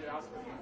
you asking me?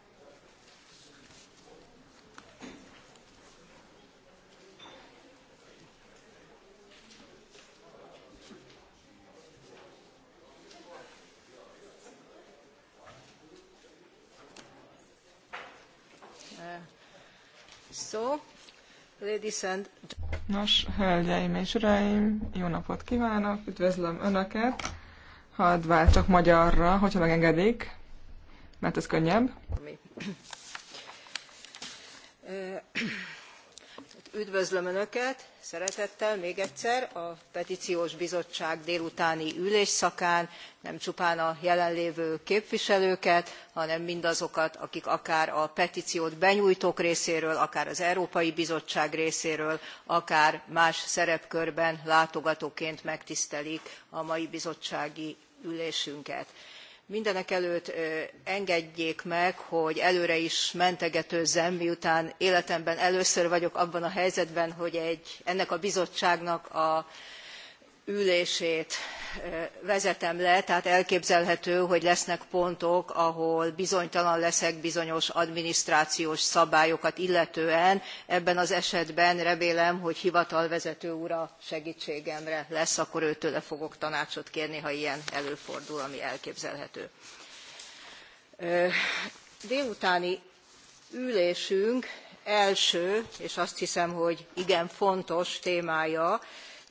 Nos, hölgyeim és uraim, jó napot kívánok, üdvözlöm Önöket. Hadd váltsak magyarra, hogyha megengedik, mert ez könnyebb. Üdvözlöm Önöket szeretettel még egyszer a Petíciós Bizottság délutáni ülésszakán, nem csupán a jelenlévő képviselőket, hanem mindazokat, akik akár a petíciót benyújtók részéről, akár az Európai Bizottság részéről, akár más szerepkörben látogatóként megtisztelik a mai bizottsági ülésünket mindenekelőtt engedjék meg hogy előre is mentegetőzzem miután életemben először vagyok abban a helyzetben hogy ennek a bizottságnak a ülését vezetem le tehát elképzelhető hogy lesznek pontok ahol bizonytalan leszek bizonyos adminisztrációs szabályokat illetően ebben az esetben remélem hogy hivatalvezető úr a segtségemre lesz akkor őtőle fogok tanácsot kérni ha ilyen előfordul ami elképzelhető. délutáni ülésünk első és azt hiszem hogy igen fontos témája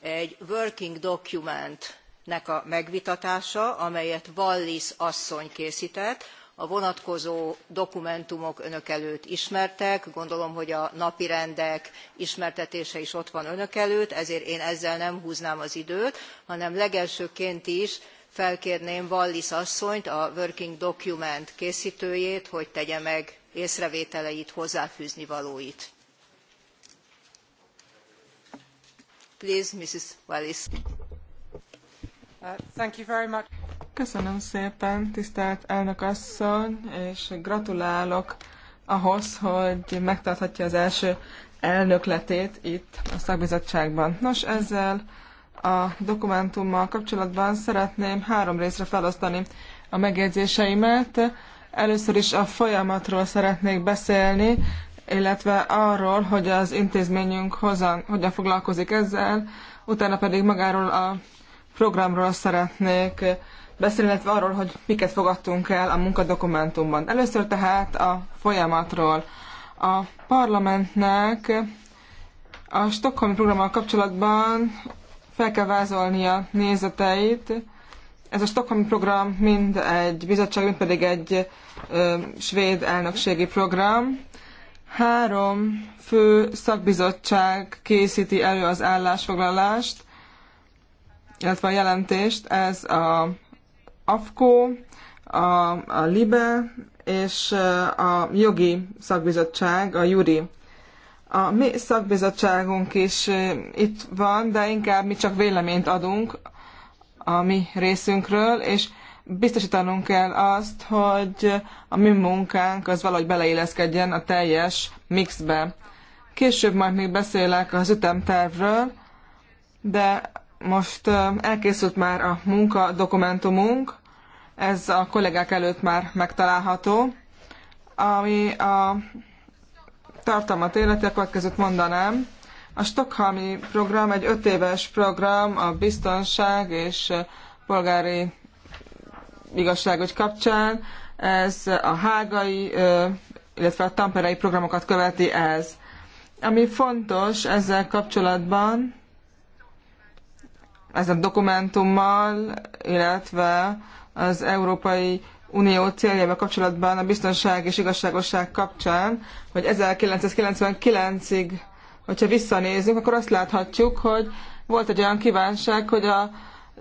egy working documentnek a megvitatása, amelyet Wallis asszony készített. A vonatkozó dokumentumok önök előtt ismertek, gondolom, hogy a napirendek ismertetése is ott van önök előtt, ezért én ezzel nem húznám az időt, hanem legelsőként is felkérném Wallis asszonyt, a Working Document készítőjét, hogy tegye meg észrevételeit, hozzáfűzni valóit. Uh, Köszönöm szépen, tisztelt elnök asszony, és gratulálok ahhoz, hogy megtarthatja az első elnökletét itt a szakbizottságban. Nos, ezzel a dokumentummal kapcsolatban szeretném három részre felosztani a megjegyzéseimet. Először is a folyamatról szeretnék beszélni, illetve arról, hogy az intézményünk hozan, hogyan foglalkozik ezzel, utána pedig magáról a programról szeretnék beszélni, illetve arról, hogy miket fogadtunk el a munkadokumentumban. Először tehát a folyamatról. A parlamentnek a Stockholmi programmal kapcsolatban fel kell vázolnia nézeteit. Ez a Stockholmi program mind egy bizottság, mind pedig egy ö, svéd elnökségi program. Három fő szakbizottság készíti elő az állásfoglalást, illetve a jelentést. Ez a AFKO, a, a LIBE és a jogi szakbizottság, a JURI. A mi szakbizottságunk is itt van, de inkább mi csak véleményt adunk a mi részünkről, és Biztosítanunk kell azt, hogy a mi munkánk az valahogy beleilleszkedjen a teljes mixbe. Később majd még beszélek az ütemtervről, de most elkészült már a munka dokumentumunk, ez a kollégák előtt már megtalálható, ami a tartalmat illeti, a következőt mondanám. A Stockholmi program egy öt éves program a biztonság és polgári igazságügy kapcsán. Ez a hágai, illetve a tamperei programokat követi ez. Ami fontos ezzel kapcsolatban, ezzel a dokumentummal, illetve az Európai Unió céljával kapcsolatban a biztonság és igazságosság kapcsán, hogy 1999-ig, hogyha visszanézzük, akkor azt láthatjuk, hogy volt egy olyan kívánság, hogy a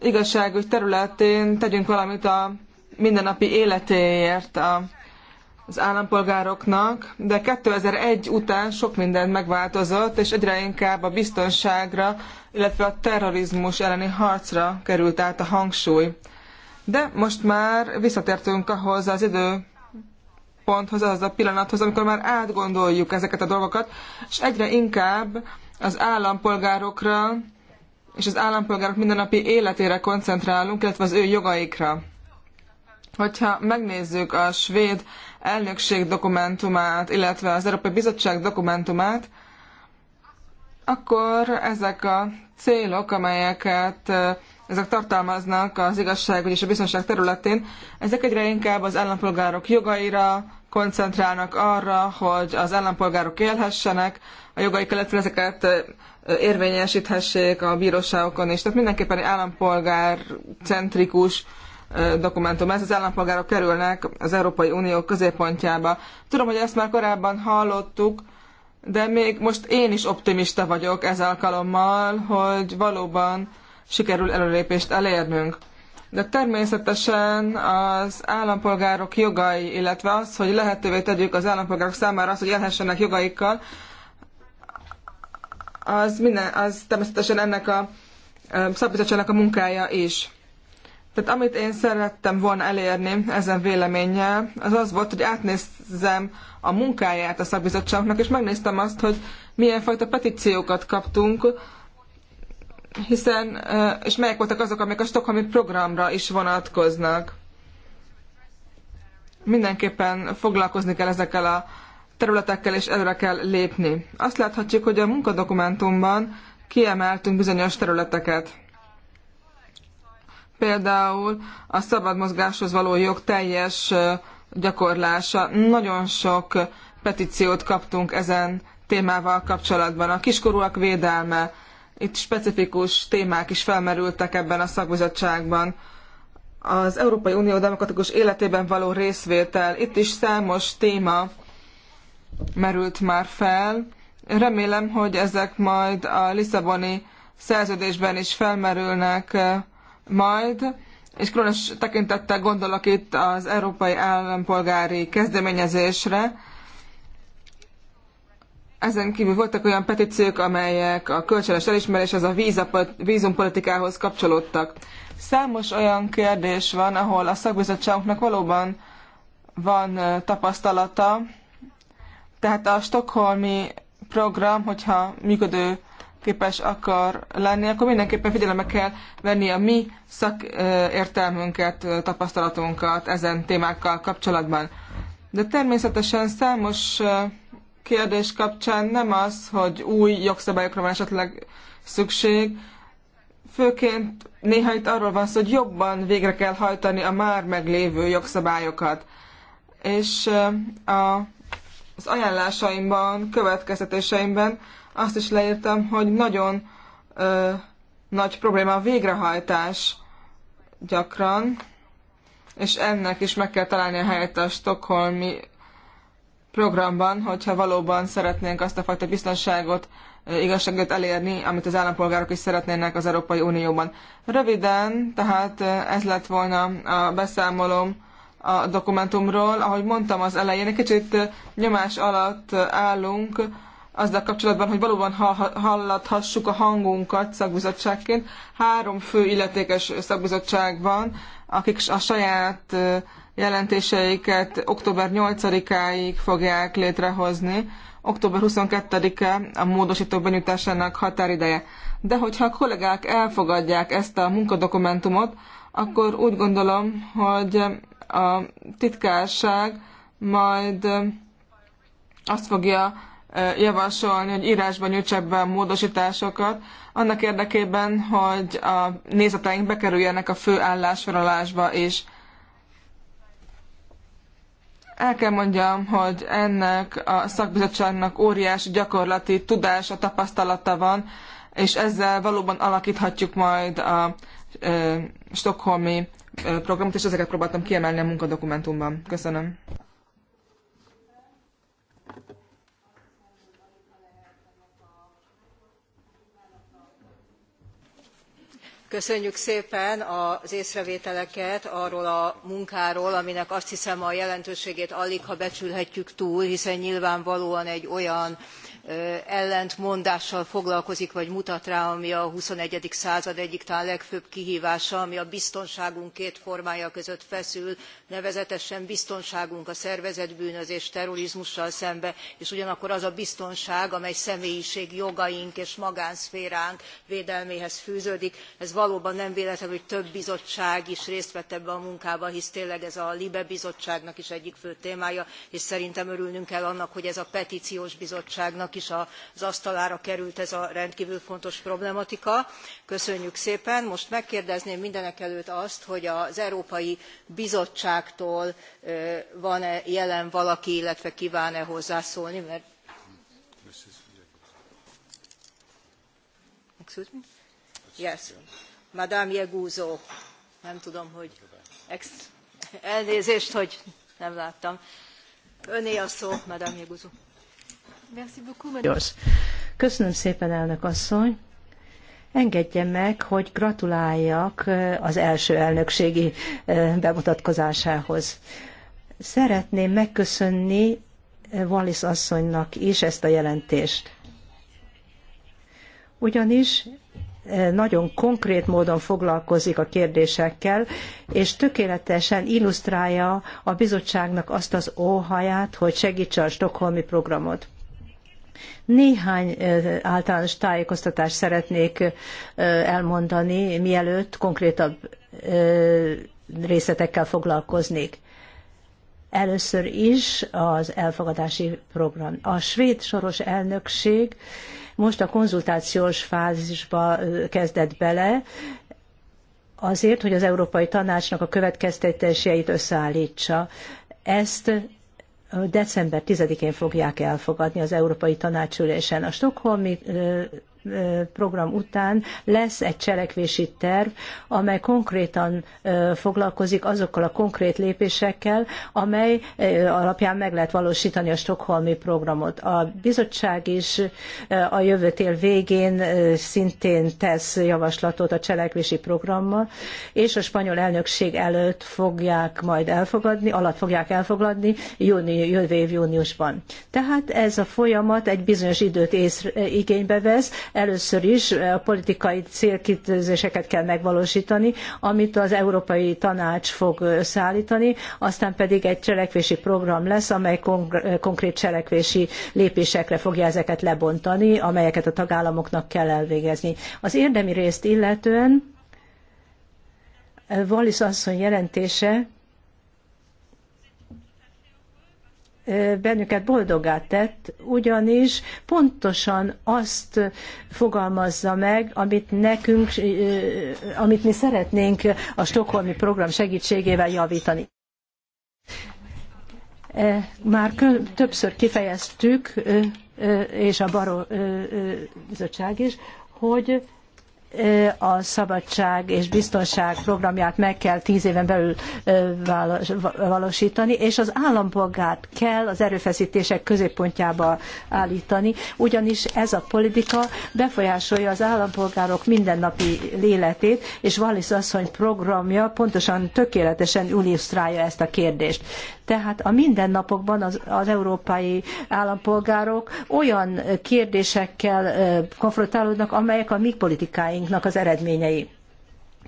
igazságügy területén tegyünk valamit a mindennapi életéért a, az állampolgároknak, de 2001 után sok minden megváltozott, és egyre inkább a biztonságra, illetve a terrorizmus elleni harcra került át a hangsúly. De most már visszatértünk ahhoz az idő ponthoz, az a pillanathoz, amikor már átgondoljuk ezeket a dolgokat, és egyre inkább az állampolgárokra és az állampolgárok mindennapi életére koncentrálunk, illetve az ő jogaikra. Hogyha megnézzük a svéd elnökség dokumentumát, illetve az Európai Bizottság dokumentumát, akkor ezek a célok, amelyeket ezek tartalmaznak az igazságügy és a biztonság területén, ezek egyre inkább az állampolgárok jogaira koncentrálnak arra, hogy az állampolgárok élhessenek, a jogaik illetve ezeket érvényesíthessék a bíróságokon is. Tehát mindenképpen egy állampolgárcentrikus dokumentum. Ez az állampolgárok kerülnek az Európai Unió középpontjába. Tudom, hogy ezt már korábban hallottuk, de még most én is optimista vagyok ez alkalommal, hogy valóban sikerül előrépést elérnünk. De természetesen az állampolgárok jogai, illetve az, hogy lehetővé tegyük az állampolgárok számára azt, hogy élhessenek jogaikkal, az, minden, az természetesen ennek a szabbizottságnak a munkája is. Tehát amit én szerettem volna elérni ezen véleménnyel, az az volt, hogy átnézzem a munkáját a szakbizottságnak, és megnéztem azt, hogy milyen fajta petíciókat kaptunk, hiszen, és melyek voltak azok, amik a Stockholmi programra is vonatkoznak. Mindenképpen foglalkozni kell ezekkel a területekkel is előre kell lépni. Azt láthatjuk, hogy a munkadokumentumban kiemeltünk bizonyos területeket. Például a szabad mozgáshoz való jog teljes gyakorlása. Nagyon sok petíciót kaptunk ezen témával kapcsolatban. A kiskorúak védelme, itt specifikus témák is felmerültek ebben a szakbizottságban. Az Európai Unió demokratikus életében való részvétel, itt is számos téma merült már fel. Remélem, hogy ezek majd a Lisszaboni szerződésben is felmerülnek eh, majd, és különös tekintettel gondolok itt az európai állampolgári kezdeményezésre. Ezen kívül voltak olyan petíciók, amelyek a kölcsönös elismeréshez, a vízumpolitikához kapcsolódtak. Számos olyan kérdés van, ahol a szakbizottságunknak valóban van eh, tapasztalata, tehát a stokholmi program, hogyha működő képes akar lenni, akkor mindenképpen figyelembe kell venni a mi szakértelmünket, tapasztalatunkat ezen témákkal kapcsolatban. De természetesen számos kérdés kapcsán nem az, hogy új jogszabályokra van esetleg szükség, főként néha itt arról van szó, hogy jobban végre kell hajtani a már meglévő jogszabályokat. És a az ajánlásaimban, következtetéseimben azt is leírtam, hogy nagyon ö, nagy probléma a végrehajtás gyakran, és ennek is meg kell találni a helyet a stokholmi programban, hogyha valóban szeretnénk azt a fajta biztonságot, igazságot elérni, amit az állampolgárok is szeretnének az Európai Unióban. Röviden, tehát ez lett volna a beszámolom a dokumentumról. Ahogy mondtam az elején, egy kicsit nyomás alatt állunk azzal kapcsolatban, hogy valóban hallathassuk a hangunkat szakbizottságként. Három fő illetékes szakbizottság van, akik a saját jelentéseiket október 8-áig fogják létrehozni. Október 22-e a módosítók benyújtásának határideje. De hogyha a kollégák elfogadják ezt a munkadokumentumot, akkor úgy gondolom, hogy a titkárság majd azt fogja javasolni, hogy írásban nyújtsák be a módosításokat, annak érdekében, hogy a nézeteink bekerüljenek a fő állásfoglalásba is. El kell mondjam, hogy ennek a szakbizottságnak óriási gyakorlati tudása, tapasztalata van, és ezzel valóban alakíthatjuk majd a e, stokholmi programot, és ezeket próbáltam kiemelni a munkadokumentumban. Köszönöm. köszönjük szépen az észrevételeket arról a munkáról aminek azt hiszem a jelentőségét ha becsülhetjük túl hiszen nyilvánvalóan egy olyan ellentmondással foglalkozik, vagy mutat rá, ami a XXI. század egyik talán legfőbb kihívása, ami a biztonságunk két formája között feszül, nevezetesen biztonságunk a szervezetbűnözés terrorizmussal szembe, és ugyanakkor az a biztonság, amely személyiség jogaink és magánszféránk védelméhez fűződik. Ez valóban nem véletlen, hogy több bizottság is részt vett ebbe a munkába, hisz tényleg ez a LIBE bizottságnak is egyik fő témája, és szerintem örülnünk kell annak, hogy ez a petíciós bizottságnak úrnak is az asztalára került ez a rendkvül fontos problematika köszönjük szépen. most megkérdezném mindenekelőtt azt hogy az európai bizottságtól van e jelen valaki illetve kván e hozzászólni mert Excuse me? Yes. Madame Jegúzó. Nem tudom, hogy... Ex... Elnézést, hogy nem láttam. Öné a szó, Madame Jegúzó. Köszönöm szépen, elnök asszony. Engedje meg, hogy gratuláljak az első elnökségi bemutatkozásához. Szeretném megköszönni Wallis asszonynak is ezt a jelentést. Ugyanis nagyon konkrét módon foglalkozik a kérdésekkel, és tökéletesen illusztrálja a bizottságnak azt az óhaját, hogy segítse a stokholmi programot. Néhány általános tájékoztatást szeretnék elmondani, mielőtt konkrétabb részletekkel foglalkoznék. Először is az elfogadási program. A svéd soros elnökség most a konzultációs fázisba kezdett bele, azért, hogy az Európai Tanácsnak a következtetéseit összeállítsa. Ezt december 10-én fogják elfogadni az Európai Tanácsülésen. A Stockholmi program után lesz egy cselekvési terv, amely konkrétan foglalkozik azokkal a konkrét lépésekkel, amely alapján meg lehet valósítani a Stockholmi programot. A bizottság is a jövő végén szintén tesz javaslatot a cselekvési programmal, és a spanyol elnökség előtt fogják majd elfogadni, alatt fogják elfogadni júni, jövő év júniusban. Tehát ez a folyamat egy bizonyos időt ész, igénybe vesz, Először is a politikai célkitűzéseket kell megvalósítani, amit az Európai Tanács fog összeállítani, aztán pedig egy cselekvési program lesz, amely konkrét cselekvési lépésekre fogja ezeket lebontani, amelyeket a tagállamoknak kell elvégezni. Az érdemi részt illetően Wallis asszony jelentése bennünket boldogá tett, ugyanis pontosan azt fogalmazza meg, amit nekünk, amit mi szeretnénk a Stockholmi program segítségével javítani. Már többször kifejeztük, és a Baró bizottság is, hogy a szabadság és biztonság programját meg kell tíz éven belül valósítani, és az állampolgárt kell az erőfeszítések középpontjába állítani, ugyanis ez a politika befolyásolja az állampolgárok mindennapi életét, és Wallis asszony programja pontosan tökéletesen illusztrálja ezt a kérdést. Tehát a mindennapokban az, az európai állampolgárok olyan kérdésekkel konfrontálódnak, amelyek a mi politikáinknak az eredményei.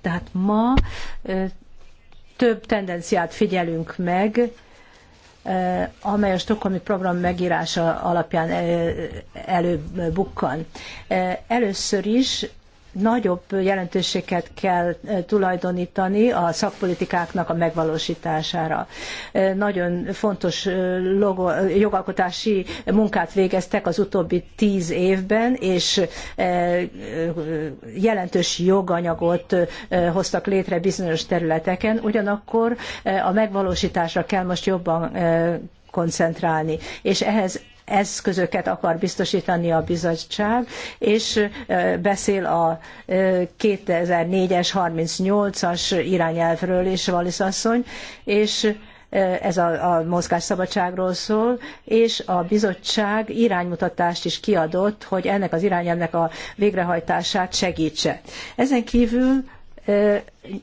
Tehát ma több tendenciát figyelünk meg, amely a stokholmi program megírása alapján előbukkan. Először is nagyobb jelentőséget kell eh, tulajdonítani a szakpolitikáknak a megvalósítására. Eh, nagyon fontos eh, jogalkotási munkát végeztek az utóbbi tíz évben, és jelentős joganyagot hoztak létre bizonyos területeken, ugyanakkor a megvalósításra kell most jobban koncentrálni. És ehhez eszközöket akar biztosítani a bizottság, és beszél a 2004-es, 38-as irányelvről is Valisz asszony, és ez a, a mozgásszabadságról szól, és a bizottság iránymutatást is kiadott, hogy ennek az irányelvnek a végrehajtását segítse. Ezen kívül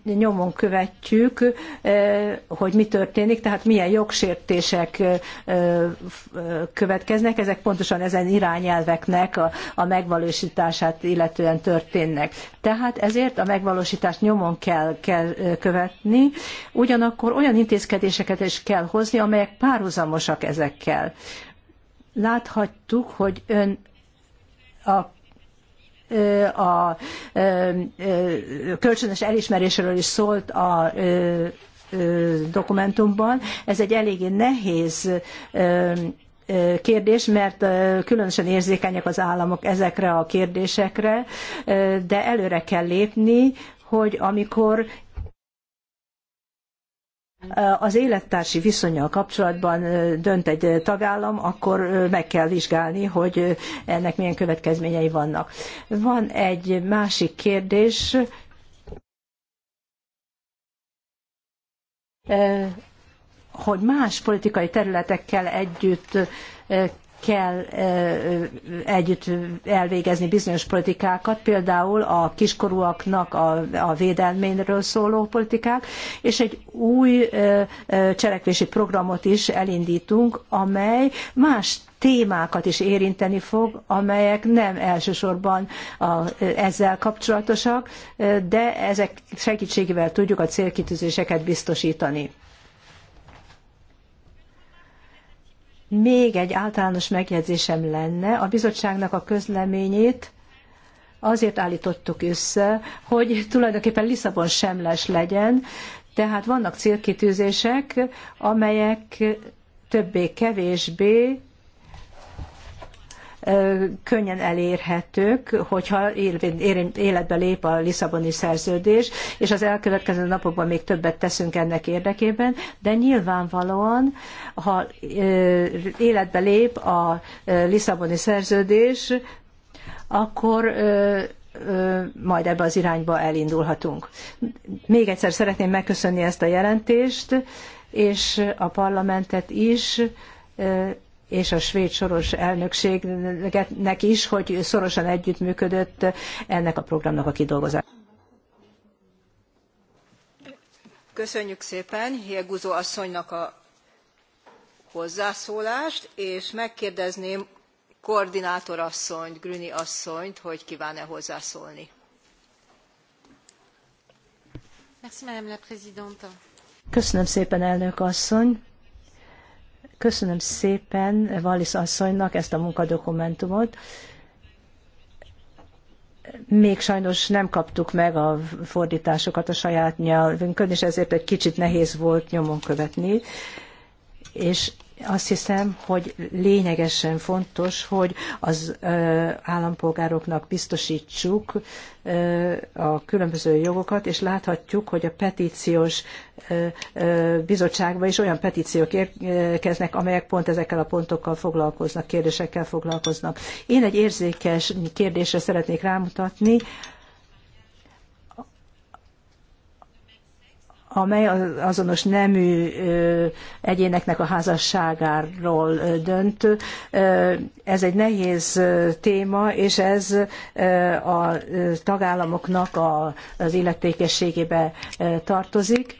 nyomon követjük, hogy mi történik, tehát milyen jogsértések következnek, ezek pontosan ezen irányelveknek a, megvalósítását illetően történnek. Tehát ezért a megvalósítást nyomon kell, kell követni, ugyanakkor olyan intézkedéseket is kell hozni, amelyek párhuzamosak ezekkel. Láthattuk, hogy ön a a kölcsönös elismerésről is szólt a dokumentumban. Ez egy eléggé nehéz kérdés, mert különösen érzékenyek az államok ezekre a kérdésekre, de előre kell lépni, hogy amikor az élettársi viszonyal kapcsolatban dönt egy tagállam, akkor meg kell vizsgálni, hogy ennek milyen következményei vannak. Van egy másik kérdés. hogy más politikai területekkel együtt kell együtt elvégezni bizonyos politikákat, például a kiskorúaknak a, a védelméről szóló politikák, és egy új cselekvési programot is elindítunk, amely más témákat is érinteni fog, amelyek nem elsősorban a, ezzel kapcsolatosak, de ezek segítségével tudjuk a célkitűzéseket biztosítani. Még egy általános megjegyzésem lenne, a bizottságnak a közleményét azért állítottuk össze, hogy tulajdonképpen Lisszabon semles legyen, tehát vannak célkitűzések, amelyek többé-kevésbé könnyen elérhetők, hogyha életbe lép a Lisszaboni szerződés, és az elkövetkező napokban még többet teszünk ennek érdekében, de nyilvánvalóan, ha életbe lép a Lisszaboni szerződés, akkor majd ebbe az irányba elindulhatunk. Még egyszer szeretném megköszönni ezt a jelentést, és a parlamentet is és a svéd soros elnökségnek is, hogy szorosan együttműködött ennek a programnak a kidolgozása. Köszönjük szépen Hieguzó asszonynak a hozzászólást, és megkérdezném koordinátor asszonyt, Grüni asszonyt, hogy kíván-e hozzászólni. Köszönöm szépen, elnök asszony. Köszönöm szépen Valisz asszonynak ezt a munkadokumentumot. Még sajnos nem kaptuk meg a fordításokat a saját nyelvünkön, és ezért egy kicsit nehéz volt nyomon követni. És azt hiszem, hogy lényegesen fontos, hogy az állampolgároknak biztosítsuk a különböző jogokat, és láthatjuk, hogy a petíciós bizottságban is olyan petíciók érkeznek, amelyek pont ezekkel a pontokkal foglalkoznak, kérdésekkel foglalkoznak. Én egy érzékes kérdésre szeretnék rámutatni, amely azonos nemű egyéneknek a házasságáról dönt. Ez egy nehéz téma, és ez a tagállamoknak az illetékességébe tartozik,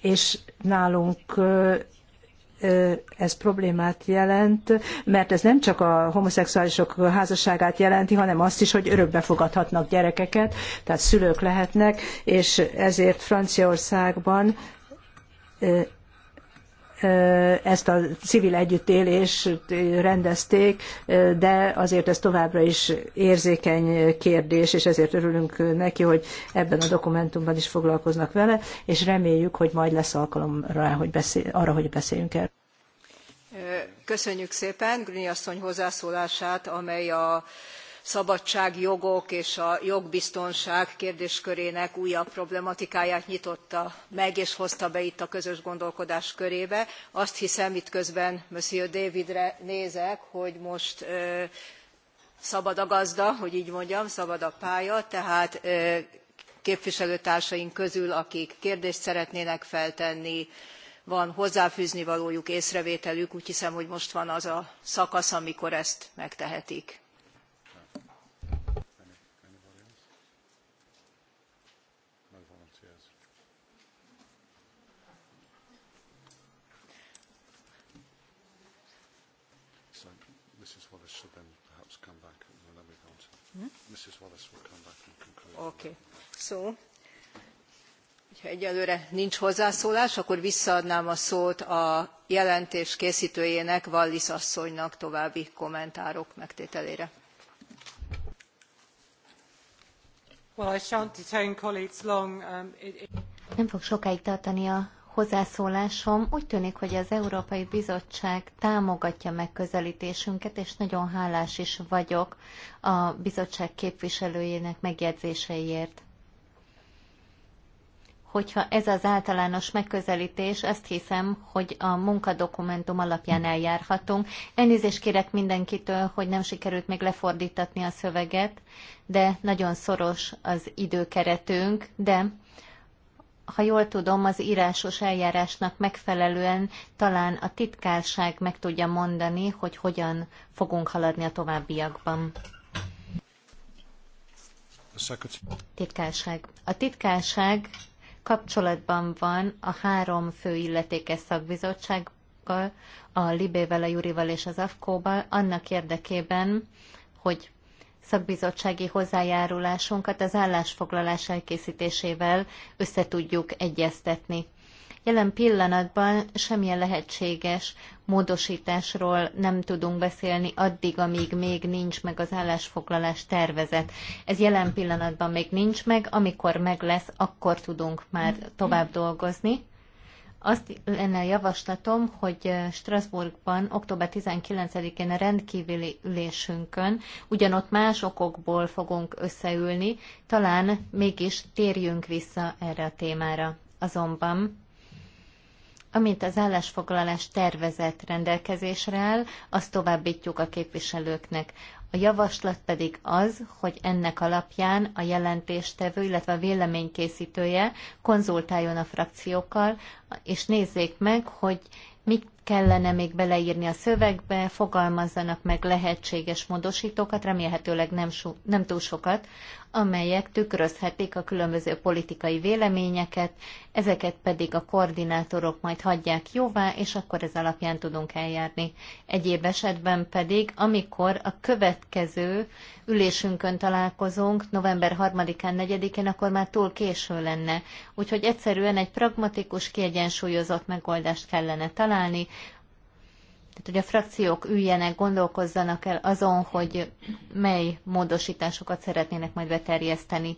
és nálunk ez problémát jelent, mert ez nem csak a homoszexuálisok házasságát jelenti, hanem azt is, hogy örökbe fogadhatnak gyerekeket, tehát szülők lehetnek, és ezért Franciaországban ezt a civil együttélést rendezték, de azért ez továbbra is érzékeny kérdés, és ezért örülünk neki, hogy ebben a dokumentumban is foglalkoznak vele, és reméljük, hogy majd lesz alkalom rá, hogy beszél, arra, hogy beszéljünk erről. Köszönjük szépen Grüni asszony hozzászólását, amely a szabadságjogok és a jogbiztonság kérdéskörének újabb problematikáját nyitotta meg és hozta be itt a közös gondolkodás körébe. Azt hiszem, itt közben Monsieur Davidre nézek, hogy most ö, szabad a gazda, hogy így mondjam, szabad a pálya, tehát ö, képviselőtársaink közül, akik kérdést szeretnének feltenni, van hozzáfűzni valójuk, észrevételük, úgy hiszem, hogy most van az a szakasz, amikor ezt megtehetik. Oké, szó. ha egyelőre nincs hozzászólás, akkor visszaadnám a szót a jelentés készítőjének, Wallis asszonynak további kommentárok megtételére. Um, Nem fog sokáig tartani a hozzászólásom. Úgy tűnik, hogy az Európai Bizottság támogatja megközelítésünket, és nagyon hálás is vagyok a bizottság képviselőjének megjegyzéseiért. Hogyha ez az általános megközelítés, azt hiszem, hogy a munkadokumentum alapján eljárhatunk. Elnézést kérek mindenkitől, hogy nem sikerült még lefordítatni a szöveget, de nagyon szoros az időkeretünk, de ha jól tudom, az írásos eljárásnak megfelelően talán a titkárság meg tudja mondani, hogy hogyan fogunk haladni a továbbiakban. Titkárság. A titkárság kapcsolatban van a három fő illetékes szakbizottsággal, a Libével, a Jurival és az Afkóval, annak érdekében, hogy szakbizottsági hozzájárulásunkat az állásfoglalás elkészítésével tudjuk egyeztetni. Jelen pillanatban semmilyen lehetséges módosításról nem tudunk beszélni addig, amíg még nincs meg az állásfoglalás tervezet. Ez jelen pillanatban még nincs meg, amikor meg lesz, akkor tudunk már tovább dolgozni. Azt lenne javaslatom, hogy eh, Strasbourgban október 19-én a rendkívüli ülésünkön ugyanott más okokból fogunk összeülni, talán mégis térjünk vissza erre a témára. Azonban Amint az állásfoglalás tervezett rendelkezésre áll, azt továbbítjuk a képviselőknek. A javaslat pedig az, hogy ennek alapján a jelentéstevő, illetve a véleménykészítője konzultáljon a frakciókkal, és nézzék meg, hogy mit kellene még beleírni a szövegbe, fogalmazzanak meg lehetséges módosítókat, remélhetőleg nem, so, nem túl sokat, amelyek tükrözhetik a különböző politikai véleményeket, ezeket pedig a koordinátorok majd hagyják jóvá, és akkor ez alapján tudunk eljárni. Egyéb esetben pedig, amikor a következő ülésünkön találkozunk, november 3-án, 4-én, akkor már túl késő lenne. Úgyhogy egyszerűen egy pragmatikus, kiegyensúlyozott megoldást kellene találni, tehát, hogy a frakciók üljenek, gondolkozzanak el azon, hogy mely módosításokat szeretnének majd beterjeszteni.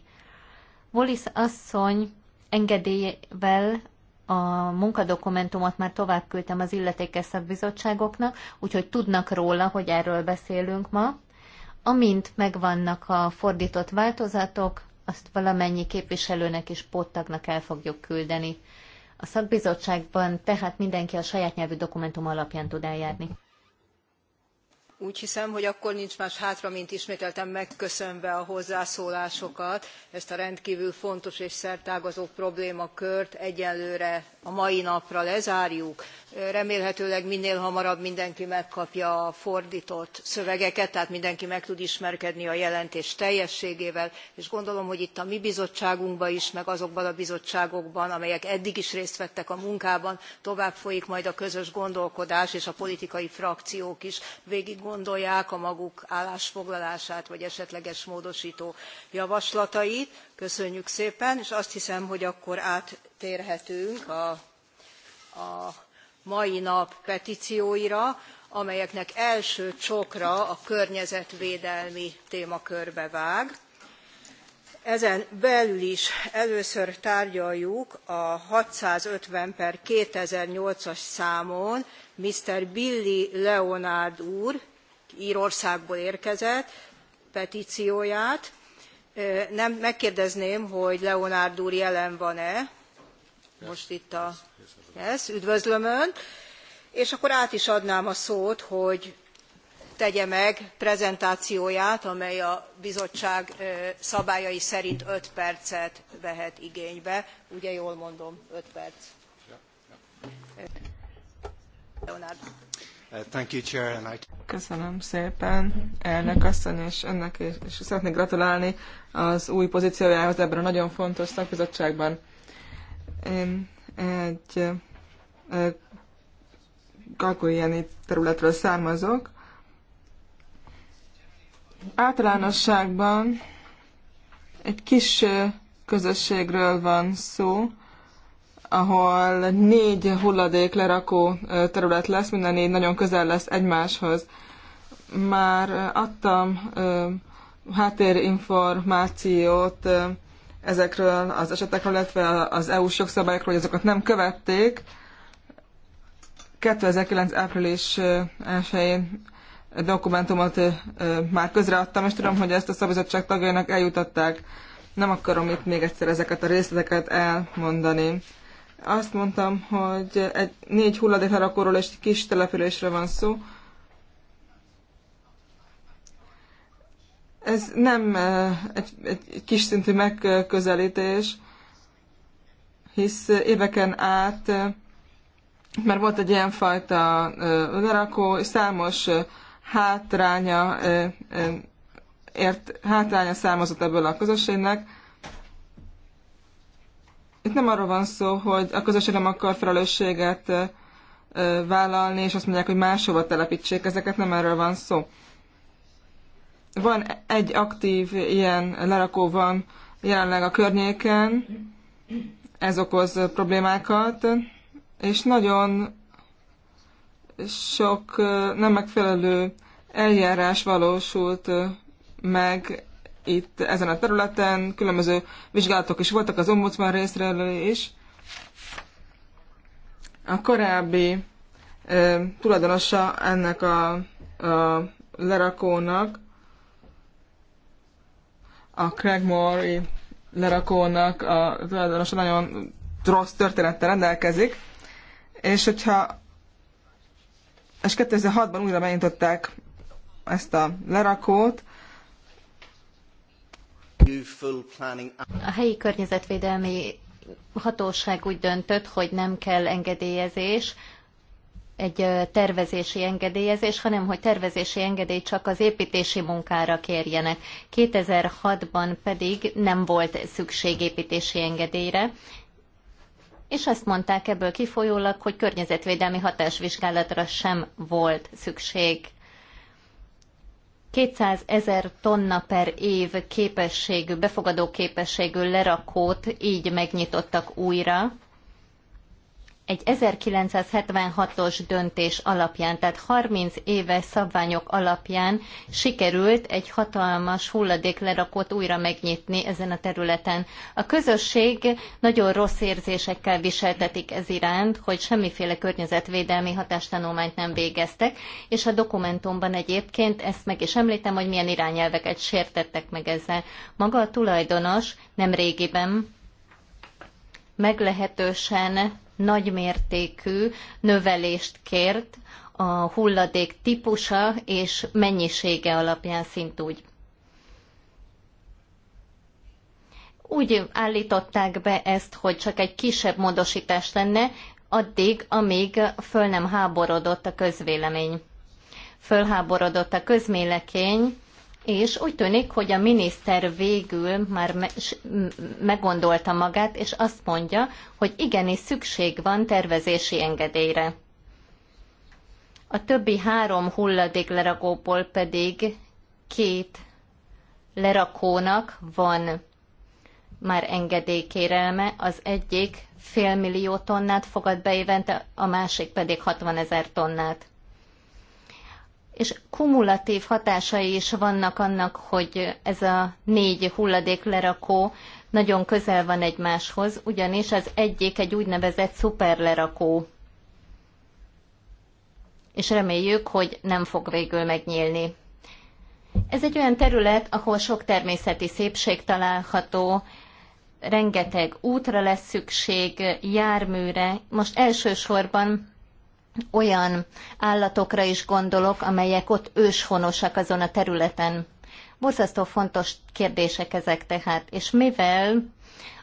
Wallis asszony engedélyével a munkadokumentumot már tovább küldtem az illetékes szakbizottságoknak, úgyhogy tudnak róla, hogy erről beszélünk ma. Amint megvannak a fordított változatok, azt valamennyi képviselőnek és póttagnak el fogjuk küldeni. A szakbizottságban tehát mindenki a saját nyelvű dokumentum alapján tud eljárni úgy hiszem, hogy akkor nincs más hátra, mint ismételten megköszönve a hozzászólásokat, ezt a rendkívül fontos és szertágazó problémakört egyenlőre a mai napra lezárjuk. Remélhetőleg minél hamarabb mindenki megkapja a fordított szövegeket, tehát mindenki meg tud ismerkedni a jelentés teljességével, és gondolom, hogy itt a mi bizottságunkban is, meg azokban a bizottságokban, amelyek eddig is részt vettek a munkában, tovább folyik majd a közös gondolkodás, és a politikai frakciók is végig gondolják a maguk állásfoglalását, vagy esetleges módosító javaslatait. Köszönjük szépen, és azt hiszem, hogy akkor áttérhetünk a, a mai nap petícióira, amelyeknek első csokra a környezetvédelmi témakörbe vág. Ezen belül is először tárgyaljuk a 650 per 2008-as számon Mr. Billy Leonard úr rországból érkezett petícióját. Nem, megkérdezném, hogy Leonard úr jelen van-e. Most itt a... Yes, üdvözlöm Önt. És akkor át is adnám a szót, hogy tegye meg prezentációját, amely a bizottság szabályai szerint 5 percet vehet igénybe. Ugye jól mondom, 5 perc. Leonard. Köszönöm szépen, elnök asszony, és önnek is, és szeretnék gratulálni az új pozíciójához ebben a nagyon fontos szakbizottságban. Én egy gagoljeni területről származok. Általánosságban egy kis közösségről van szó, ahol négy hulladék lerakó terület lesz, minden négy nagyon közel lesz egymáshoz. Már adtam háttérinformációt ezekről az esetekről, illetve az EU-s jogszabályokról, hogy azokat nem követték. 2009. április 1-én dokumentumot már közreadtam, és tudom, hogy ezt a szabizottság tagjainak eljutatták. Nem akarom itt még egyszer ezeket a részleteket elmondani. Azt mondtam, hogy egy négy hulladéklerakóról és kis településre van szó. Ez nem eh, egy, egy kis szintű megközelítés, hisz éveken át eh, mert volt egy ilyen fajta eh, lerakó, számos hátránya, ért, hátránya származott ebből a közösségnek, itt nem arról van szó, hogy a közösség nem akar felelősséget vállalni, és azt mondják, hogy máshova telepítsék, ezeket nem erről van szó. Van egy aktív ilyen lerakó van jelenleg a környéken, ez okoz problémákat, és nagyon sok nem megfelelő eljárás valósult meg itt ezen a területen, különböző vizsgálatok is voltak az ombudsman részről is. A korábbi ö, tulajdonosa ennek a, a lerakónak, a Craigmore lerakónak a tulajdonosa nagyon rossz történettel rendelkezik, és hogyha és 2006-ban újra megnyitották ezt a lerakót, a helyi környezetvédelmi hatóság úgy döntött, hogy nem kell engedélyezés, egy tervezési engedélyezés, hanem hogy tervezési engedély csak az építési munkára kérjenek. 2006-ban pedig nem volt szükség építési engedélyre, és azt mondták ebből kifolyólag, hogy környezetvédelmi hatásvizsgálatra sem volt szükség. 200 ezer tonna per év képességű, befogadó képességű lerakót így megnyitottak újra, egy 1976-os döntés alapján, tehát 30 éves szabványok alapján sikerült egy hatalmas hulladéklerakót újra megnyitni ezen a területen. A közösség nagyon rossz érzésekkel viseltetik ez iránt, hogy semmiféle környezetvédelmi hatástanulmányt nem végeztek, és a dokumentumban egyébként ezt meg is említem, hogy milyen irányelveket sértettek meg ezzel. Maga a tulajdonos nem régiben meglehetősen nagymértékű növelést kért a hulladék típusa és mennyisége alapján szintúgy. Úgy állították be ezt, hogy csak egy kisebb módosítás lenne, addig, amíg föl nem háborodott a közvélemény. Fölháborodott a közmélekény, és úgy tűnik, hogy a miniszter végül már meggondolta magát, és azt mondja, hogy igenis szükség van tervezési engedélyre. A többi három hulladéklerakóból pedig két lerakónak van már engedélykérelme, az egyik fél millió tonnát fogad be évente, a másik pedig 60 ezer tonnát és kumulatív hatásai is vannak annak, hogy ez a négy hulladék lerakó nagyon közel van egymáshoz, ugyanis az egyik egy úgynevezett szuperlerakó. És reméljük, hogy nem fog végül megnyílni. Ez egy olyan terület, ahol sok természeti szépség található, rengeteg útra lesz szükség, járműre. Most elsősorban olyan állatokra is gondolok, amelyek ott őshonosak azon a területen. Borzasztó fontos kérdések ezek tehát, és mivel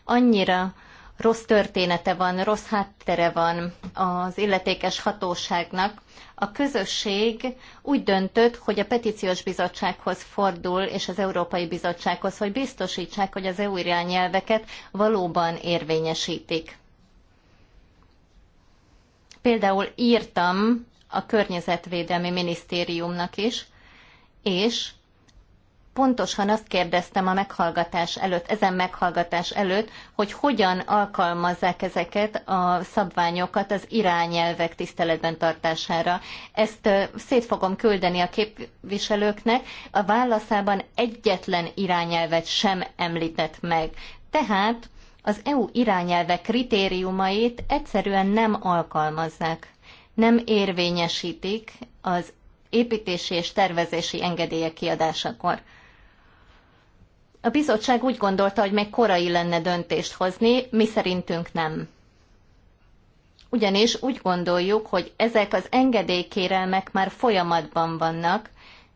annyira rossz története van, rossz háttere van az illetékes hatóságnak, a közösség úgy döntött, hogy a petíciós bizottsághoz fordul, és az Európai Bizottsághoz, hogy biztosítsák, hogy az EU irányelveket valóban érvényesítik. Például írtam a Környezetvédelmi Minisztériumnak is, és pontosan azt kérdeztem a meghallgatás előtt, ezen meghallgatás előtt, hogy hogyan alkalmazzák ezeket a szabványokat az irányelvek tiszteletben tartására. Ezt szét fogom küldeni a képviselőknek. A válaszában egyetlen irányelvet sem említett meg. Tehát az EU irányelvek kritériumait egyszerűen nem alkalmazzák, nem érvényesítik az építési és tervezési engedélyek kiadásakor. A bizottság úgy gondolta, hogy még korai lenne döntést hozni, mi szerintünk nem. Ugyanis úgy gondoljuk, hogy ezek az engedélykérelmek már folyamatban vannak,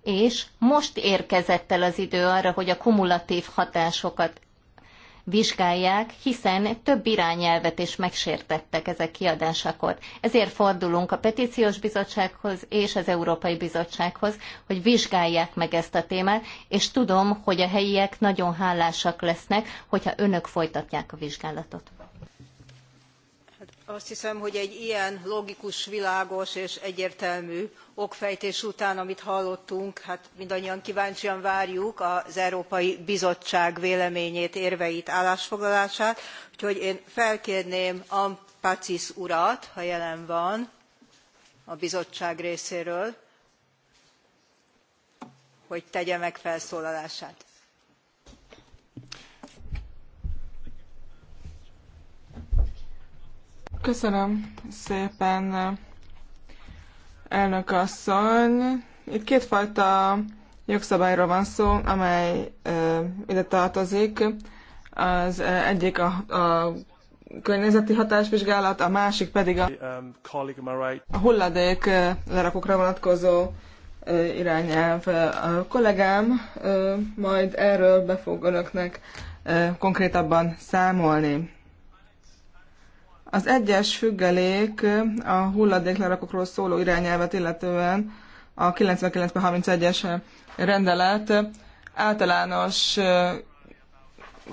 és most érkezett el az idő arra, hogy a kumulatív hatásokat vizsgálják, hiszen több irányelvet is megsértettek ezek kiadásakor. Ezért fordulunk a Petíciós Bizottsághoz és az Európai Bizottsághoz, hogy vizsgálják meg ezt a témát, és tudom, hogy a helyiek nagyon hálásak lesznek, hogyha önök folytatják a vizsgálatot azt hiszem hogy egy ilyen logikus világos és egyértelmű okfejtés után amit hallottunk hát mindannyian kváncsian várjuk az európai bizottság véleményét érveit állásfoglalását úgyhogy én felkérném ampacis urat ha jelen van a bizottság részéről hogy tegye meg felszólalását. Köszönöm szépen, elnök asszony. Itt kétfajta jogszabályról van szó, amely ö, ide tartozik. Az egyik a, a környezeti hatásvizsgálat, a másik pedig a, um, a hulladék lerakókra vonatkozó irányelv. A kollégám majd erről be fog önöknek konkrétabban számolni. Az egyes függelék a hulladéklerakokról szóló irányelvet illetően a 9931-es rendelet általános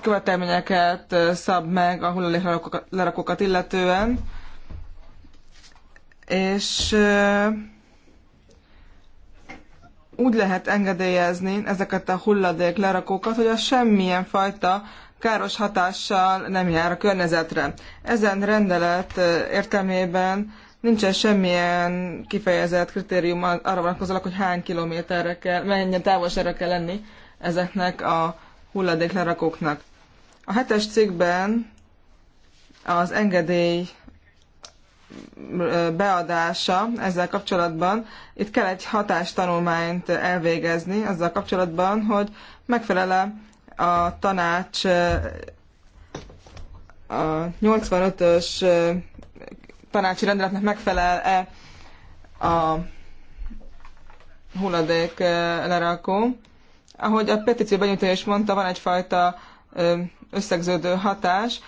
követelményeket szab meg a hulladéklerakókat illetően, és úgy lehet engedélyezni ezeket a hulladéklerakókat, hogy a semmilyen fajta káros hatással nem jár a környezetre. Ezen rendelet értelmében nincsen semmilyen kifejezett kritérium arra vonatkozólag, hogy hány kilométerre kell, mennyi távolságra kell lenni ezeknek a hulladéklerakóknak. A hetes cikkben az engedély beadása ezzel kapcsolatban, itt kell egy hatástanulmányt elvégezni ezzel kapcsolatban, hogy megfelele a tanács a 85-ös tanácsi rendeletnek megfelel-e a hulladék lerakó. Ahogy a petíció benyújtó is mondta, van egyfajta összegződő hatás.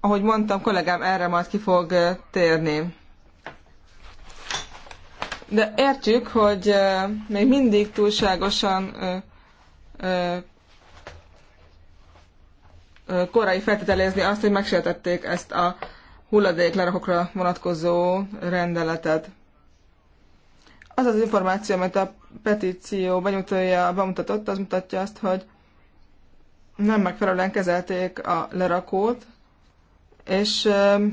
Ahogy mondtam, kollégám erre majd ki fog térni. De értjük, hogy még mindig túlságosan korai feltételezni azt, hogy megsértették ezt a hulladéklerakokra vonatkozó rendeletet. Az az információ, amit a petíció benyújtója bemutatott, az mutatja azt, hogy nem megfelelően kezelték a lerakót, és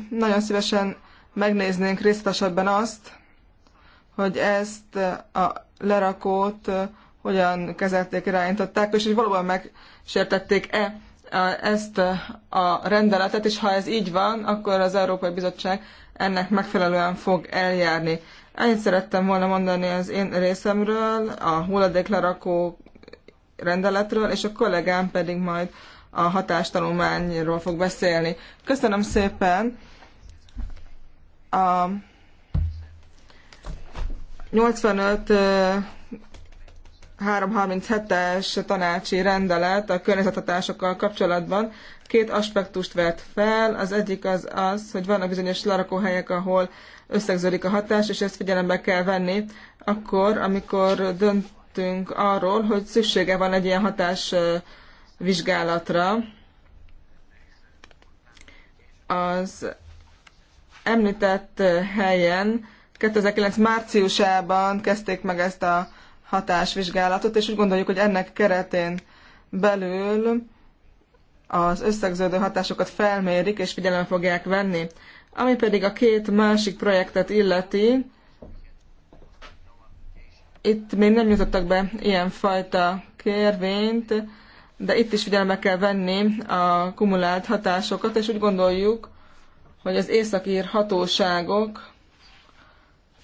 nagyon szívesen megnéznénk részletesebben azt, hogy ezt a lerakót hogyan kezelték, irányították, és hogy valóban megsértették-e ezt a rendeletet, és ha ez így van, akkor az Európai Bizottság ennek megfelelően fog eljárni. Ennyit szerettem volna mondani az én részemről, a hulladéklerakó rendeletről, és a kollégám pedig majd a hatástanulmányról fog beszélni. Köszönöm szépen! A 85 337-es tanácsi rendelet a környezethatásokkal kapcsolatban két aspektust vett fel. Az egyik az az, hogy vannak bizonyos lerakóhelyek, ahol összegződik a hatás, és ezt figyelembe kell venni akkor, amikor döntünk arról, hogy szüksége van egy ilyen hatás vizsgálatra. Az említett helyen 2009 márciusában kezdték meg ezt a hatásvizsgálatot, és úgy gondoljuk, hogy ennek keretén belül az összegződő hatásokat felmérik és figyelembe fogják venni. Ami pedig a két másik projektet illeti, itt még nem jutottak be ilyenfajta kérvényt, de itt is figyelembe kell venni a kumulált hatásokat, és úgy gondoljuk, hogy az északír hatóságok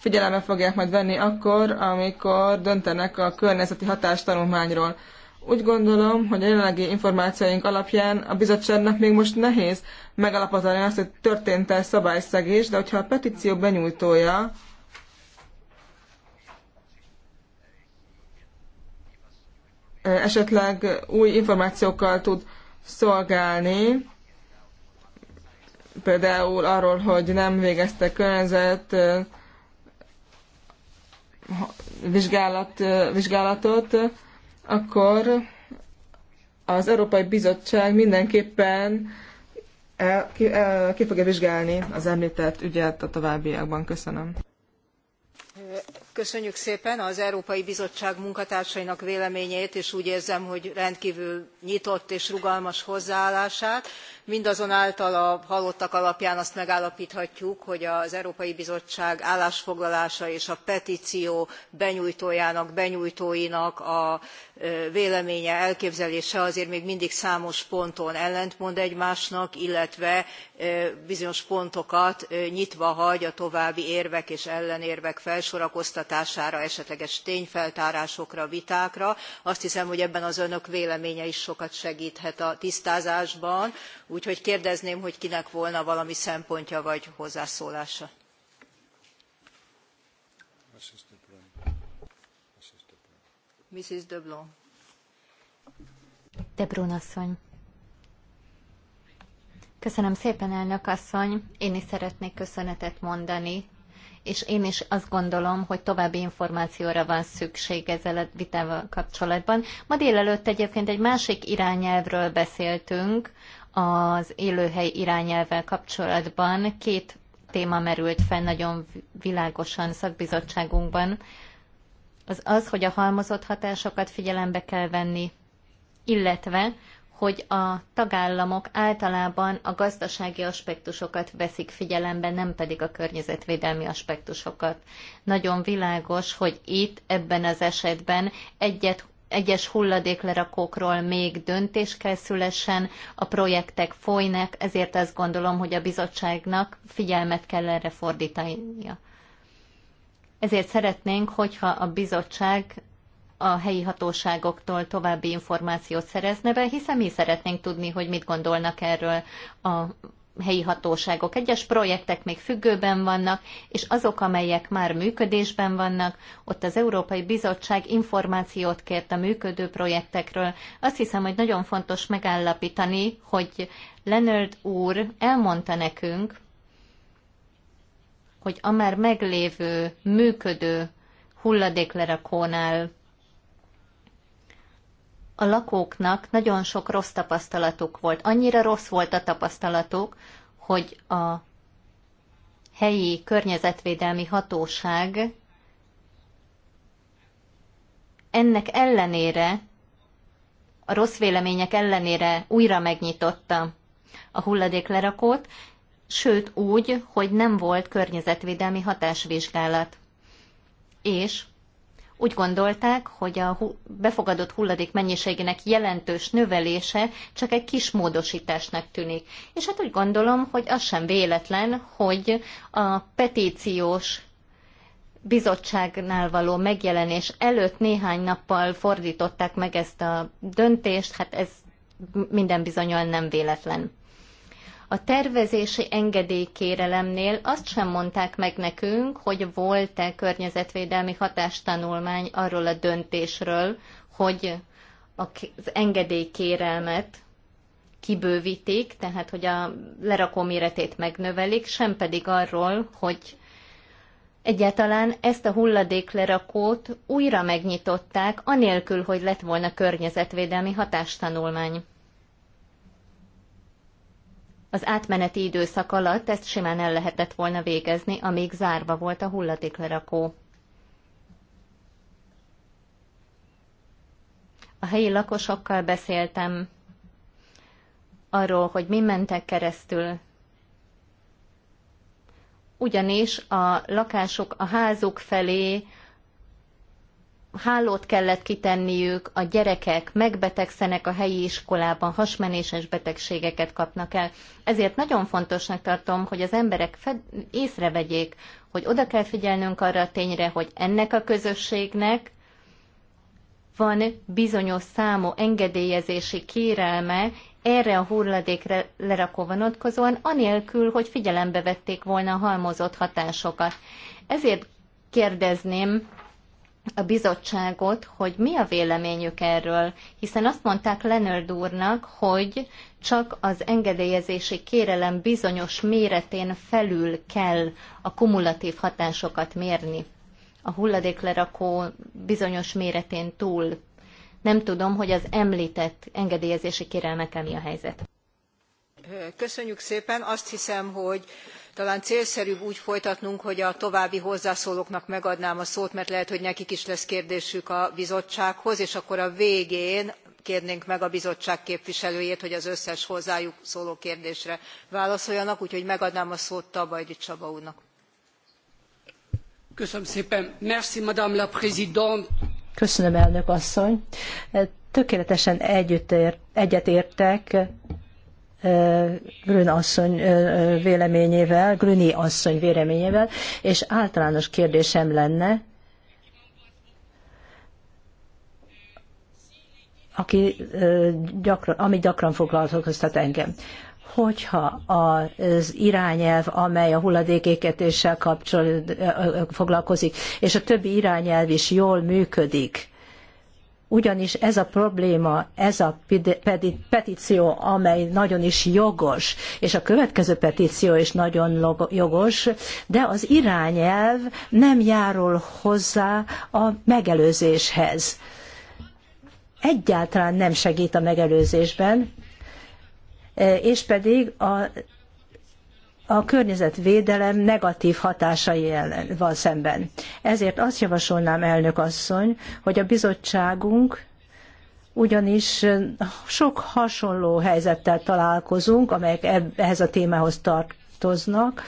figyelembe fogják majd venni akkor, amikor döntenek a környezeti hatástanulmányról. Úgy gondolom, hogy a jelenlegi információink alapján a bizottságnak még most nehéz megalapozni azt, hogy történt-e szabályszegés, de hogyha a petíció benyújtója esetleg új információkkal tud szolgálni, például arról, hogy nem végeztek környezet vizsgálat, vizsgálatot, akkor az Európai Bizottság mindenképpen el, ki, el, ki fogja vizsgálni az említett ügyet a továbbiakban. Köszönöm köszönjük szépen az európai bizottság munkatársainak véleményét és úgy érzem hogy rendkvül nyitott és rugalmas hozzáállását mindazonáltal a hallottak alapján azt megállapthatjuk hogy az európai bizottság állásfoglalása és a petció benyújtójának benyújtóinak a véleménye elképzelése azért még mindig számos ponton ellentmond egymásnak illetve bizonyos pontokat nyitva hagy a további érvek és ellenérvek felsorakoztatására esetleges tényfeltárásokra vitákra. azt hiszem hogy ebben az önök véleménye is sokat segthet a tisztázásban úgyhogy kérdezném hogy kinek volna valami szempontja vagy hozzászólása. Mrs. asszony. Köszönöm szépen, elnök asszony. Én is szeretnék köszönetet mondani, és én is azt gondolom, hogy további információra van szükség ezzel a vitával kapcsolatban. Ma délelőtt egyébként egy másik irányelvről beszéltünk, az élőhely irányelvvel kapcsolatban. Két téma merült fel nagyon világosan szakbizottságunkban az az, hogy a halmozott hatásokat figyelembe kell venni, illetve, hogy a tagállamok általában a gazdasági aspektusokat veszik figyelembe, nem pedig a környezetvédelmi aspektusokat. Nagyon világos, hogy itt ebben az esetben egyet egyes hulladéklerakókról még döntés kell szülessen, a projektek folynak, ezért azt gondolom, hogy a bizottságnak figyelmet kell erre fordítania. Ezért szeretnénk, hogyha a bizottság a helyi hatóságoktól további információt szerezne be, hiszen mi szeretnénk tudni, hogy mit gondolnak erről a helyi hatóságok. Egyes projektek még függőben vannak, és azok, amelyek már működésben vannak, ott az Európai Bizottság információt kért a működő projektekről. Azt hiszem, hogy nagyon fontos megállapítani, hogy Leonard úr elmondta nekünk, hogy a már meglévő, működő hulladéklerakónál a lakóknak nagyon sok rossz tapasztalatuk volt. Annyira rossz volt a tapasztalatuk, hogy a helyi környezetvédelmi hatóság ennek ellenére, a rossz vélemények ellenére újra megnyitotta a hulladéklerakót, sőt úgy, hogy nem volt környezetvédelmi hatásvizsgálat. És úgy gondolták, hogy a befogadott hulladék mennyiségének jelentős növelése csak egy kis módosításnak tűnik. És hát úgy gondolom, hogy az sem véletlen, hogy a petíciós bizottságnál való megjelenés előtt néhány nappal fordították meg ezt a döntést, hát ez minden bizonyal nem véletlen. A tervezési engedélykérelemnél azt sem mondták meg nekünk, hogy volt-e környezetvédelmi hatástanulmány arról a döntésről, hogy az engedélykérelmet kibővítik, tehát hogy a lerakó méretét megnövelik, sem pedig arról, hogy Egyáltalán ezt a hulladéklerakót újra megnyitották, anélkül, hogy lett volna környezetvédelmi hatástanulmány az átmeneti időszak alatt ezt simán el lehetett volna végezni, amíg zárva volt a hulladéklerakó. A helyi lakosokkal beszéltem arról, hogy mi mentek keresztül. Ugyanis a lakások a házuk felé hálót kellett kitenniük, a gyerekek megbetegszenek a helyi iskolában, hasmenéses betegségeket kapnak el. Ezért nagyon fontosnak tartom, hogy az emberek fed- észrevegyék, hogy oda kell figyelnünk arra a tényre, hogy ennek a közösségnek van bizonyos számú engedélyezési kérelme erre a hulladékre lerakó vonatkozóan, anélkül, hogy figyelembe vették volna a halmozott hatásokat. Ezért kérdezném a bizottságot, hogy mi a véleményük erről, hiszen azt mondták Leonard úrnak, hogy csak az engedélyezési kérelem bizonyos méretén felül kell a kumulatív hatásokat mérni. A hulladéklerakó bizonyos méretén túl. Nem tudom, hogy az említett engedélyezési kérelmekkel mi a helyzet. Köszönjük szépen. Azt hiszem, hogy talán célszerűbb úgy folytatnunk hogy a további hozzászólóknak megadnám a szót mert lehet hogy nekik is lesz kérdésük a bizottsághoz és akkor a végén kérnénk meg a bizottság képviselőjét hogy az összes hozzájuk szóló kérdésre válaszoljanak úgyhogy megadnám a szót tabajdi csaba úrnak. Köszönöm szépen. Merci, Madame la Présidente. Köszönöm, elnök asszony. Tökéletesen egyetértek Grün asszony véleményével, Grüni asszony véleményével, és általános kérdésem lenne, aki gyakran, ami gyakran foglalkoztat engem hogyha az irányelv, amely a hulladékéketéssel kapcsol, foglalkozik, és a többi irányelv is jól működik, ugyanis ez a probléma, ez a petíció, amely nagyon is jogos, és a következő petíció is nagyon jogos, de az irányelv nem járul hozzá a megelőzéshez. Egyáltalán nem segít a megelőzésben, és pedig a a környezetvédelem negatív hatásai ellenval szemben. Ezért azt javasolnám, elnök asszony, hogy a bizottságunk ugyanis sok hasonló helyzettel találkozunk, amelyek ehhez a témához tartoznak,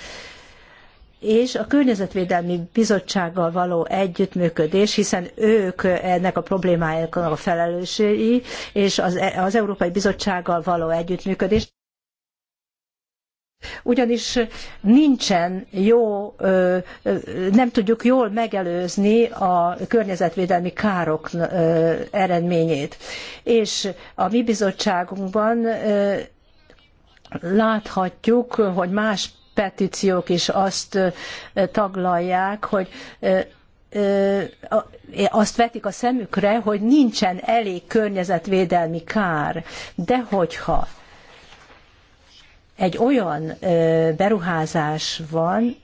és a Környezetvédelmi Bizottsággal való együttműködés, hiszen ők ennek a problémájának a felelősei, és az, e- az Európai Bizottsággal való együttműködés ugyanis nincsen jó, nem tudjuk jól megelőzni a környezetvédelmi károk eredményét. És a mi bizottságunkban láthatjuk, hogy más petíciók is azt taglalják, hogy azt vetik a szemükre, hogy nincsen elég környezetvédelmi kár. De hogyha egy olyan beruházás van,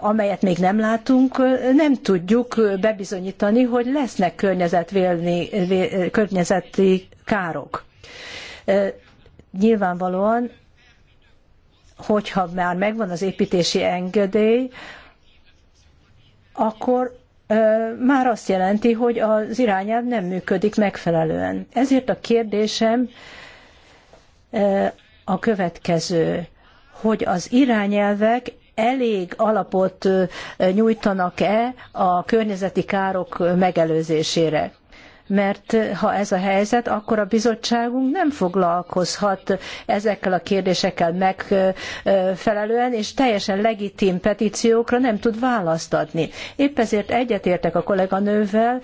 amelyet még nem látunk, nem tudjuk bebizonyítani, hogy lesznek környezetvélni, környezeti károk. Nyilvánvalóan, hogyha már megvan az építési engedély, akkor már azt jelenti, hogy az irányelv nem működik megfelelően. Ezért a kérdésem, a következő, hogy az irányelvek elég alapot nyújtanak-e a környezeti károk megelőzésére mert ha ez a helyzet, akkor a bizottságunk nem foglalkozhat ezekkel a kérdésekkel megfelelően, és teljesen legitim petíciókra nem tud választ adni. Épp ezért egyetértek a kolléganővel,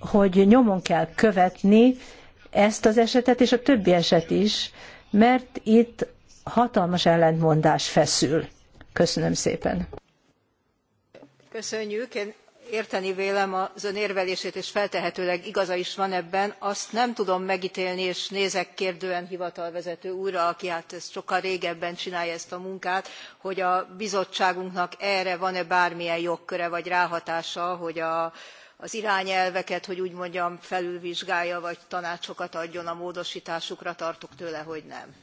hogy nyomon kell követni ezt az esetet, és a többi eset is, mert itt hatalmas ellentmondás feszül. Köszönöm szépen. Köszönjük. Én érteni vélem az ön érvelését, és feltehetőleg igaza is van ebben. Azt nem tudom megítélni, és nézek kérdően hivatalvezető úrra, aki hát ezt sokkal régebben csinálja ezt a munkát, hogy a bizottságunknak erre van-e bármilyen jogköre vagy ráhatása, hogy a az irányelveket, hogy úgy mondjam, felülvizsgálja, vagy tanácsokat adjon a módosításukra, tartok tőle, hogy nem.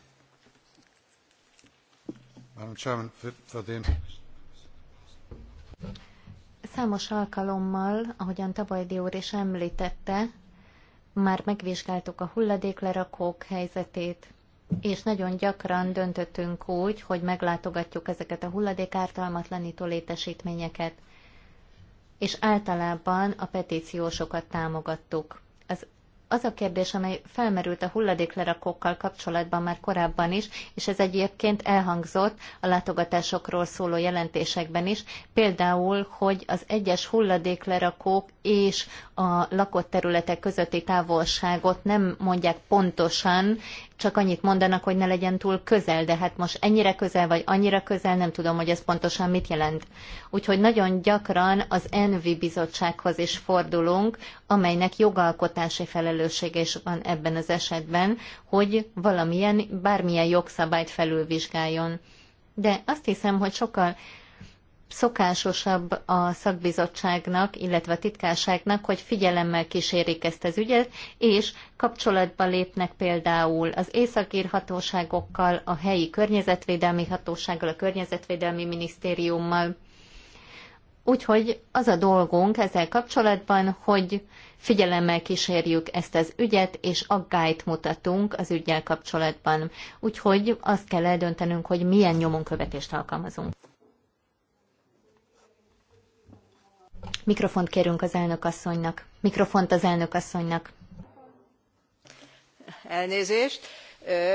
Számos alkalommal, ahogyan Tabajdi úr is említette, már megvizsgáltuk a hulladéklerakók helyzetét, és nagyon gyakran döntöttünk úgy, hogy meglátogatjuk ezeket a hulladékártalmatlanító létesítményeket és általában a petíciósokat támogattuk. Az, az a kérdés, amely felmerült a hulladéklerakókkal kapcsolatban már korábban is, és ez egyébként elhangzott a látogatásokról szóló jelentésekben is, például, hogy az egyes hulladéklerakók és a lakott területek közötti távolságot nem mondják pontosan, csak annyit mondanak, hogy ne legyen túl közel, de hát most ennyire közel vagy annyira közel, nem tudom, hogy ez pontosan mit jelent. Úgyhogy nagyon gyakran az ENVI bizottsághoz is fordulunk, amelynek jogalkotási felelőssége is van ebben az esetben, hogy valamilyen, bármilyen jogszabályt felülvizsgáljon. De azt hiszem, hogy sokkal szokásosabb a szakbizottságnak, illetve a titkárságnak, hogy figyelemmel kísérik ezt az ügyet, és kapcsolatba lépnek például az északír hatóságokkal, a helyi környezetvédelmi hatósággal, a környezetvédelmi minisztériummal. Úgyhogy az a dolgunk ezzel kapcsolatban, hogy figyelemmel kísérjük ezt az ügyet, és aggályt mutatunk az ügyel kapcsolatban. Úgyhogy azt kell eldöntenünk, hogy milyen nyomonkövetést alkalmazunk. Mikrofont kérünk az elnökasszonynak. Mikrofont az elnökasszonynak. Elnézést.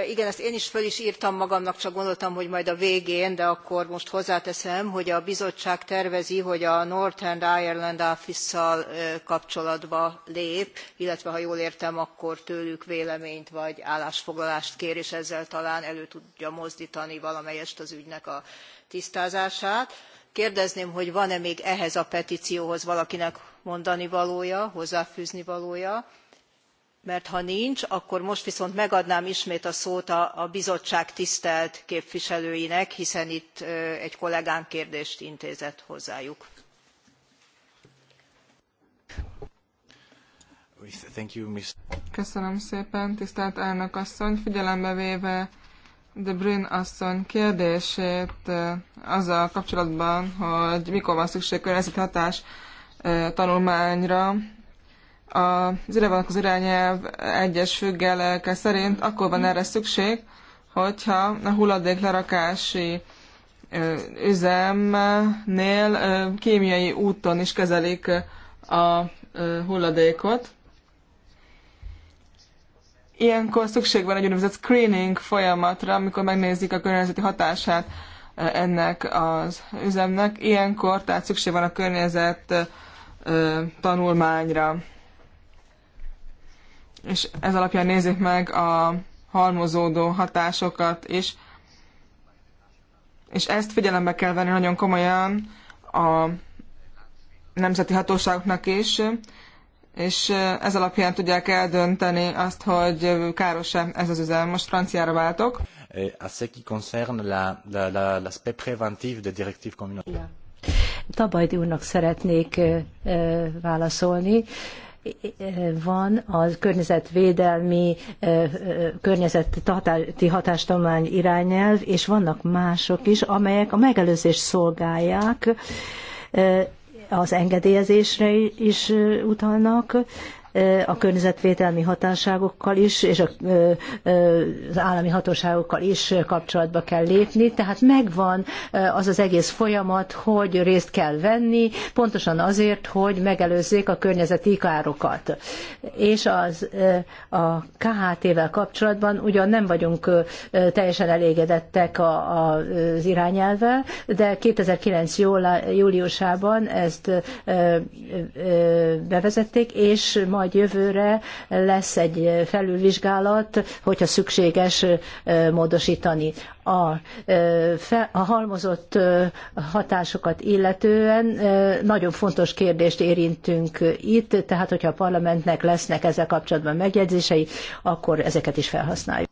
Igen, ezt én is föl is írtam magamnak, csak gondoltam, hogy majd a végén, de akkor most hozzáteszem, hogy a bizottság tervezi, hogy a Northern Ireland Office-szal kapcsolatba lép, illetve ha jól értem, akkor tőlük véleményt vagy állásfoglalást kér, és ezzel talán elő tudja mozdítani valamelyest az ügynek a tisztázását kérdezném hogy van e még ehhez a petcióhoz valakinek mondanivalója hozzáfűznivalója valója mert ha nincs akkor most viszont megadnám ismét a szót a, a bizottság tisztelt képviselőinek hiszen itt egy kollégánk kérdést intézett hozzájuk. Köszönöm szépen, tisztelt elnök asszony! Figyelembe véve de Brin asszony kérdését azzal kapcsolatban, hogy mikor van szükség környezeti hatás tanulmányra, az ide van az irányelv egyes függelke szerint akkor van erre szükség, hogyha a hulladéklerakási üzemnél kémiai úton is kezelik a hulladékot, Ilyenkor szükség van egy úgynevezett screening folyamatra, amikor megnézik a környezeti hatását e, ennek az üzemnek. Ilyenkor tehát szükség van a környezet e, tanulmányra. És ez alapján nézik meg a halmozódó hatásokat is. És ezt figyelembe kell venni nagyon komolyan a nemzeti hatóságoknak is, és ez alapján tudják eldönteni azt, hogy káros-e ez az üzem. Most franciára váltok. Eh, à ce qui concerne la, la, la, l'aspect préventif des directives communautaires. Yeah. Tabajdi úrnak szeretnék válaszolni. Van a környezetvédelmi, környezeti hatástomány irányelv, és vannak mások is, amelyek a megelőzést szolgálják az engedélyezésre is utalnak, a környezetvédelmi hatóságokkal is, és az állami hatóságokkal is kapcsolatba kell lépni. Tehát megvan az az egész folyamat, hogy részt kell venni, pontosan azért, hogy megelőzzék a környezeti károkat. És az, a KHT-vel kapcsolatban ugyan nem vagyunk teljesen elégedettek az irányelvel, de 2009 júliusában ezt bevezették, és majd majd jövőre lesz egy felülvizsgálat, hogyha szükséges módosítani. A, a halmozott hatásokat illetően nagyon fontos kérdést érintünk itt, tehát hogyha a parlamentnek lesznek ezzel kapcsolatban megjegyzései, akkor ezeket is felhasználjuk.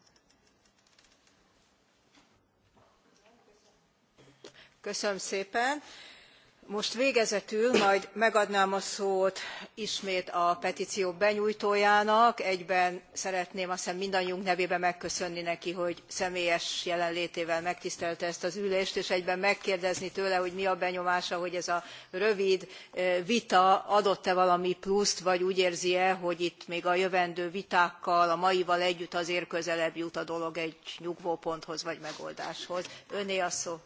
Köszönöm szépen most végezetül majd megadnám a szót ismét a petció benyújtójának egyben szeretném azt hiszem mindannyiunk nevében megköszönni neki hogy személyes jelenlétével megtisztelte ezt az ülést és egyben megkérdezni tőle hogy mi a benyomása hogy ez a rövid eh, vita adott e valami pluszt vagy úgy érzi e hogy itt még a jövendő vitákkal a maival együtt azért közelebb jut a dolog egy nyugvóponthoz vagy megoldáshoz. öné a szó.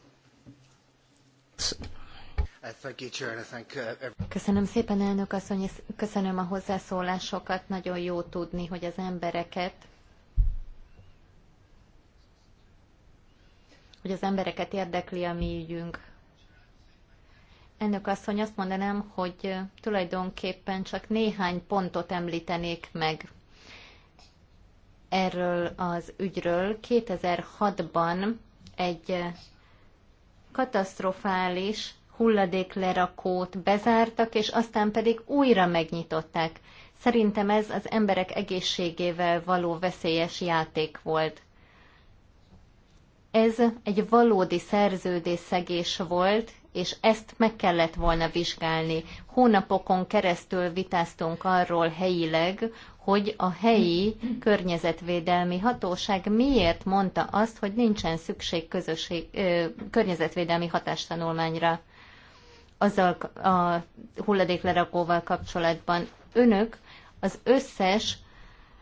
Uh, uh, köszönöm szépen, elnök asszony, és köszönöm a hozzászólásokat. Nagyon jó tudni, hogy az embereket hogy az embereket érdekli a mi ügyünk. Ennek asszony azt mondanám, hogy uh, tulajdonképpen csak néhány pontot említenék meg erről az ügyről. 2006-ban egy katasztrofális hulladéklerakót bezártak, és aztán pedig újra megnyitották. Szerintem ez az emberek egészségével való veszélyes játék volt. Ez egy valódi szerződésszegés volt, és ezt meg kellett volna vizsgálni. Hónapokon keresztül vitáztunk arról helyileg, hogy a helyi környezetvédelmi hatóság miért mondta azt, hogy nincsen szükség közösség, ö, környezetvédelmi hatástanulmányra azzal a hulladéklerakóval kapcsolatban. Önök az összes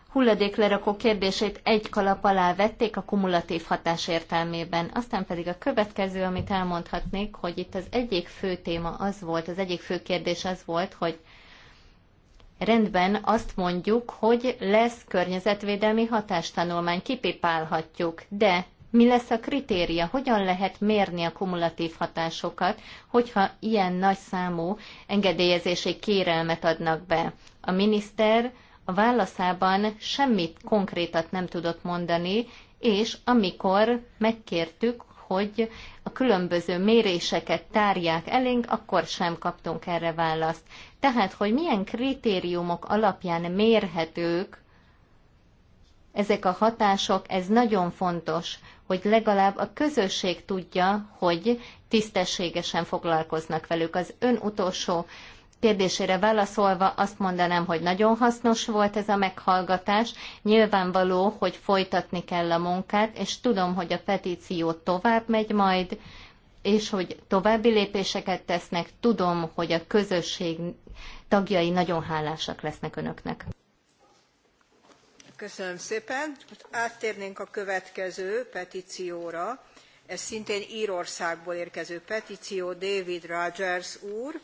hulladéklerakó kérdését egy kalap alá vették a kumulatív hatás értelmében. Aztán pedig a következő, amit elmondhatnék, hogy itt az egyik fő téma az volt, az egyik fő kérdés az volt, hogy rendben azt mondjuk, hogy lesz környezetvédelmi hatástanulmány, kipipálhatjuk, de mi lesz a kritéria? Hogyan lehet mérni a kumulatív hatásokat, hogyha ilyen nagy számú engedélyezési kérelmet adnak be? A miniszter a válaszában semmit konkrétat nem tudott mondani, és amikor megkértük, hogy a különböző méréseket tárják elénk, akkor sem kaptunk erre választ. Tehát, hogy milyen kritériumok alapján mérhetők ezek a hatások, ez nagyon fontos, hogy legalább a közösség tudja, hogy tisztességesen foglalkoznak velük. Az ön utolsó kérdésére válaszolva azt mondanám, hogy nagyon hasznos volt ez a meghallgatás. Nyilvánvaló, hogy folytatni kell a munkát, és tudom, hogy a petíció tovább megy majd, és hogy további lépéseket tesznek. Tudom, hogy a közösség tagjai nagyon hálásak lesznek önöknek. Köszönöm szépen. Most áttérnénk a következő petícióra. Ez szintén Írországból érkező petíció, David Rogers úr.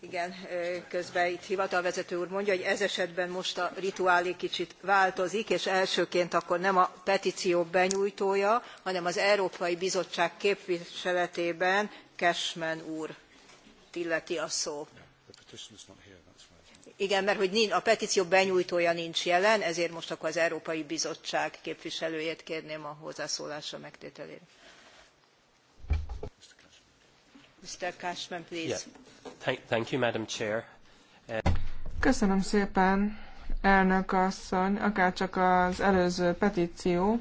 Igen, közben itt hivatalvezető úr mondja, hogy ez esetben most a rituálé kicsit változik, és elsőként akkor nem a petíció benyújtója, hanem az Európai Bizottság képviseletében Cashman úr illeti a szó. Igen, mert hogy a petíció benyújtója nincs jelen, ezért most akkor az Európai Bizottság képviselőjét kérném a hozzászólásra megtételére. Mr. Cashman, please. Yeah. Thank, you, Madam Chair. Köszönöm szépen, elnök asszony, akárcsak az előző petíció,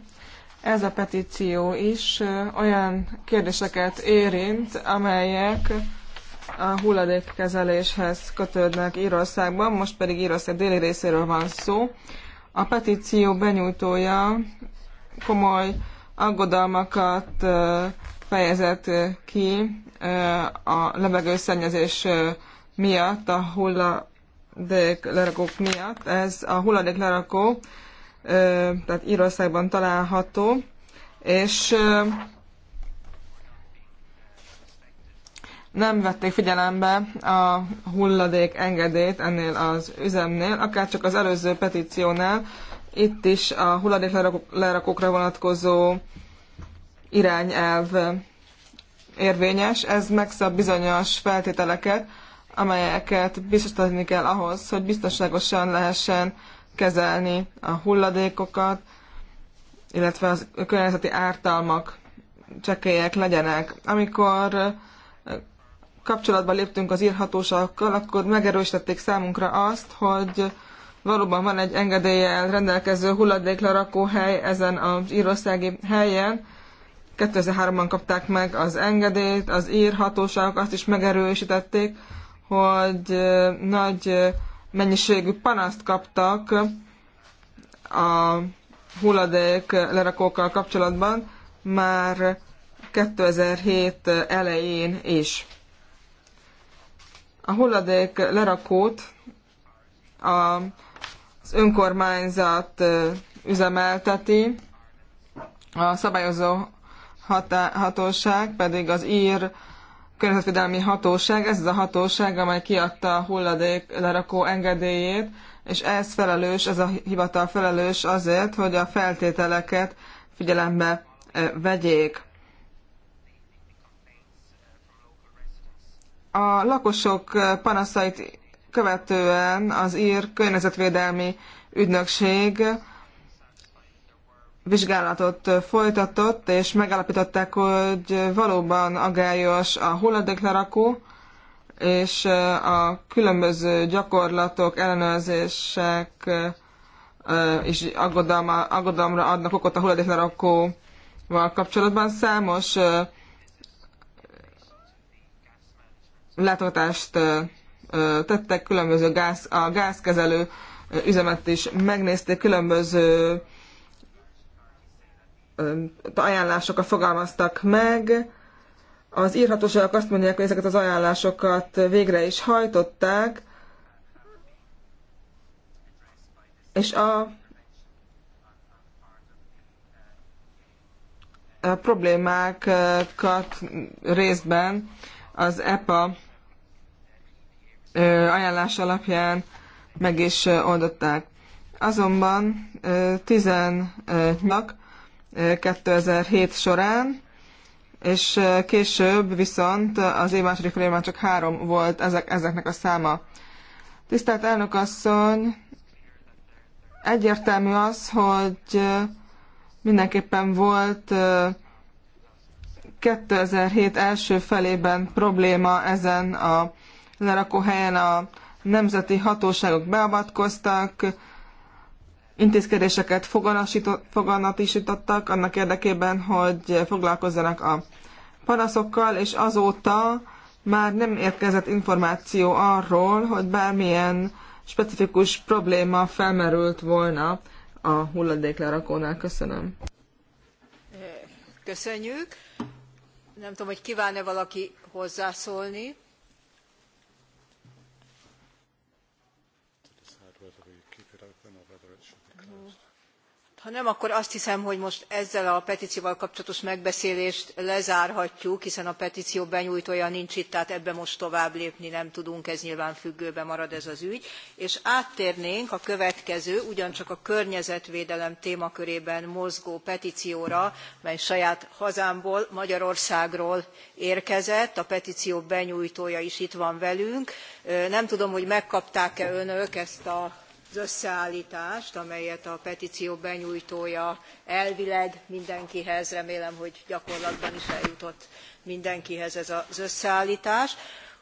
ez a petíció is olyan kérdéseket érint, amelyek a hulladékkezeléshez kötődnek Írországban, most pedig Írország déli részéről van szó. A petíció benyújtója komoly aggodalmakat fejezett ki a levegőszennyezés miatt, a hulladéklerakók miatt. Ez a hulladéklerakó, tehát Írországban található, és nem vették figyelembe a hulladék engedélyt ennél az üzemnél, akár csak az előző petíciónál, itt is a hulladék lerakókra vonatkozó irányelv érvényes, ez megszab bizonyos feltételeket, amelyeket biztosítani kell ahhoz, hogy biztonságosan lehessen kezelni a hulladékokat, illetve az környezeti ártalmak csekélyek legyenek. Amikor kapcsolatba léptünk az írhatósakkal, akkor megerősítették számunkra azt, hogy valóban van egy engedéllyel rendelkező hulladéklerakóhely ezen az írországi helyen. 2003-ban kapták meg az engedélyt, az írhatóságok azt is megerősítették, hogy nagy mennyiségű panaszt kaptak a hulladék lerakókkal kapcsolatban, már 2007 elején is a hulladék lerakót a, az önkormányzat üzemelteti, a szabályozó hatá, hatóság pedig az ír környezetvédelmi hatóság, ez az a hatóság, amely kiadta a hulladék lerakó engedélyét, és ez felelős, ez a hivatal felelős azért, hogy a feltételeket figyelembe vegyék. A lakosok panaszait követően az ír környezetvédelmi ügynökség vizsgálatot folytatott, és megállapították, hogy valóban agályos a hulladéklerakó, és a különböző gyakorlatok, ellenőrzések és aggodalma, aggodalomra adnak okot a hulladéklerakóval kapcsolatban. Számos látogatást tettek, különböző gáz, a gázkezelő üzemet is megnézték, különböző ajánlásokat fogalmaztak meg. Az írhatóságok azt mondják, hogy ezeket az ajánlásokat végre is hajtották, és a, a problémákat részben az EPA ajánlás alapján meg is oldották. Azonban 10 nak 2007 során, és később viszont az év második már csak három volt ezek, ezeknek a száma. Tisztelt elnök asszony, egyértelmű az, hogy mindenképpen volt 2007 első felében probléma ezen a lerakóhelyen a nemzeti hatóságok beavatkoztak, intézkedéseket foganatisítottak annak érdekében, hogy foglalkozzanak a panaszokkal, és azóta már nem érkezett információ arról, hogy bármilyen specifikus probléma felmerült volna a hulladéklerakónál. Köszönöm. Köszönjük. Nem tudom, hogy kíván-e valaki hozzászólni. ha nem akkor azt hiszem hogy most ezzel a petcióval kapcsolatos megbeszélést lezárhatjuk hiszen a petció benyújtója nincs itt tehát ebben most tovább lépni nem tudunk ez nyilván függőben marad ez az ügy és áttérnénk a következő ugyancsak a környezetvédelem témakörében mozgó petcióra mely saját hazámból magyarországról érkezett a petció benyújtója is itt van velünk. nem tudom hogy megkapták e önök ezt a az összeállítást, amelyet a petíció benyújtója elvileg mindenkihez, remélem, hogy gyakorlatban is eljutott mindenkihez ez az összeállítás.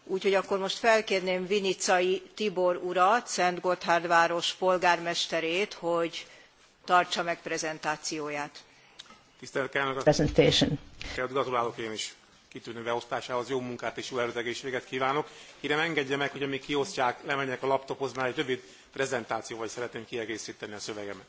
Úgyhogy akkor most felkérném Vinicai Tibor urat, Szent város polgármesterét, hogy tartsa meg prezentációját. Tisztelt Kánok! Presentation. Gratulálok én is kitűnő beosztásához jó munkát és jó erőtegészséget kívánok. Kérem engedje meg, hogy amíg kiosztják, lemenjek a laptophoz, már egy rövid prezentációval szeretném kiegészíteni a szövegemet.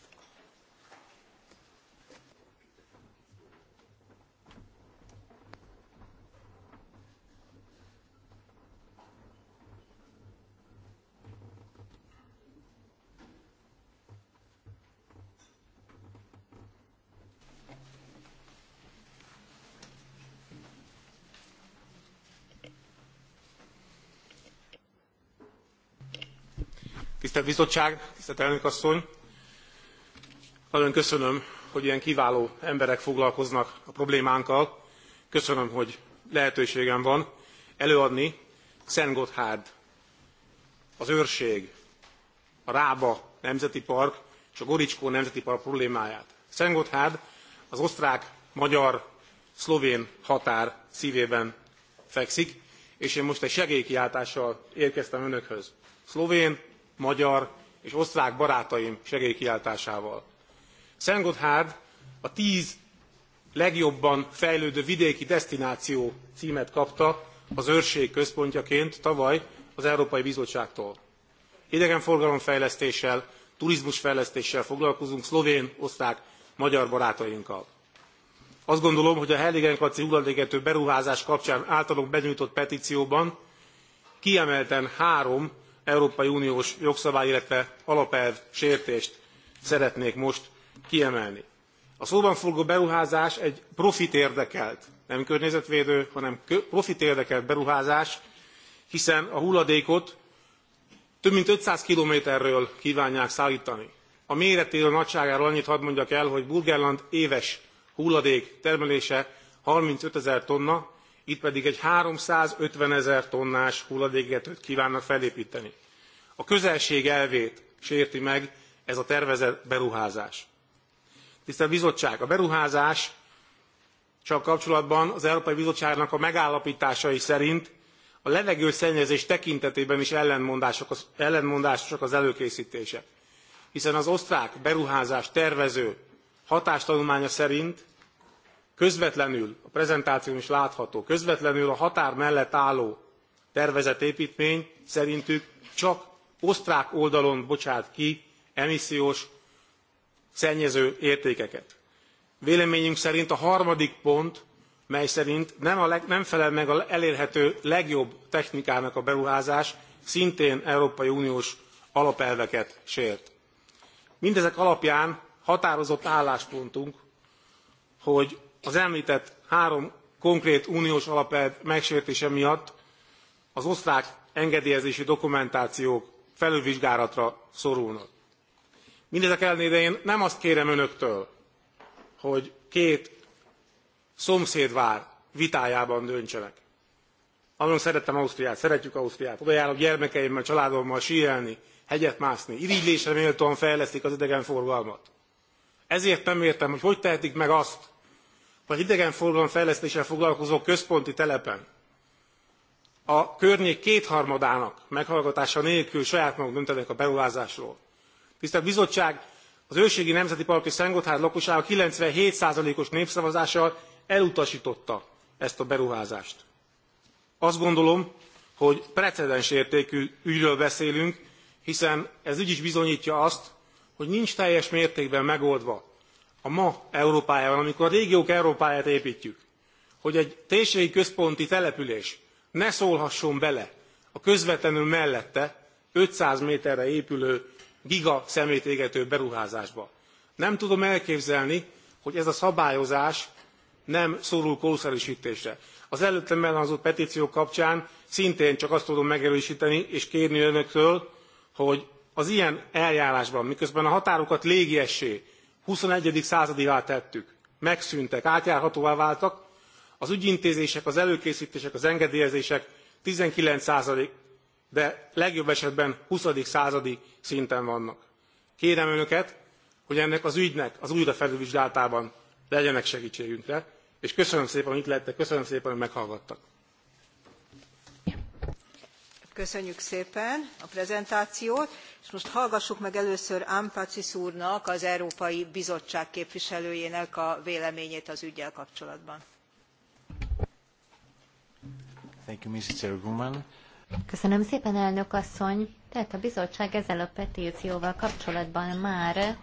Tisztelt Bizottság, tisztelt Elnök asszony! Nagyon köszönöm, hogy ilyen kiváló emberek foglalkoznak a problémánkkal. Köszönöm, hogy lehetőségem van előadni Szent Gotthárd, az Őrség, a Rába Nemzeti Park és a Goricskó Nemzeti Park problémáját. Szent Gotthárd az osztrák-magyar szlovén határ szívében fekszik, és én most egy segélykiáltással érkeztem önökhöz. Szlovén, magyar és osztrák barátaim segélykiáltásával. Szent a tíz legjobban fejlődő vidéki destináció címet kapta az őrség központjaként tavaly az Európai Bizottságtól. Idegenforgalomfejlesztéssel, turizmusfejlesztéssel foglalkozunk szlovén, osztrák, magyar barátainkkal. Azt gondolom, hogy a Heiligenkaci hulladégető beruházás kapcsán általunk benyújtott petícióban kiemelten három Európai Uniós jogszabály, illetve alapelv sértést szeretnék most kiemelni. A szóban forgó beruházás egy profit érdekelt, nem környezetvédő, hanem profit érdekelt beruházás, hiszen a hulladékot több mint 500 kilométerről kívánják szállítani. A méretéről, nagyságáról annyit hadd mondjak el, hogy Burgerland éves hulladék termelése 35 ezer tonna, itt pedig egy 350 ezer tonnás hulladékgetőt kívánna felépíteni. A közelség elvét sérti meg ez a tervezett beruházás. Tisztelt Bizottság, a beruházás csak kapcsolatban az Európai Bizottságnak a megállapításai szerint a levegőszennyezés tekintetében is ellentmondásosak az előkészítése. hiszen az osztrák beruházás tervező hatástanulmánya szerint közvetlenül, a prezentáción is látható, közvetlenül a határ mellett álló tervezett építmény szerintük csak osztrák oldalon bocsát ki emissziós szennyező értékeket. Véleményünk szerint a harmadik pont, mely szerint nem, a leg, nem felel meg az elérhető legjobb technikának a beruházás, szintén Európai Uniós alapelveket sért. Mindezek alapján határozott álláspontunk, hogy az említett három konkrét uniós alapelv megsértése miatt az osztrák engedélyezési dokumentációk felülvizsgálatra szorulnak. Mindezek ellenére én nem azt kérem önöktől, hogy két szomszédvár vitájában döntsenek. Nagyon szerettem Ausztriát, szeretjük Ausztriát, oda járok gyermekeimmel, családommal síelni, hegyet mászni, irigylésre méltóan fejlesztik az idegenforgalmat. Ezért nem értem, hogy hogy tehetik meg azt, vagy idegenforgalom fejlesztéssel foglalkozó központi telepen a környék kétharmadának meghallgatása nélkül saját maguk döntenek a beruházásról. Tisztelt Bizottság, az őrségi nemzeti park és Szentgotthárd lakossága 97%-os népszavazással elutasította ezt a beruházást. Azt gondolom, hogy precedens értékű ügyről beszélünk, hiszen ez ügy is bizonyítja azt, hogy nincs teljes mértékben megoldva a ma Európájában, amikor a régiók Európáját építjük, hogy egy térségi központi település ne szólhasson bele a közvetlenül mellette 500 méterre épülő giga szemétégető beruházásba. Nem tudom elképzelni, hogy ez a szabályozás nem szorul korszerűsítésre. Az előttem elhangzott petíció kapcsán szintén csak azt tudom megerősíteni és kérni önöktől, hogy az ilyen eljárásban, miközben a határokat légiessé, 21. századivá tettük. Megszűntek, átjárhatóvá váltak, az ügyintézések, az előkészítések, az engedélyezések 19 de legjobb esetben 20. századi szinten vannak. Kérem önöket, hogy ennek az ügynek az újrafelülvizsgálatában legyenek segítségünkre, és köszönöm szépen, hogy itt lettek, köszönöm szépen, hogy meghallgattak. Köszönjük szépen a prezentációt, és most hallgassuk meg először Ampacis úrnak, az Európai Bizottság képviselőjének a véleményét az ügyel kapcsolatban. Köszönöm szépen, elnök asszony. Tehát a bizottság ezzel a petícióval kapcsolatban már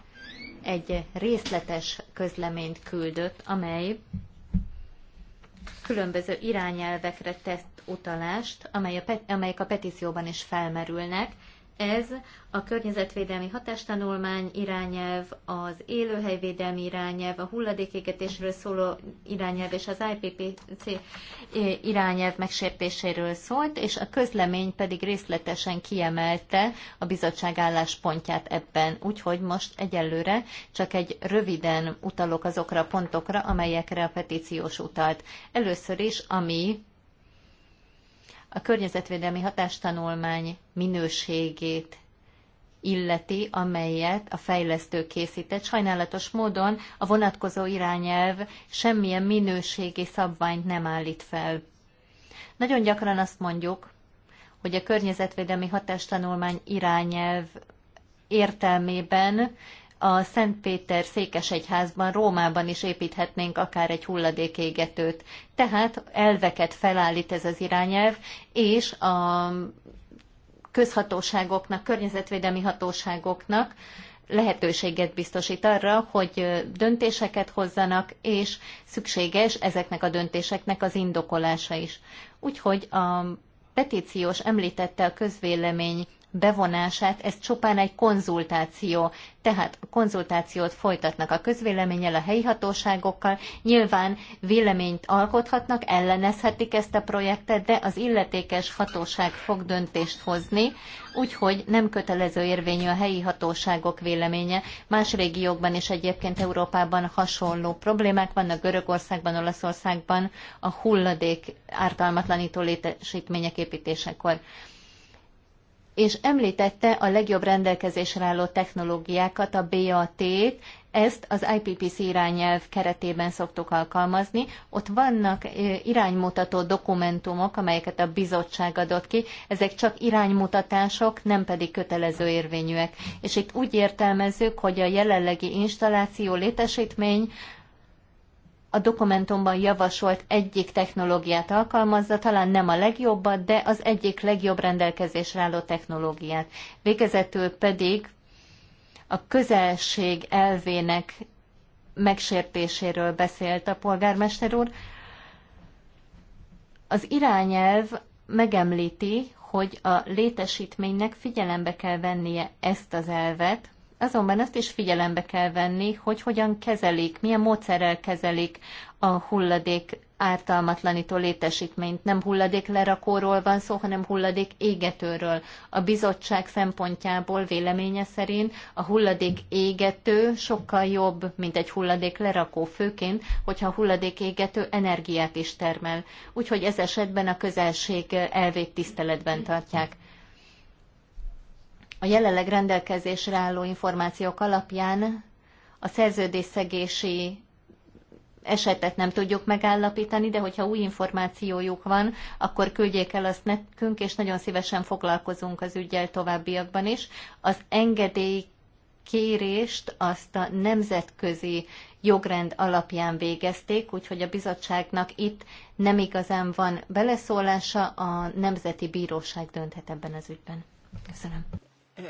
egy részletes közleményt küldött, amely különböző irányelvekre tett utalást, amelyek a petícióban is felmerülnek, ez a környezetvédelmi hatástanulmány irányelv, az élőhelyvédelmi irányelv, a hulladékégetésről szóló irányelv és az IPPC irányelv megsértéséről szólt, és a közlemény pedig részletesen kiemelte a bizottság álláspontját ebben. Úgyhogy most egyelőre csak egy röviden utalok azokra a pontokra, amelyekre a petíciós utalt. Először is, ami a környezetvédelmi hatástanulmány minőségét illeti, amelyet a fejlesztő készített. Sajnálatos módon a vonatkozó irányelv semmilyen minőségi szabványt nem állít fel. Nagyon gyakran azt mondjuk, hogy a környezetvédelmi hatástanulmány irányelv értelmében a Szent Péter székesegyházban, Rómában is építhetnénk akár egy hulladékégetőt. Tehát elveket felállít ez az irányelv, és a közhatóságoknak, környezetvédelmi hatóságoknak lehetőséget biztosít arra, hogy döntéseket hozzanak, és szükséges ezeknek a döntéseknek az indokolása is. Úgyhogy a petíciós említette a közvélemény bevonását, ez csupán egy konzultáció. Tehát a konzultációt folytatnak a közvéleménnyel, a helyi hatóságokkal, nyilván véleményt alkothatnak, ellenezhetik ezt a projektet, de az illetékes hatóság fog döntést hozni, úgyhogy nem kötelező érvényű a helyi hatóságok véleménye. Más régiókban és egyébként Európában hasonló problémák vannak, Görögországban, Olaszországban a hulladék ártalmatlanító létesítmények építésekor és említette a legjobb rendelkezésre álló technológiákat, a BAT-t, ezt az IPPC irányelv keretében szoktuk alkalmazni. Ott vannak iránymutató dokumentumok, amelyeket a bizottság adott ki, ezek csak iránymutatások, nem pedig kötelező érvényűek. És itt úgy értelmezzük, hogy a jelenlegi installáció létesítmény a dokumentumban javasolt egyik technológiát alkalmazza, talán nem a legjobbat, de az egyik legjobb rendelkezésre álló technológiát. Végezetül pedig a közelség elvének megsértéséről beszélt a polgármester úr. Az irányelv megemlíti, hogy a létesítménynek figyelembe kell vennie ezt az elvet, Azonban azt is figyelembe kell venni, hogy hogyan kezelik, milyen módszerrel kezelik a hulladék ártalmatlanító létesítményt. Nem hulladék lerakóról van szó, hanem hulladék égetőről. A bizottság szempontjából véleménye szerint a hulladék égető sokkal jobb, mint egy hulladék lerakó, főként, hogyha a hulladék égető energiát is termel. Úgyhogy ez esetben a közelség elvét tiszteletben tartják a jelenleg rendelkezésre álló információk alapján a szerződésszegési esetet nem tudjuk megállapítani, de hogyha új információjuk van, akkor küldjék el azt nekünk, és nagyon szívesen foglalkozunk az ügyel továbbiakban is. Az engedély kérést azt a nemzetközi jogrend alapján végezték, úgyhogy a bizottságnak itt nem igazán van beleszólása, a Nemzeti Bíróság dönthet ebben az ügyben. Köszönöm.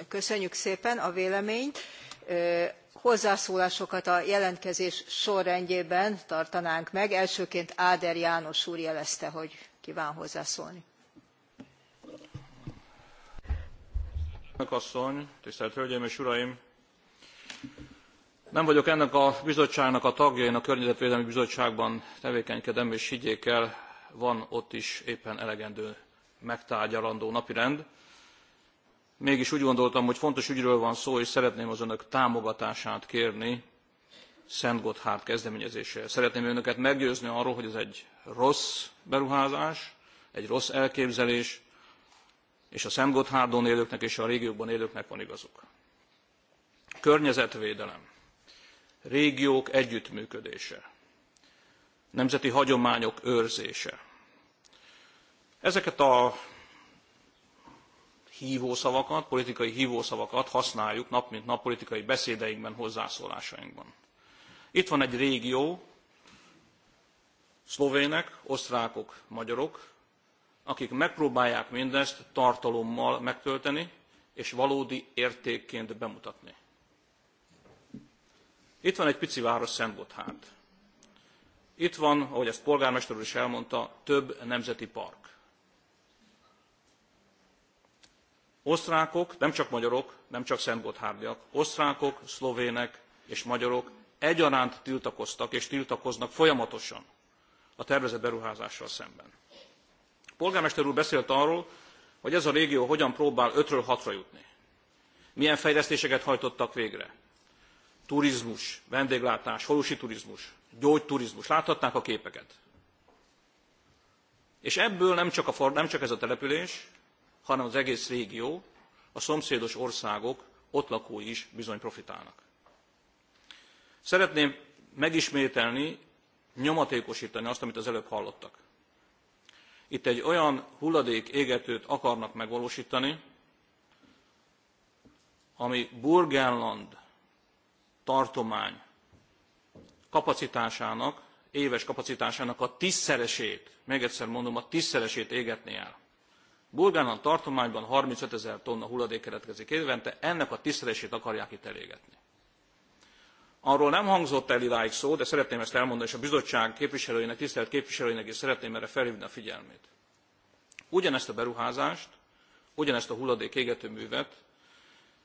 Köszönjük szépen a véleményt. Hozzászólásokat a jelentkezés sorrendjében tartanánk meg. Elsőként Áder János úr jelezte, hogy kíván hozzászólni. elnök asszony tisztelt hölgyeim és uraim! nem vagyok ennek a bizottságnak a tagja én a környezetvédelmi bizottságban tevékenykedem és higgyék el van ott is éppen elegendő megtárgyalandó napirend mégis úgy gondoltam hogy fontos ügyről van szó és szeretném az önök támogatását kérni szent gotthárd kezdeményezéséhez. szeretném önöket meggyőzni arról hogy ez egy rossz beruházás egy rossz elképzelés és a szent gotthárdon élőknek és a régióban élőknek van igazuk. környezetvédelem régiók együttműködése nemzeti hagyományok őrzése ezeket a hívószavakat, politikai hívószavakat használjuk nap mint nap politikai beszédeinkben, hozzászólásainkban. Itt van egy régió, szlovének, osztrákok, magyarok, akik megpróbálják mindezt tartalommal megtölteni, és valódi értékként bemutatni. Itt van egy pici város Szentgotthárd. Itt van, ahogy ezt polgármester úr is elmondta, több nemzeti park. osztrákok, nem csak magyarok, nem csak szentgotthárdiak, osztrákok, szlovének és magyarok egyaránt tiltakoztak és tiltakoznak folyamatosan a tervezett beruházással szemben. A polgármester úr beszélt arról, hogy ez a régió hogyan próbál ötről hatra jutni. Milyen fejlesztéseket hajtottak végre? Turizmus, vendéglátás, falusi turizmus, gyógyturizmus. Láthatnák a képeket. És ebből nem csak, a, nem csak ez a település, hanem az egész régió, a szomszédos országok ott lakói is bizony profitálnak. Szeretném megismételni, nyomatékosítani azt, amit az előbb hallottak. Itt egy olyan hulladék égetőt akarnak megvalósítani, ami Burgenland tartomány kapacitásának, éves kapacitásának a tízszeresét, még egyszer mondom, a tízszeresét égetni el. Bulgánan tartományban 35 ezer tonna hulladék keletkezik évente, ennek a tisztelését akarják itt elégetni. Arról nem hangzott el idáig szó, de szeretném ezt elmondani, és a bizottság képviselőinek, tisztelt képviselőinek is szeretném erre felhívni a figyelmét. Ugyanezt a beruházást, ugyanezt a hulladék művet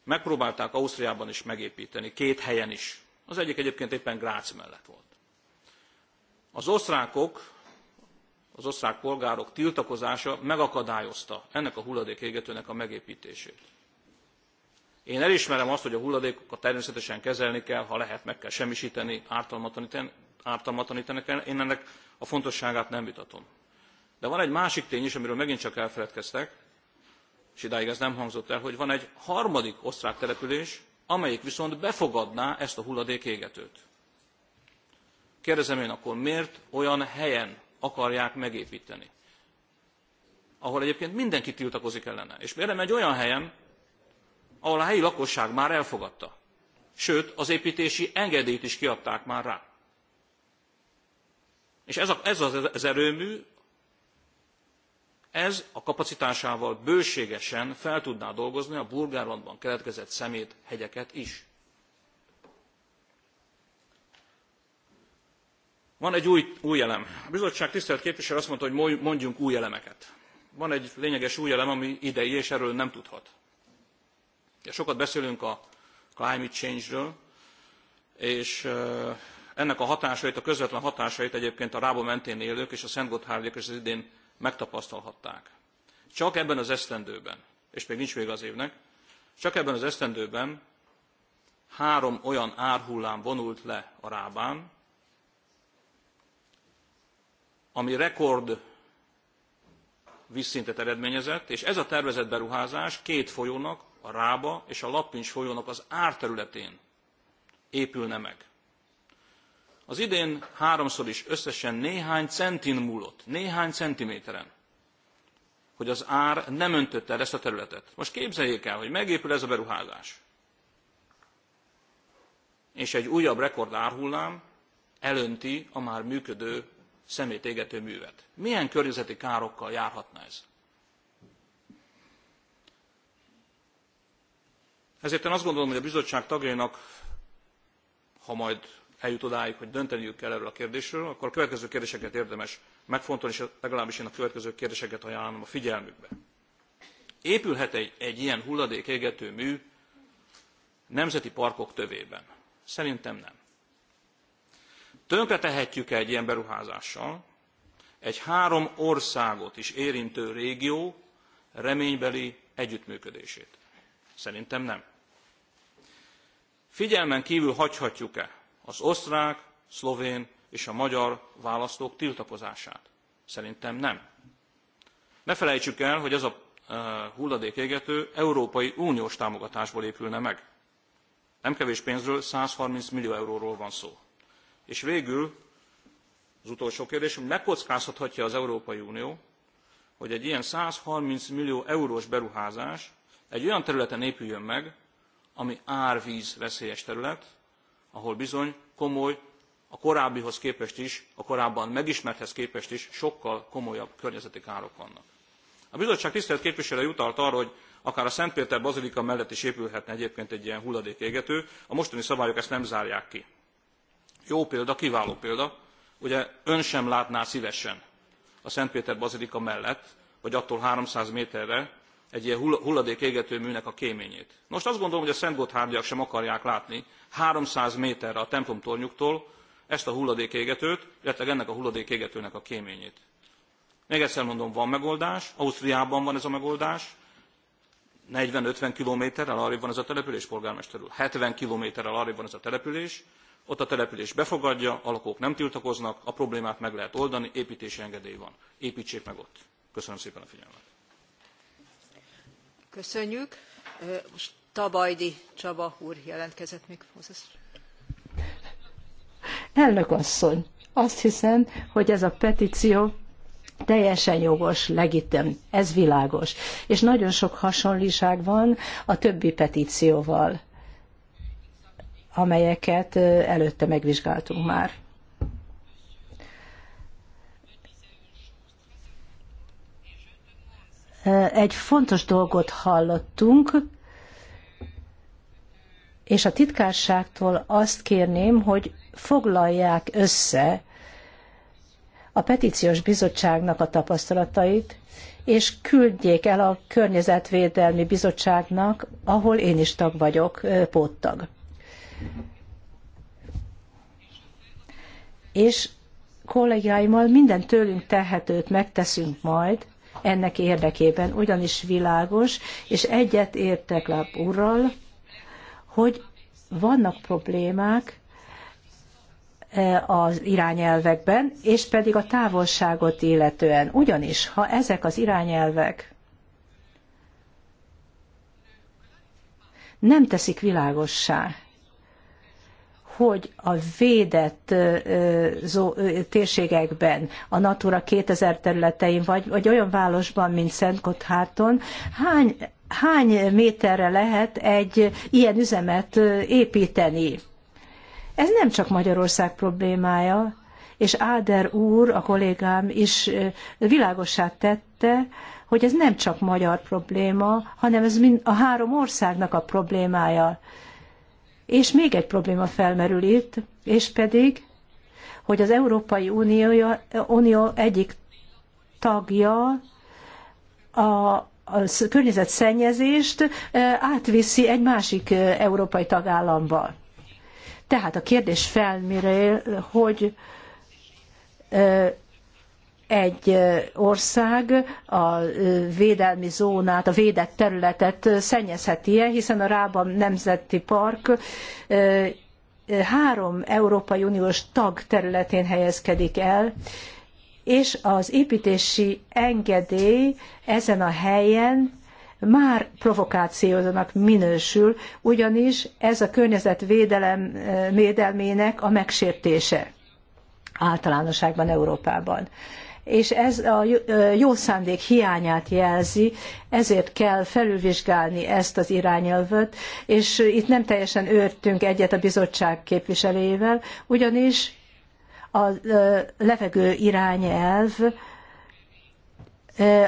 megpróbálták Ausztriában is megépíteni, két helyen is. Az egyik egyébként éppen Grác mellett volt. Az osztrákok az osztrák polgárok tiltakozása megakadályozta ennek a hulladékégetőnek a megépítését. Én elismerem azt, hogy a hulladékokat természetesen kezelni kell, ha lehet meg kell semmisíteni, ártalmatlanítani kell. Én ennek a fontosságát nem vitatom. De van egy másik tény is, amiről megint csak elfeledkeztek, és idáig ez nem hangzott el, hogy van egy harmadik osztrák település, amelyik viszont befogadná ezt a hulladékégetőt. Kérdezem én akkor, miért olyan helyen akarják megépíteni. Ahol egyébként mindenki tiltakozik ellene. És például egy olyan helyen, ahol a helyi lakosság már elfogadta. Sőt, az építési engedélyt is kiadták már rá. És ez, a, ez az erőmű, ez a kapacitásával bőségesen fel tudná dolgozni a Burgárlandban keletkezett szemét hegyeket is. Van egy új, új elem. A bizottság tisztelt képviselő azt mondta, hogy mondjunk új elemeket. Van egy lényeges új elem, ami idei, és erről nem tudhat. sokat beszélünk a climate change-ről, és ennek a hatásait, a közvetlen hatásait egyébként a Rába mentén élők és a Szent Gotthárdiak az idén megtapasztalhatták. Csak ebben az esztendőben, és még nincs vége az évnek, csak ebben az esztendőben három olyan árhullám vonult le a Rábán, ami rekord vízszintet eredményezett, és ez a tervezett beruházás két folyónak, a Rába és a Lappincs folyónak az árterületén épülne meg. Az idén háromszor is összesen néhány centin múlott, néhány centiméteren, hogy az ár nem öntötte el ezt a területet. Most képzeljék el, hogy megépül ez a beruházás. És egy újabb rekord árhullám elönti a már működő szemétégető művet. Milyen környezeti károkkal járhatna ez? Ezért én azt gondolom, hogy a bizottság tagjainak, ha majd eljut odáig, hogy dönteniük kell erről a kérdésről, akkor a következő kérdéseket érdemes megfontolni, és legalábbis én a következő kérdéseket ajánlom a figyelmükbe. Épülhet egy, egy ilyen égető mű nemzeti parkok tövében? Szerintem nem. Tönkretehetjük -e egy ilyen beruházással egy három országot is érintő régió reménybeli együttműködését? Szerintem nem. Figyelmen kívül hagyhatjuk-e az osztrák, szlovén és a magyar választók tiltakozását? Szerintem nem. Ne felejtsük el, hogy ez a e, hulladékégető Európai Uniós támogatásból épülne meg. Nem kevés pénzről, 130 millió euróról van szó. És végül az utolsó kérdés, megkockáztathatja az Európai Unió, hogy egy ilyen 130 millió eurós beruházás egy olyan területen épüljön meg, ami árvíz veszélyes terület, ahol bizony komoly, a korábbihoz képest is, a korábban megismerthez képest is sokkal komolyabb környezeti károk vannak. A bizottság tisztelt képviselői utalt arra, hogy akár a Szentpéter Bazilika mellett is épülhetne egyébként egy ilyen hulladékégető, a mostani szabályok ezt nem zárják ki. Jó példa, kiváló példa. Ugye ön sem látná szívesen a Szentpéter Bazilika mellett, vagy attól 300 méterre egy ilyen hulladék műnek a kéményét. Most azt gondolom, hogy a Szent Gotthárdiak sem akarják látni 300 méterre a templom tornyuktól ezt a hulladék égetőt, illetve ennek a hulladék égetőnek a kéményét. Még egyszer mondom, van megoldás, Ausztriában van ez a megoldás, 40-50 kilométerrel arrébb van ez a település, polgármester úr. 70 kilométerrel arrébb van ez a település, ott a település befogadja, a lakók nem tiltakoznak, a problémát meg lehet oldani, építési engedély van. Építsék meg ott. Köszönöm szépen a figyelmet. Köszönjük. Most Tabajdi Csaba úr jelentkezett még Elnök asszony, azt hiszem, hogy ez a petíció teljesen jogos, legitim, ez világos. És nagyon sok hasonlóság van a többi petícióval amelyeket előtte megvizsgáltunk már. Egy fontos dolgot hallottunk, és a titkárságtól azt kérném, hogy foglalják össze a petíciós bizottságnak a tapasztalatait, és küldjék el a Környezetvédelmi Bizottságnak, ahol én is tag vagyok, póttag. És kollégáimmal minden tőlünk tehetőt megteszünk majd ennek érdekében, ugyanis világos, és egyet értek Láb úrral, hogy vannak problémák, e, az irányelvekben, és pedig a távolságot illetően. Ugyanis, ha ezek az irányelvek nem teszik világossá, hogy a védett térségekben, a Natura 2000 területein, vagy, vagy olyan városban, mint Szentgotthárton, hány, hány méterre lehet egy ilyen üzemet építeni? Ez nem csak Magyarország problémája, és Áder úr, a kollégám is világossá tette, hogy ez nem csak magyar probléma, hanem ez mind a három országnak a problémája. És még egy probléma felmerül itt, és pedig, hogy az Európai Unió, Unió egyik tagja a a környezetszennyezést átviszi egy másik európai tagállamba. Tehát a kérdés felmérő, hogy egy ország a védelmi zónát, a védett területet szennyezheti-e, hiszen a rába Nemzeti Park három Európai Uniós tag területén helyezkedik el, és az építési engedély ezen a helyen már provokációnak minősül, ugyanis ez a környezetvédelem védelmének a megsértése általánosságban Európában és ez a jó szándék hiányát jelzi, ezért kell felülvizsgálni ezt az irányelvet, és itt nem teljesen őrtünk egyet a bizottság képviselőjével, ugyanis a levegő irányelv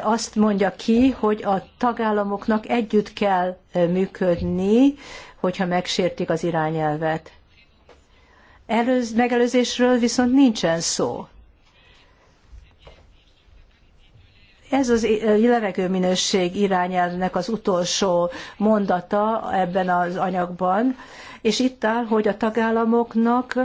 azt mondja ki, hogy a tagállamoknak együtt kell működni, hogyha megsértik az irányelvet. Előz, megelőzésről viszont nincsen szó. Ez az eh, levegőminőség irányelvnek az utolsó mondata ebben az anyagban, és itt áll, hogy a tagállamoknak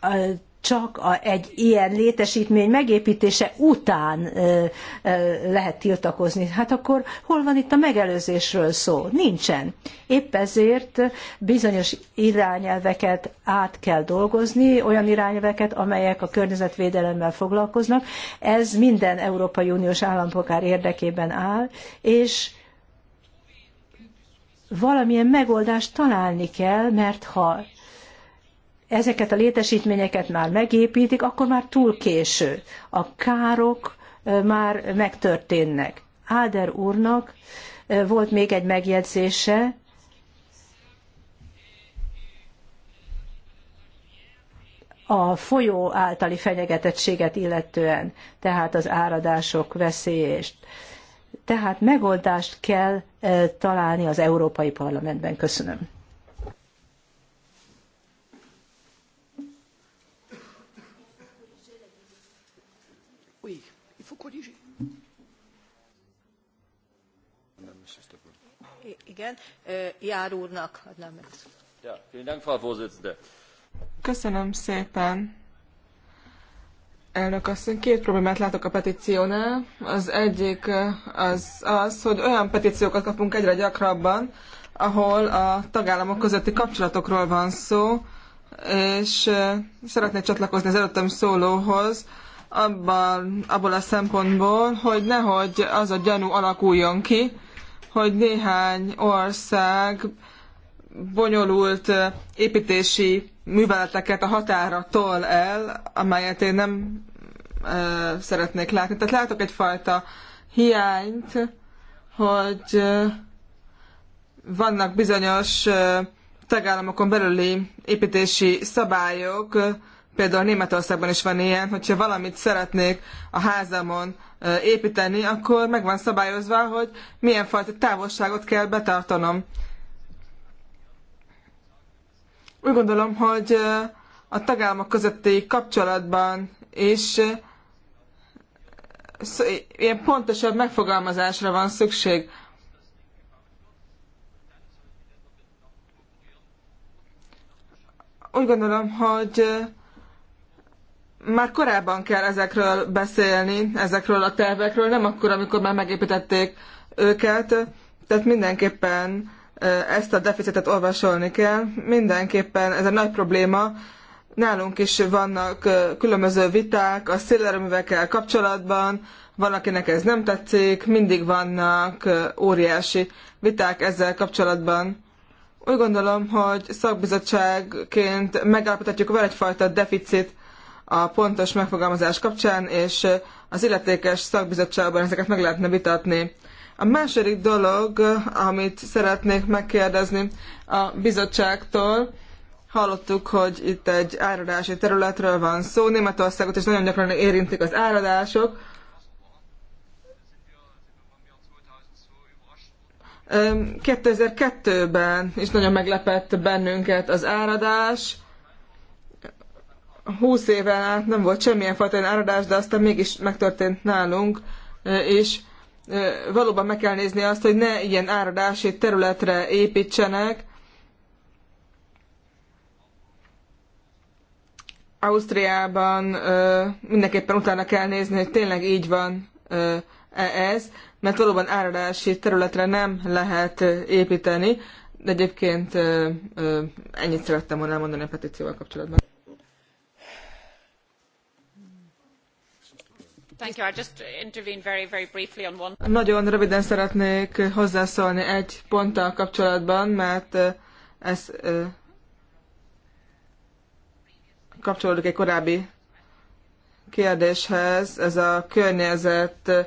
eh, csak a, egy ilyen létesítmény megépítése után ö, ö, lehet tiltakozni. Hát akkor hol van itt a megelőzésről szó? Nincsen. Épp ezért bizonyos irányelveket át kell dolgozni, olyan irányelveket, amelyek a környezetvédelemmel foglalkoznak. Ez minden Európai Uniós állampolgár érdekében áll, és valamilyen megoldást találni kell, mert ha ezeket a létesítményeket már megépítik, akkor már túl késő. A károk már megtörténnek. Áder úrnak volt még egy megjegyzése, a folyó általi fenyegetettséget illetően, tehát az áradások veszélyést. Tehát megoldást kell találni az Európai Parlamentben. Köszönöm. adnám Frau szépen. Elnök asszony, két problémát látok a petíciónál. Az egyik az az, hogy olyan petíciókat kapunk egyre gyakrabban, ahol a tagállamok közötti kapcsolatokról van szó, és szeretnék csatlakozni az előttem szólóhoz, abból a szempontból, hogy nehogy az a gyanú alakuljon ki, hogy néhány ország bonyolult építési műveleteket a határa tol el, amelyet én nem ö, szeretnék látni. Tehát látok egyfajta hiányt, hogy ö, vannak bizonyos ö, tagállamokon belüli építési szabályok, például Németországban is van ilyen, hogyha valamit szeretnék a házamon építeni, akkor meg van szabályozva, hogy milyen fajta távolságot kell betartanom. Úgy gondolom, hogy a tagállamok közötti kapcsolatban is ilyen pontosabb megfogalmazásra van szükség. Úgy gondolom, hogy már korábban kell ezekről beszélni, ezekről a tervekről, nem akkor, amikor már megépítették őket, tehát mindenképpen ezt a deficitet olvasolni kell. Mindenképpen ez egy nagy probléma. Nálunk is vannak különböző viták a szélerőművekkel kapcsolatban, van, akinek ez nem tetszik, mindig vannak óriási viták ezzel kapcsolatban. Úgy gondolom, hogy szakbizottságként megállapíthatjuk vele egyfajta deficit a pontos megfogalmazás kapcsán, és az illetékes szakbizottságban ezeket meg lehetne vitatni. A második dolog, amit szeretnék megkérdezni a bizottságtól, hallottuk, hogy itt egy áradási területről van szó, Németországot is nagyon gyakran érintik az áradások. Um, 2002-ben is nagyon meglepett bennünket az áradás, Húsz éve át nem volt semmilyen fajta áradás, de aztán mégis megtörtént nálunk, és valóban meg kell nézni azt, hogy ne ilyen áradási területre építsenek. Ausztriában mindenképpen utána kell nézni, hogy tényleg így van -e ez, mert valóban áradási területre nem lehet építeni. De egyébként ennyit szerettem volna elmondani a petícióval kapcsolatban. Very, very on Nagyon röviden szeretnék hozzászólni egy ponttal kapcsolatban, mert eh, ez eh, kapcsolódik egy korábbi kérdéshez, ez a környezet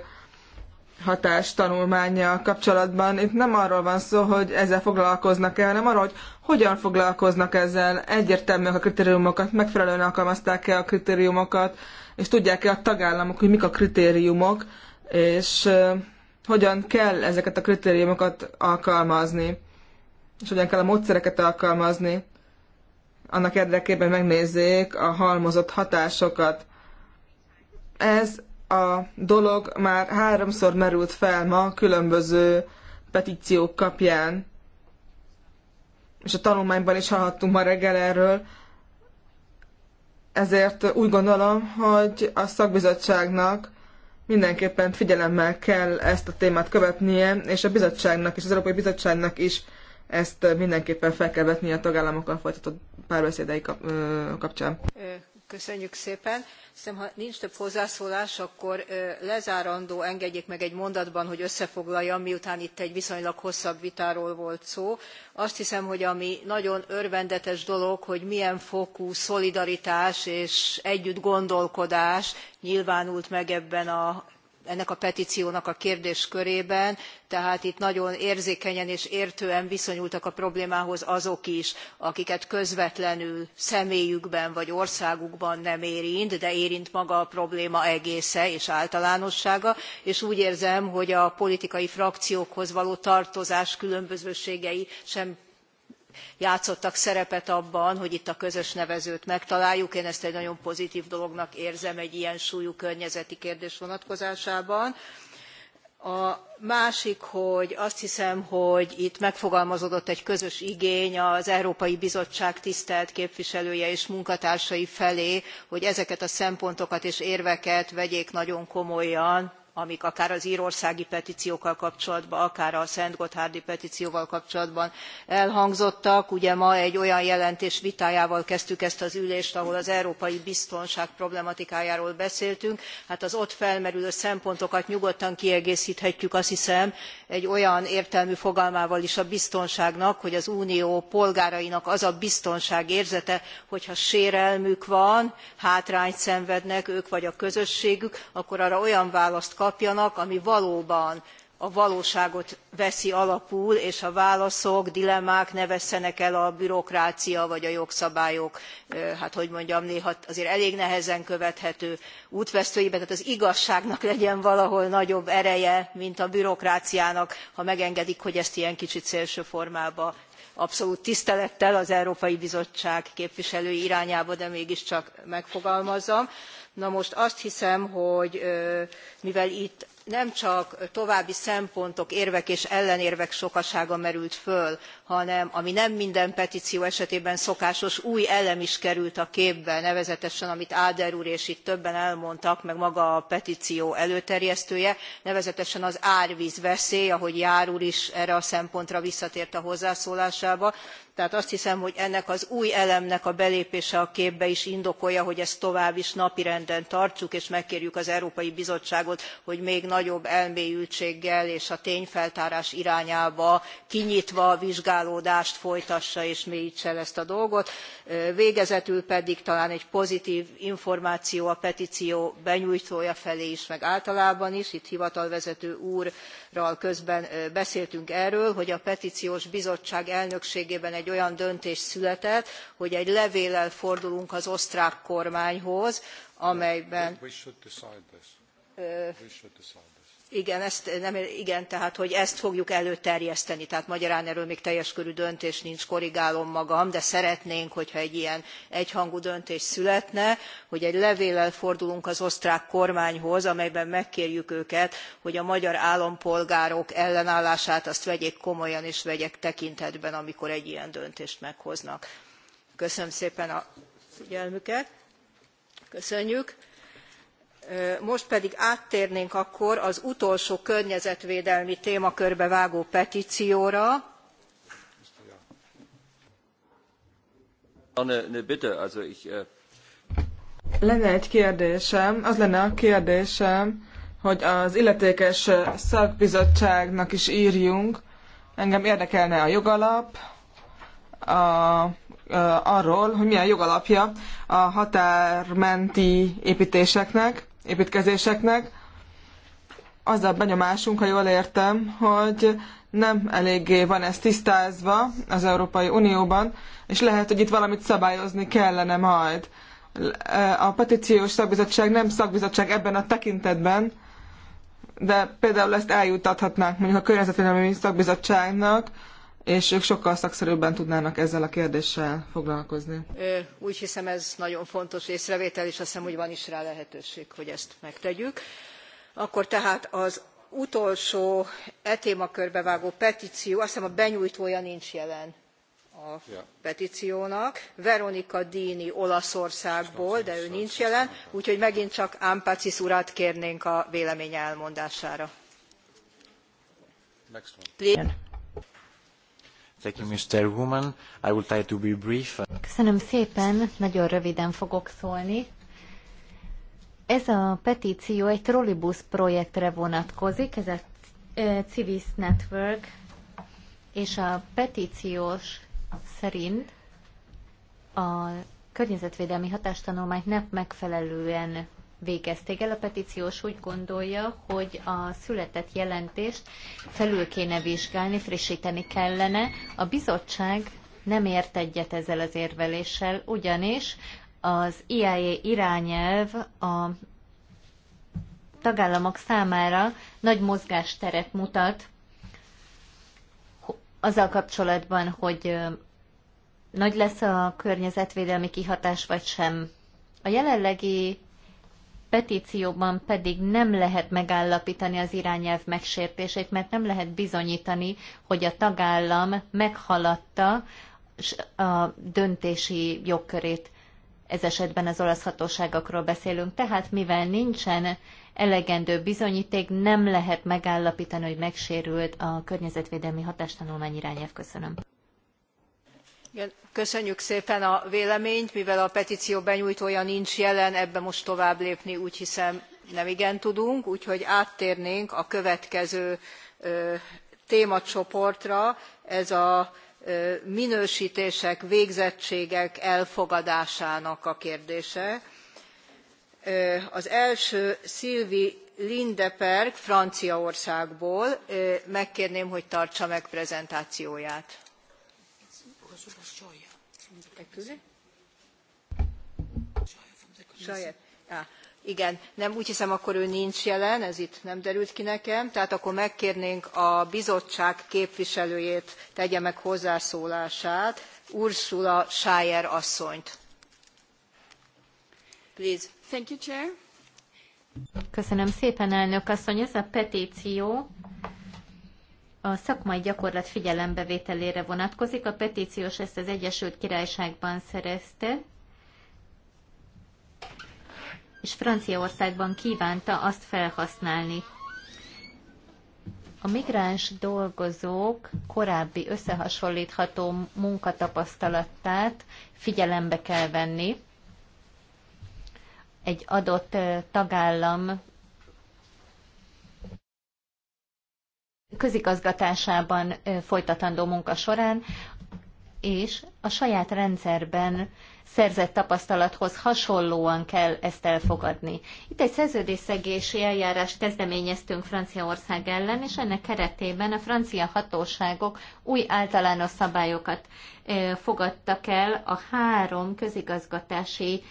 hatás tanulmánya kapcsolatban. Itt nem arról van szó, hogy ezzel foglalkoznak-e, hanem arról, hogy hogyan foglalkoznak ezzel, egyértelműek a kritériumokat, megfelelően alkalmazták-e a kritériumokat, és tudják-e a tagállamok, hogy mik a kritériumok, és hogyan kell ezeket a kritériumokat alkalmazni, és hogyan kell a módszereket alkalmazni, annak érdekében megnézzék a halmozott hatásokat. Ez a dolog már háromszor merült fel ma különböző petíciók kapján. És a tanulmányban is hallhattunk ma reggel erről. Ezért úgy gondolom, hogy a szakbizottságnak mindenképpen figyelemmel kell ezt a témát követnie, és a bizottságnak és az Európai Bizottságnak is ezt mindenképpen fel kell vetnie a tagállamokkal folytatott párbeszédei kapcsán. Köszönjük szépen! hiszem ha nincs több hozzászólás akkor lezárandó engedjék meg egy mondatban hogy összefoglaljam miután itt egy viszonylag hosszabb vitáról volt szó. azt hiszem hogy ami nagyon örvendetes dolog hogy milyen fokú szolidaritás és együttgondolkodás nyilvánult meg ebben a ennek a petciónak a kérdéskörében tehát itt nagyon érzékenyen és értően viszonyultak a problémához azok is akiket közvetlenül személyükben vagy országukban nem érint de érint maga a probléma egésze és általánossága és úgy érzem hogy a politikai frakciókhoz való tartozás különbözőségei sem játszottak szerepet abban, hogy itt a közös nevezőt megtaláljuk. Én ezt egy nagyon pozitív dolognak érzem egy ilyen súlyú környezeti kérdés vonatkozásában. A másik, hogy azt hiszem, hogy itt megfogalmazódott egy közös igény az Európai Bizottság tisztelt képviselője és munkatársai felé, hogy ezeket a szempontokat és érveket vegyék nagyon komolyan amik akár az rországi petciókkal kapcsolatban akár a szent gotthárdi petcióval kapcsolatban elhangzottak. ugye ma egy olyan jelentés vitájával kezdtük ezt az ülést ahol az európai biztonság problematikájáról beszéltünk hát az ott felmerülő szempontokat nyugodtan kiegészthetjük azt hiszem egy olyan értelmű fogalmával is a biztonságnak hogy az unió polgárainak az a biztonságérzete hogyha sérelmük van hátrányt szenvednek ők vagy a közösségük akkor arra olyan választ kapjanak ami valóban a valóságot veszi alapul, és a válaszok, dilemmák ne vesszenek el a bürokrácia vagy a jogszabályok, hát hogy mondjam, néha azért elég nehezen követhető útvesztőibe, tehát az igazságnak legyen valahol nagyobb ereje, mint a bürokráciának, ha megengedik, hogy ezt ilyen kicsit szélső formába abszolút tisztelettel az Európai Bizottság képviselői irányába, de mégiscsak megfogalmazzam. Na most azt hiszem, hogy mivel itt nem csak további szempontok érvek és ellenérvek sokasága merült föl hanem ami nem minden petció esetében szokásos, új elem is került a képbe, nevezetesen amit Áder úr és itt többen elmondtak, meg maga a petíció előterjesztője, nevezetesen az árvíz veszély, ahogy jahr úr is erre a szempontra visszatért a hozzászólásába. Tehát azt hiszem, hogy ennek az új elemnek a belépése a képbe is indokolja, hogy ezt tovább is napirenden tartsuk, és megkérjük az Európai Bizottságot, hogy még nagyobb elmélyültséggel és a tényfeltárás irányába kinyitva vizsgálja vizsgálódást folytassa és mélytse el ezt a dolgot végezetül pedig talán egy pozitv információ a petció benyújtója felé is meg általában is itt hivatalvezető úrral közben beszéltünk erről hogy a petciós bizottság elnökségében egy olyan döntés született hogy egy levéllel fordulunk az osztrák kormányhoz amelyben igen, ezt, nem, igen, tehát, hogy ezt fogjuk előterjeszteni, tehát magyarán erről még teljes körű döntés nincs, korrigálom magam, de szeretnénk, hogyha egy ilyen egyhangú döntés születne, hogy egy levéllel fordulunk az osztrák kormányhoz, amelyben megkérjük őket, hogy a magyar állampolgárok ellenállását azt vegyék komolyan és vegyék tekintetben, amikor egy ilyen döntést meghoznak. Köszönöm szépen a figyelmüket. Köszönjük most pedig áttérnénk akkor az utolsó környezetvédelmi témakörbe vágó petcióra. Äh, lenne egy kérdésem, az lenne a kérdésem, hogy az illetékes szakbizottságnak is írjunk. Engem érdekelne a jogalap, a, a, arról, hogy milyen jogalapja a határmenti építéseknek, építkezéseknek. Az a benyomásunk, ha jól értem, hogy nem eléggé van ez tisztázva az Európai Unióban, és lehet, hogy itt valamit szabályozni kellene majd. A petíciós szakbizottság nem szakbizottság ebben a tekintetben, de például ezt eljutathatnánk mondjuk a környezetvédelmi szakbizottságnak, és ők sokkal szakszerűbben tudnának ezzel a kérdéssel foglalkozni. Úgy hiszem ez nagyon fontos észrevétel, és azt hiszem, hogy van is rá lehetőség, hogy ezt megtegyük. Akkor tehát az utolsó e témakörbe vágó petció, azt hiszem a benyújtója nincs jelen a petciónak veronika dini olaszországból de ő nincs jelen úgyhogy megint csak ampacis urat kérnénk a véleménye elmondására. Köszönöm szépen, nagyon röviden fogok szólni. Ez a petíció egy trollibusz projektre vonatkozik, ez a Civis Network, és a petíciós szerint a környezetvédelmi hatástanulmányt nem megfelelően végezték el. A petíciós úgy gondolja, hogy a született jelentést felül kéne vizsgálni, frissíteni kellene. A bizottság nem ért egyet ezzel az érveléssel, ugyanis az IAE irányelv a tagállamok számára nagy mozgásteret mutat azzal kapcsolatban, hogy nagy lesz a környezetvédelmi kihatás, vagy sem. A jelenlegi petícióban pedig nem lehet megállapítani az irányelv megsértését, mert nem lehet bizonyítani, hogy a tagállam meghaladta a döntési jogkörét. Ez esetben az olasz hatóságokról beszélünk. Tehát mivel nincsen elegendő bizonyíték, nem lehet megállapítani, hogy megsérült a környezetvédelmi hatástanulmány irányelv. Köszönöm köszönjük szépen a véleményt mivel a petció benyújtója nincs jelen ebben most tovább lépni úgy hiszem nemigen tudunk úgyhogy áttérnénk a következő témacsoportra ez a minőstések végzettségek elfogadásának a kérdése. az első sylvie lindeperg franciaországból megkérném hogy tartsa meg prezentációját. Saját. igen, nem úgy hiszem, akkor ő nincs jelen, ez itt nem derült ki nekem, tehát akkor megkérnénk a bizottság képviselőjét tegye meg hozzászólását, Ursula Schreier asszonyt. Please. Thank you, Chair. Köszönöm szépen, elnök asszony. Ez a petíció a szakmai gyakorlat figyelembevételére vonatkozik. A petíciós ezt az Egyesült Királyságban szerezte, és Franciaországban kívánta azt felhasználni. A migráns dolgozók korábbi összehasonlítható munkatapasztalatát figyelembe kell venni egy adott eh, tagállam közigazgatásában folytatandó munka során, és a saját rendszerben szerzett tapasztalathoz hasonlóan kell ezt elfogadni. Itt egy szerződésszegési eljárást kezdeményeztünk Franciaország ellen, és ennek keretében a francia hatóságok új általános szabályokat fogadtak el a három közigazgatási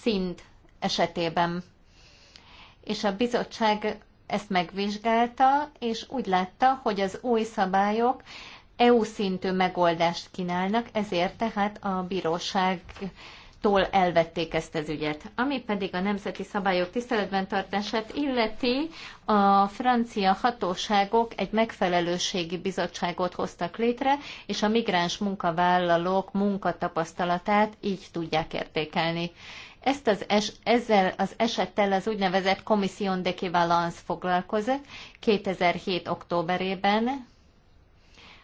szint esetében. És a bizottság ezt megvizsgálta, és úgy látta, hogy az új szabályok EU szintű megoldást kínálnak, ezért tehát a bíróság tól elvették ezt az ügyet. Ami pedig a nemzeti szabályok tiszteletben tartását illeti, a francia hatóságok egy megfelelőségi bizottságot hoztak létre, és a migráns munkavállalók munkatapasztalatát így tudják értékelni. Ezt az es, ezzel az esettel az úgynevezett Commission de Kivalence foglalkozik 2007. októberében.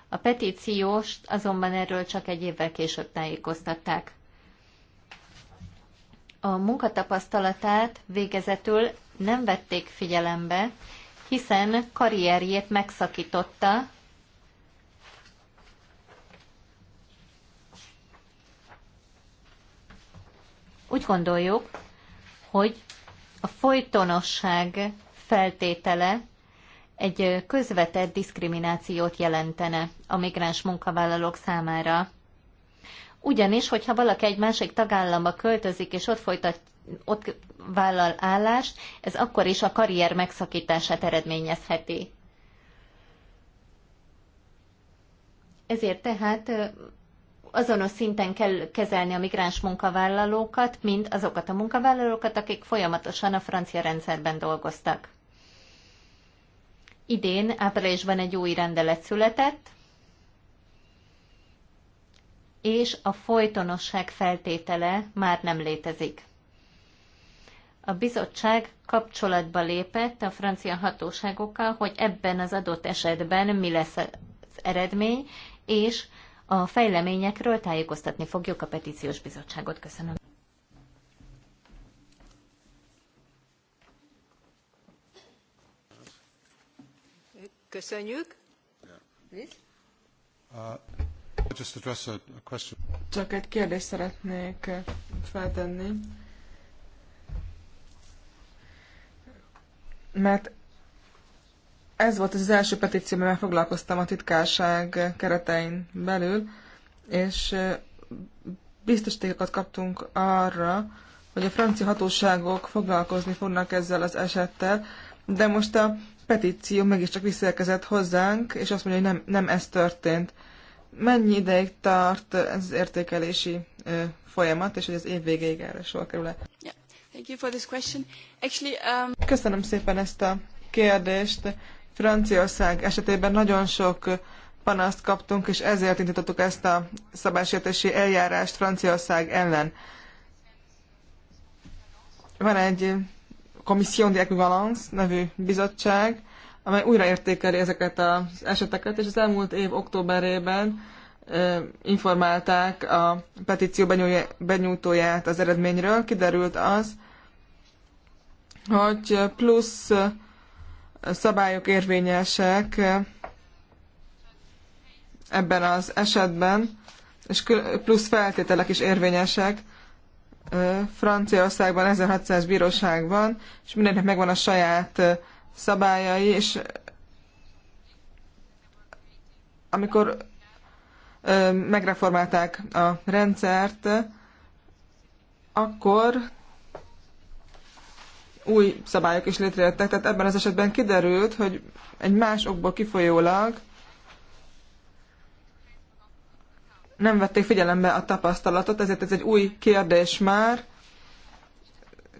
A petíciót azonban erről csak egy évvel később tájékoztatták. A munkatapasztalatát végezetül nem vették figyelembe, hiszen karrierjét megszakította Úgy gondoljuk, hogy a folytonosság feltétele egy közvetett diszkriminációt jelentene a migráns munkavállalók számára. Ugyanis, hogyha valaki egy másik tagállamba költözik, és ott folytat, ott vállal állást, ez akkor is a karrier megszakítását eredményezheti. Ezért tehát azonos szinten kell kezelni a migráns munkavállalókat, mint azokat a munkavállalókat, akik folyamatosan a francia rendszerben dolgoztak. Idén, áprilisban egy új rendelet született, és a folytonosság feltétele már nem létezik. A bizottság kapcsolatba lépett a francia hatóságokkal, hogy ebben az adott esetben mi lesz az eredmény, és a fejleményekről tájékoztatni fogjuk a petíciós bizottságot. Köszönöm. Köszönjük. Uh, Csak egy kérdést szeretnék feltenni. Mert ez volt az első petíció, mert foglalkoztam a titkárság keretein belül, és biztosítékokat kaptunk arra, hogy a francia hatóságok foglalkozni fognak ezzel az esettel, de most a petíció mégiscsak visszaérkezett hozzánk, és azt mondja, hogy nem, nem ez történt. Mennyi ideig tart ez az értékelési ö, folyamat, és hogy az év végéig erre sor kerül-e? Yeah. Thank you for this question. Actually, um... Köszönöm szépen ezt a kérdést. Franciaország esetében nagyon sok panaszt kaptunk, és ezért indítottuk ezt a szabálysértési eljárást Franciaország ellen. Van egy Commission d'Equivalence nevű bizottság, amely újraértékeli ezeket az eseteket, és az elmúlt év októberében informálták a petíció benyújtóját az eredményről. Kiderült az, hogy plusz szabályok érvényesek eh, ebben az esetben, és plusz feltételek is érvényesek. Eh, Franciaországban 1600 bíróság van, és mindennek megvan a saját eh, szabályai, és amikor megreformálták a rendszert, akkor új szabályok is létrejöttek, tehát ebben az esetben kiderült, hogy egy más okból kifolyólag nem vették figyelembe a tapasztalatot, ezért ez egy új kérdés már.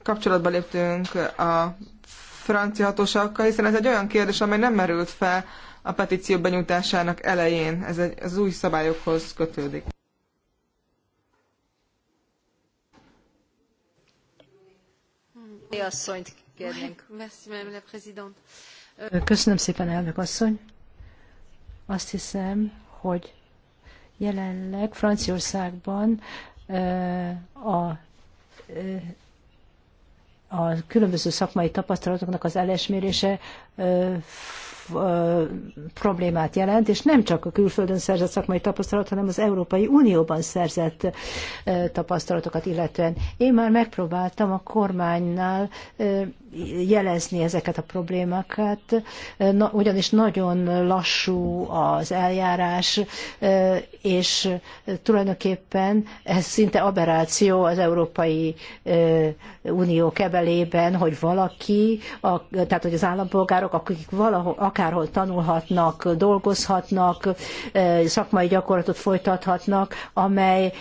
Kapcsolatba léptünk a francia hatóságokkal, hiszen ez egy olyan kérdés, amely nem merült fel a petíció benyújtásának elején. Ez az új szabályokhoz kötődik. Asszonyt kérnénk. Euh, Köszönöm szépen, elnök asszony. Azt hiszem, hogy jelenleg Franciaországban a a különböző szakmai tapasztalatoknak az elesmérése problémát jelent, és nem csak a külföldön szerzett szakmai tapasztalat, hanem az Európai Unióban szerzett tapasztalatokat illetően. Én már megpróbáltam a kormánynál jelezni ezeket a problémákat, ugyanis nagyon lassú az eljárás, és tulajdonképpen ez szinte aberráció az európai Unió kebelében, hogy valaki, a, tehát hogy az állampolgárok, akik valahol, akárhol tanulhatnak, dolgozhatnak, szakmai gyakorlatot folytathatnak, amely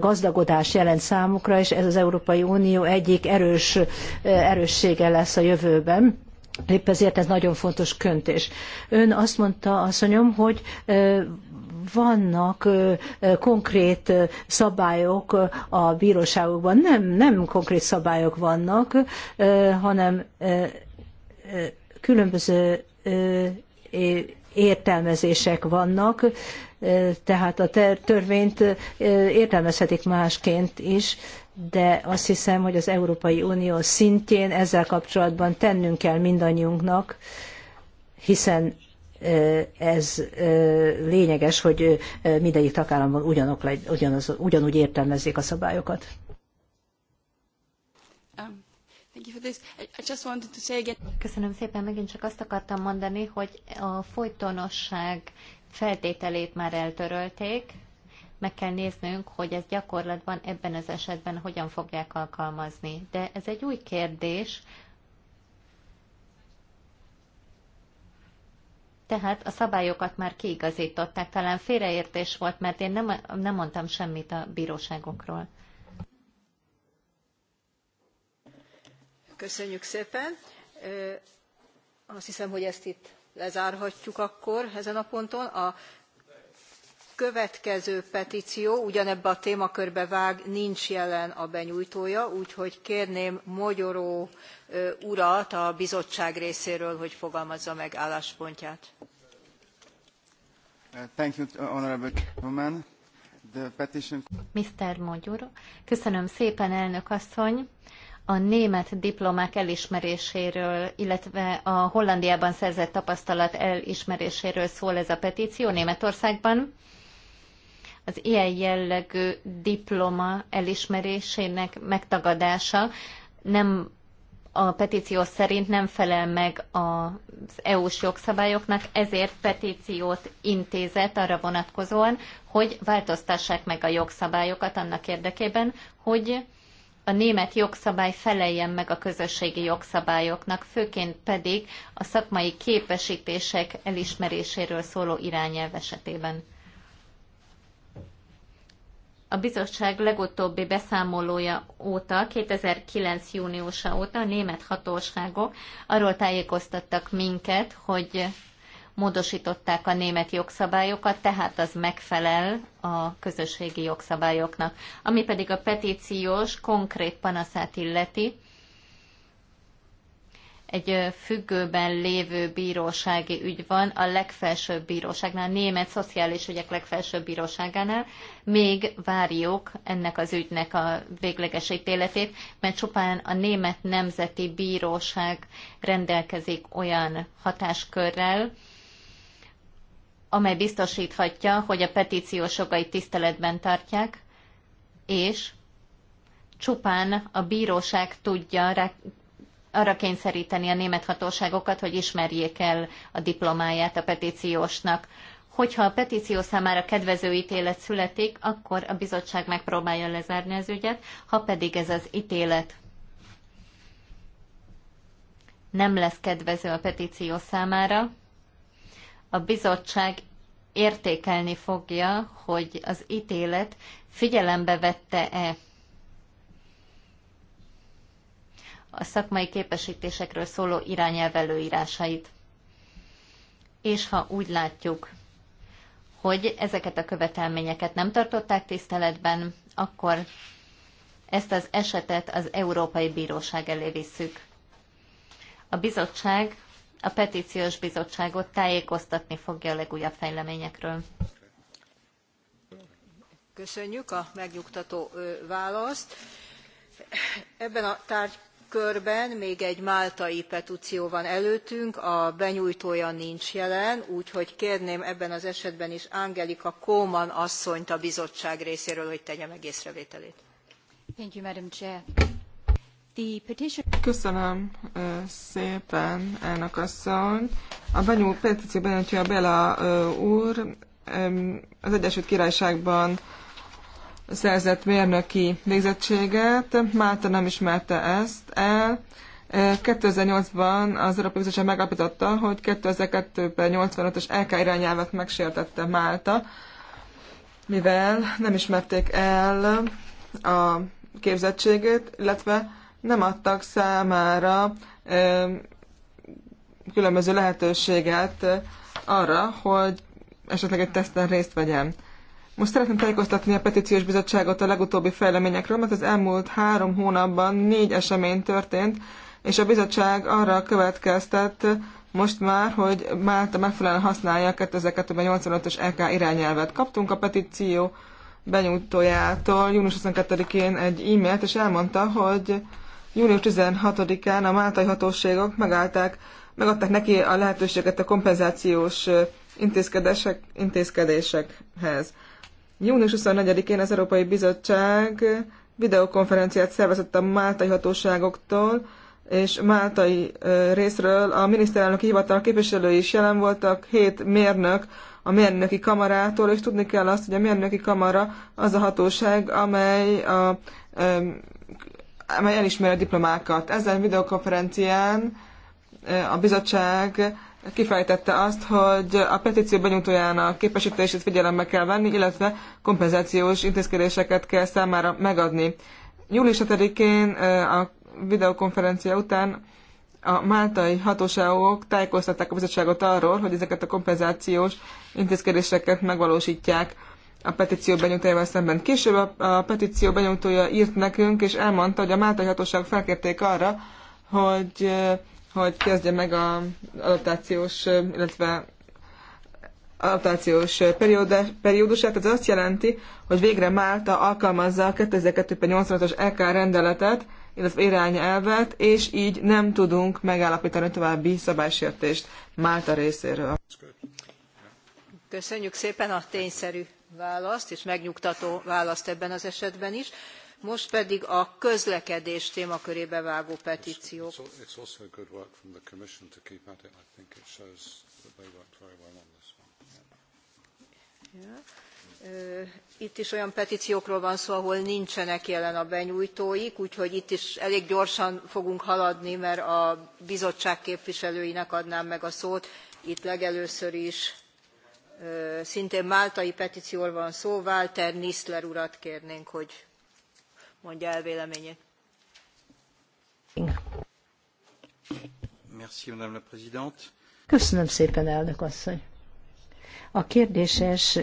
gazdagodás jelent számukra, és ez az Európai Unió egyik erős erőssége lesz a jövőben. Épp ezért ez nagyon fontos köntés. Ön azt mondta, asszonyom, hogy vannak konkrét szabályok a bíróságokban. Nem, nem konkrét szabályok vannak, hanem különböző értelmezések vannak, tehát a törvényt értelmezhetik másként is, de azt hiszem, hogy az Európai Unió szintjén ezzel kapcsolatban tennünk kell mindannyiunknak, hiszen ez lényeges, hogy mindegyik tagállamban ugyanok ugyanaz, ugyanúgy értelmezzék a szabályokat. Um, Köszönöm szépen, megint csak azt akartam mondani, hogy a folytonosság feltételét már eltörölték, meg kell néznünk, hogy ez gyakorlatban ebben az esetben hogyan fogják alkalmazni. De ez egy új kérdés, tehát a szabályokat már kiigazították. Talán félreértés volt, mert én nem, nem mondtam semmit a bíróságokról. Köszönjük szépen. Azt hiszem, hogy ezt itt lezárhatjuk akkor ezen a ponton. A következő petció ugyanebbe a témakörbe vág, nincs jelen a benyújtója, úgyhogy kérném Magyaró urat a bizottság részéről, hogy fogalmazza meg álláspontját. Uh, thank you, Honorable Woman. The petition... Mr. Magyar, köszönöm szépen, elnök asszony a német diplomák elismeréséről, illetve a Hollandiában szerzett tapasztalat elismeréséről szól ez a petíció Németországban az ilyen jellegű diploma elismerésének megtagadása nem a petíció szerint nem felel meg az EU-s jogszabályoknak, ezért petíciót intézett arra vonatkozóan, hogy változtassák meg a jogszabályokat annak érdekében, hogy a német jogszabály feleljen meg a közösségi jogszabályoknak, főként pedig a szakmai képesítések elismeréséről szóló irányelv esetében a bizottság legutóbbi beszámolója óta, 2009. júniusa óta a német hatóságok arról tájékoztattak minket, hogy módosították a német jogszabályokat, tehát az megfelel a közösségi jogszabályoknak. Ami pedig a petíciós konkrét panaszát illeti, egy függőben lévő bírósági ügy van a legfelsőbb bíróságnál, a német szociális ügyek legfelsőbb bíróságánál. Még várjuk ennek az ügynek a végleges ítéletét, mert csupán a német nemzeti bíróság rendelkezik olyan hatáskörrel, amely biztosíthatja, hogy a petíciós jogait tiszteletben tartják, és csupán a bíróság tudja arra kényszeríteni a német hatóságokat, hogy ismerjék el a diplomáját a petíciósnak. Hogyha a petíció számára kedvező ítélet születik, akkor a bizottság megpróbálja lezárni az ügyet, ha pedig ez az ítélet nem lesz kedvező a petíció számára, a bizottság értékelni fogja, hogy az ítélet figyelembe vette-e a szakmai képesítésekről szóló irányelv előírásait. És ha úgy látjuk, hogy ezeket a követelményeket nem tartották tiszteletben, akkor ezt az esetet az Európai Bíróság elé visszük. A bizottság, a petíciós bizottságot tájékoztatni fogja a legújabb fejleményekről. Köszönjük a megnyugtató választ. Ebben a tárgy körben még egy máltai petció van előttünk, a benyújtója nincs jelen, úgyhogy kérném ebben az esetben is Angelika Kóman asszonyt a bizottság részéről, hogy tegye meg észrevételét. Thank you, Madam Chair. Köszönöm szépen, elnök asszony. A benyú, petíció benyújtója Bela úr az Egyesült Királyságban szerzett mérnöki végzettséget. Málta nem ismerte ezt el. 2008-ban az Európai Bizottság megállapította, hogy 2002-ben 85-ös LK irányelvet megsértette Málta, mivel nem ismerték el a képzettségét, illetve nem adtak számára különböző lehetőséget arra, hogy esetleg egy teszten részt vegyen. Most szeretném tájékoztatni a petíciós bizottságot a legutóbbi fejleményekről, mert az elmúlt három hónapban négy esemény történt, és a bizottság arra következtett most már, hogy Málta megfelelően használja 2085-ös EK irányelvet. Kaptunk a petíció benyújtójától június 22-én egy e-mailt, és elmondta, hogy június 16-án a máltai hatóságok megállták, megadták neki a lehetőséget a kompenzációs intézkedések, intézkedésekhez. Június 24-én az Európai Bizottság videokonferenciát szervezett a máltai hatóságoktól, és máltai részről a miniszterelnöki hivatal képviselői is jelen voltak, hét mérnök a mérnöki kamarától, és tudni kell azt, hogy a mérnöki kamara az a hatóság, amely, a, amely elismeri a diplomákat. Ezen videokonferencián a bizottság kifejtette azt, hogy a petíció benyújtójának képesítését figyelembe kell venni, illetve kompenzációs intézkedéseket kell számára megadni. Július 7-én a videokonferencia után a máltai hatóságok tájékoztatták a bizottságot arról, hogy ezeket a kompenzációs intézkedéseket megvalósítják a petíció benyújtójával szemben. Később a, a petíció benyújtója írt nekünk, és elmondta, hogy a máltai hatóság felkérték arra, hogy hogy kezdje meg a adaptációs, illetve adaptációs periódusát. Ez azt jelenti, hogy végre Málta alkalmazza a 2002-85-ös EK rendeletet, illetve irányelvet, és így nem tudunk megállapítani további szabálysértést Málta részéről. Köszönjük szépen a tényszerű választ, és megnyugtató választ ebben az esetben is most pedig a közlekedés témakörébe vágó petíciók. Itt is olyan petíciókról van szó, ahol nincsenek jelen a benyújtóik, úgyhogy itt is elég gyorsan fogunk haladni, mert a bizottság képviselőinek adnám meg a szót. Itt legelőször is szintén máltai petícióról van szó, Walter Nisler urat kérnénk, hogy mondja el véleményét. Köszönöm szépen, elnök asszony. A kérdéses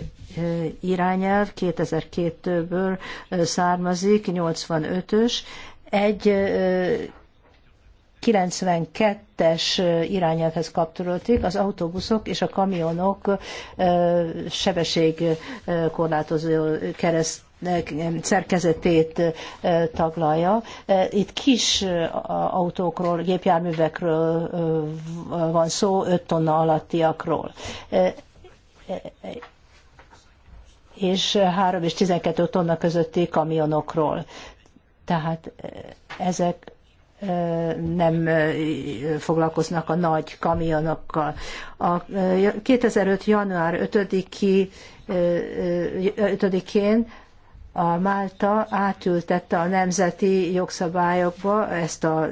irányelv 2002-ből származik, 85-ös. Egy 92-es irányelvhez kapcsolódik az autóbuszok és a kamionok sebességkorlátozó kereszt szerkezetét taglalja. Itt kis autókról, gépjárművekről van szó, 5 tonna alattiakról és 3 és 12 tonna közötti kamionokról. Tehát ezek nem foglalkoznak a nagy kamionokkal. A 2005. január 5 én a Málta átültette a nemzeti jogszabályokba ezt a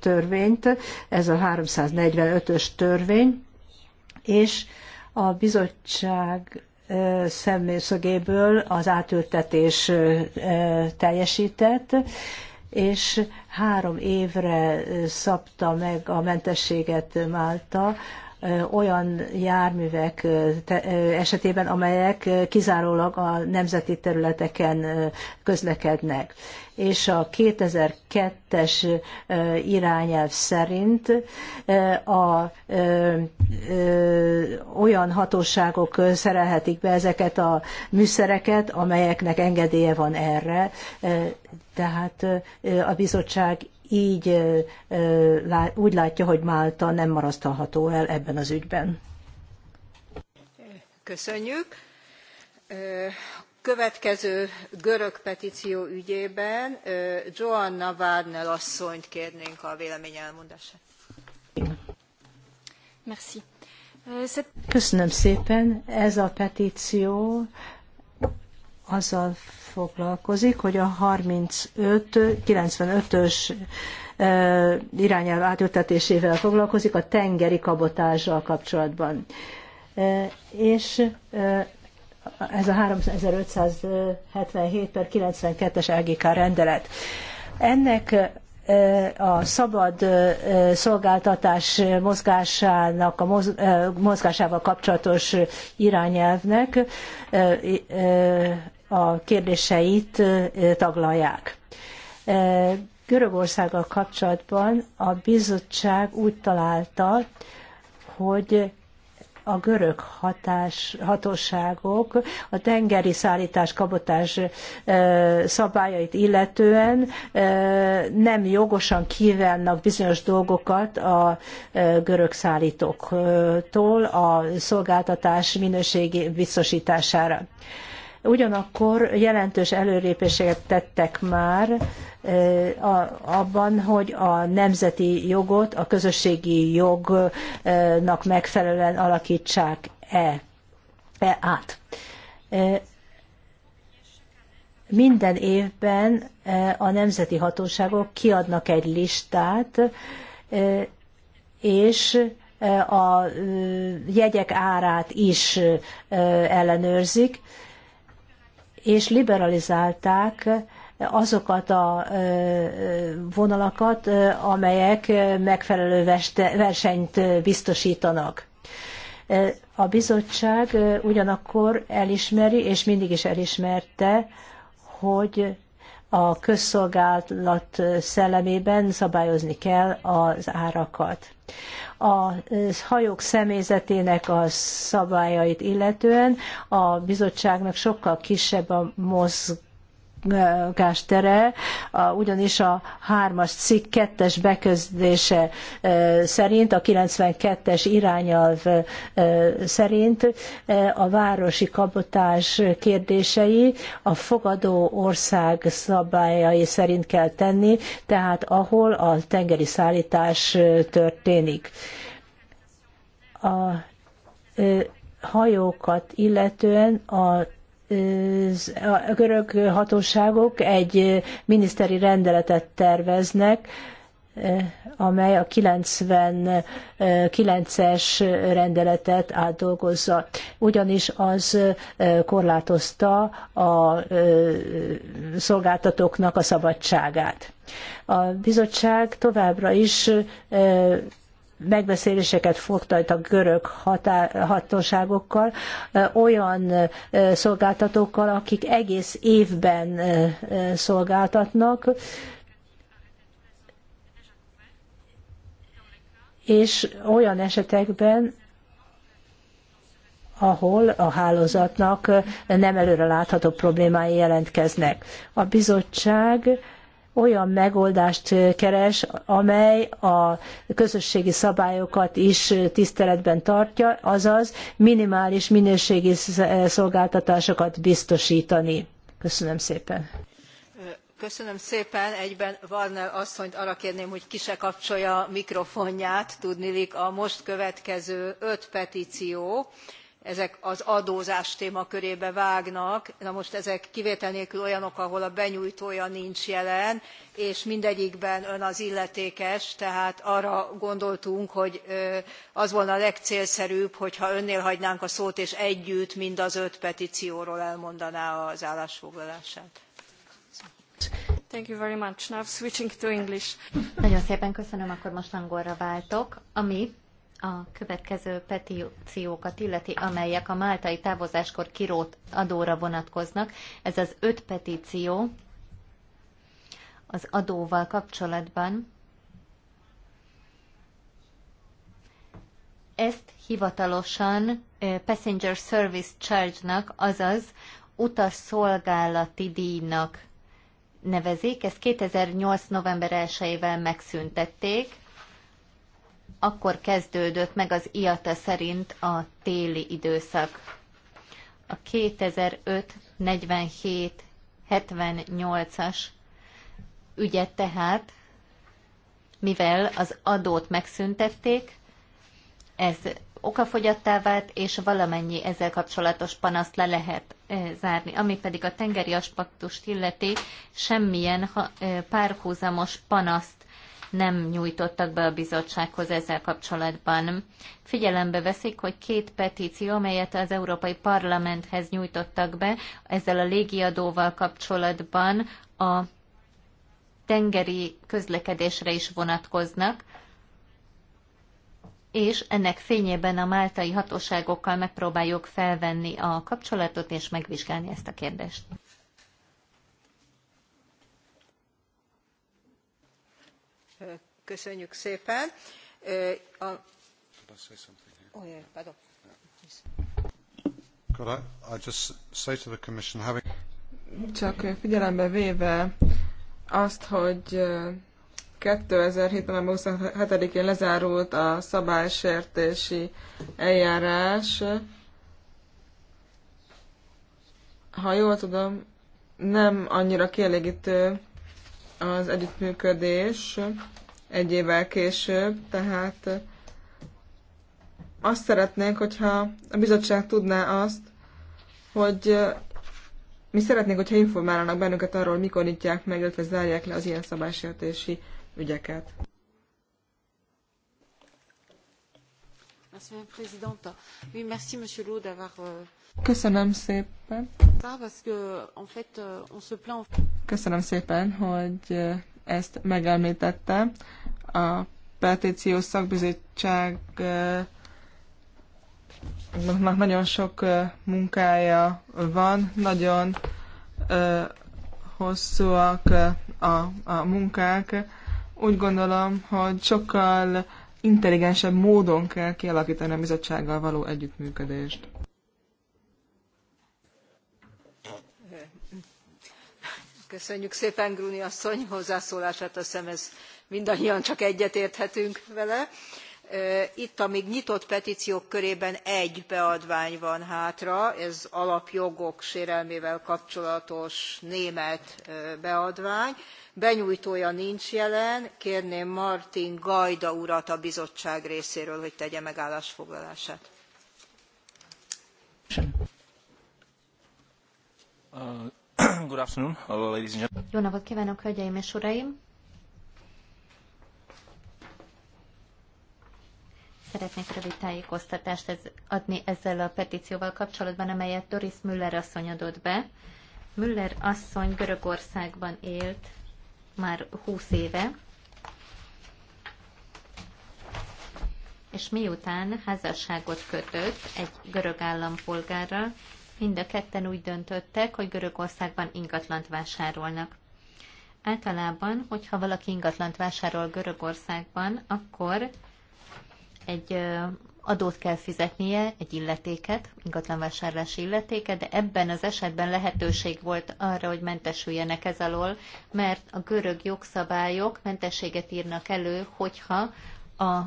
törvényt, ez a 345-ös törvény, és a bizottság szemszögéből az átültetés teljesített, és három évre szabta meg a mentességet Málta olyan járművek esetében, amelyek kizárólag a nemzeti területeken közlekednek. És a 2002-es irányelv szerint a, olyan hatóságok szerelhetik be ezeket a műszereket, amelyeknek engedélye van erre, tehát a bizottság így úgy látja, hogy Málta nem marasztalható el ebben az ügyben. Köszönjük. Következő görög petíció ügyében Joanna Várnel asszonyt kérnénk a vélemény elmondását. Merci. Köszönöm szépen. Ez a petíció azzal foglalkozik, hogy a 35, 95-ös irányelv átültetésével foglalkozik a tengeri kabotással kapcsolatban. És ez a 3577 per 92-es LGK rendelet. Ennek a szabad szolgáltatás mozgásának a mozgásával kapcsolatos irányelvnek a kérdéseit taglalják. Görögországgal kapcsolatban a bizottság úgy találta, hogy a görög hatás, hatóságok a tengeri szállítás kabotás szabályait illetően nem jogosan kívánnak bizonyos dolgokat a görög szállítóktól a szolgáltatás minőségi biztosítására. Ugyanakkor jelentős előrépéseket tettek már abban, hogy a nemzeti jogot a közösségi jognak megfelelően alakítsák -e, -e át minden évben a nemzeti hatóságok kiadnak egy listát, és a jegyek árát is ellenőrzik, és liberalizálták azokat a vonalakat, amelyek megfelelő versenyt biztosítanak. A bizottság ugyanakkor elismeri, és mindig is elismerte, hogy a közszolgálat szellemében szabályozni kell az árakat. A hajók személyzetének a szabályait illetően a bizottságnak sokkal kisebb a mozgás, mozgástere, ugyanis a hármas cikk kettes beközdése szerint, a 92-es irányelv szerint a városi kabotás kérdései a fogadó ország szabályai szerint kell tenni, tehát ahol a tengeri szállítás történik. A hajókat illetően a a görög hatóságok egy miniszteri rendeletet terveznek, amely a 99-es rendeletet átdolgozza. Ugyanis az korlátozta a szolgáltatóknak a szabadságát. A bizottság továbbra is megbeszéléseket folytattak görög hatóságokkal, olyan szolgáltatókkal, akik egész évben szolgáltatnak, és olyan esetekben, ahol a hálózatnak nem előre látható problémái jelentkeznek. A bizottság olyan megoldást keres, amely a közösségi szabályokat is tiszteletben tartja, azaz minimális minőségi szolgáltatásokat biztosítani. Köszönöm szépen. Köszönöm szépen. Egyben Warner asszonyt arra kérném, hogy ki se kapcsolja a mikrofonját. Tudnilik a most következő öt petíció ezek az adózás témakörébe vágnak na most ezek kivétel nélkül olyanok ahol a benyújtója nincs jelen és mindegyikben ön az illetékes tehát arra gondoltunk hogy az volna a legcélszerűbb hogyha önnél hagynánk a szót és együtt mind az öt petcióról elmondaná az állásfoglalását. Thank you very much. Now switching to English. Nagyon szépen köszönöm, akkor most angolra váltok, ami a következő petíciókat illeti, amelyek a máltai távozáskor kirót adóra vonatkoznak. Ez az öt petíció az adóval kapcsolatban. Ezt hivatalosan Passenger Service Charge-nak, azaz utasszolgálati díjnak nevezik. Ezt 2008. november 1-ével megszüntették akkor kezdődött meg az IATA szerint a téli időszak. A 2005-47-78-as ügyet tehát, mivel az adót megszüntették, ez okafogyattá vált, és valamennyi ezzel kapcsolatos panaszt le lehet eh, zárni. Ami pedig a tengeri aspektust illeti, semmilyen eh, párhuzamos panaszt nem nyújtottak be a bizottsághoz ezzel kapcsolatban. Figyelembe veszik, hogy két petíció, amelyet az Európai Parlamenthez nyújtottak be, ezzel a légiadóval kapcsolatban a tengeri közlekedésre is vonatkoznak, és ennek fényében a máltai hatóságokkal megpróbáljuk felvenni a kapcsolatot és megvizsgálni ezt a kérdést. Köszönjük szépen. A... Oh, yeah, pardon. Csak figyelembe véve azt, hogy 2007-ben 27-én lezárult a szabálysértési eljárás, ha jól tudom, nem annyira kielégítő az együttműködés egy évvel később, tehát azt szeretnénk, hogyha a bizottság tudná azt, hogy mi szeretnénk, hogyha informálnak bennünket arról, mikor nyitják meg, illetve zárják le az ilyen szabálysértési ügyeket. Euh, Köszönöm szépen. Euh, Köszönöm szépen, hogy euh, ezt megemlítette. A petíciós szakbizottságnak nagyon sok munkája van, nagyon hosszúak a, a munkák. Úgy gondolom, hogy sokkal intelligensebb módon kell kialakítani a bizottsággal való együttműködést. Köszönjük szépen Gruni asszony hozzászólását, a szemez mindannyian csak egyetérthetünk vele. Itt a még nyitott petíciók körében egy beadvány van hátra, ez alapjogok sérelmével kapcsolatos német beadvány. Benyújtója nincs jelen, kérném Martin Gajda urat a bizottság részéről, hogy tegye meg állásfoglalását. Jó napot kívánok, hölgyeim és uraim! Szeretnék rövid tájékoztatást ez, adni ezzel a petícióval kapcsolatban, amelyet Doris Müller asszony adott be. Müller asszony Görögországban élt már 20 éve, és miután házasságot kötött egy görög állampolgárral, mind a ketten úgy döntöttek, hogy Görögországban ingatlant vásárolnak. Általában, hogyha valaki ingatlant vásárol Görögországban, akkor egy adót kell fizetnie, egy illetéket, ingatlanvásárlási illetéket, de ebben az esetben lehetőség volt arra, hogy mentesüljenek ez alól, mert a görög jogszabályok mentességet írnak elő, hogyha a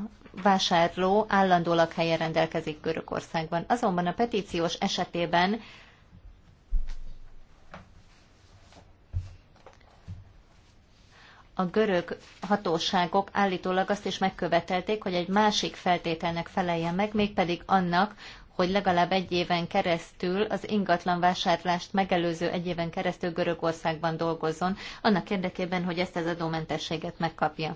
vásárló állandó lakhelyen rendelkezik Görögországban. Azonban a petíciós esetében a görög hatóságok állítólag azt is megkövetelték, hogy egy másik feltételnek feleljen meg, mégpedig annak, hogy legalább egy éven keresztül az ingatlan vásárlást megelőző egy éven keresztül Görögországban dolgozzon, annak érdekében, hogy ezt az adómentességet megkapja.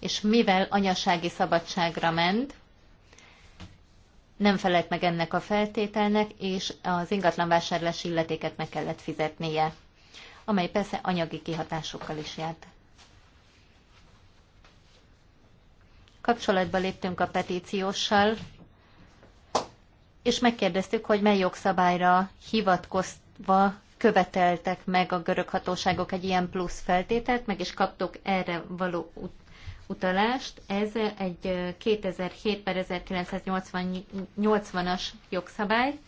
És mivel anyasági szabadságra ment, nem felelt meg ennek a feltételnek, és az ingatlan vásárlási illetéket meg kellett fizetnie amely persze anyagi kihatásokkal is járt. Kapcsolatba léptünk a petícióssal, és megkérdeztük, hogy mely jogszabályra hivatkozva követeltek meg a görög hatóságok egy ilyen plusz feltételt, meg is kaptuk erre való utalást. Ez egy 2007 1980-as jogszabály,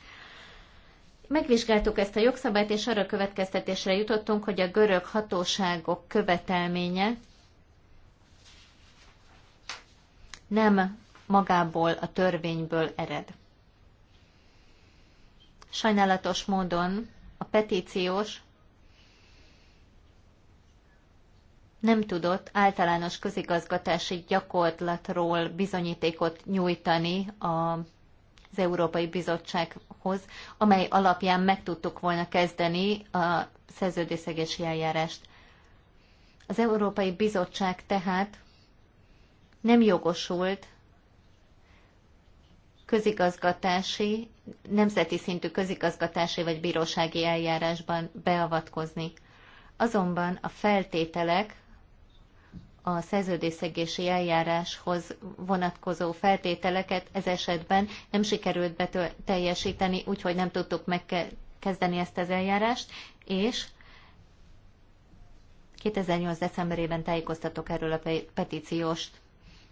Megvizsgáltuk ezt a jogszabályt, és arra következtetésre jutottunk, hogy a görög hatóságok követelménye nem magából a törvényből ered. Sajnálatos módon a petíciós nem tudott általános közigazgatási gyakorlatról bizonyítékot nyújtani a az Európai Bizottsághoz, amely alapján meg tudtuk volna kezdeni a szerződészegési eljárást. Az Európai Bizottság tehát nem jogosult közigazgatási, nemzeti szintű közigazgatási vagy bírósági eljárásban beavatkozni. Azonban a feltételek a szerződésszegési eljáráshoz vonatkozó feltételeket ez esetben nem sikerült beteljesíteni, úgyhogy nem tudtuk megkezdeni ezt az eljárást, és 2008. decemberében tájékoztatok erről a petícióst.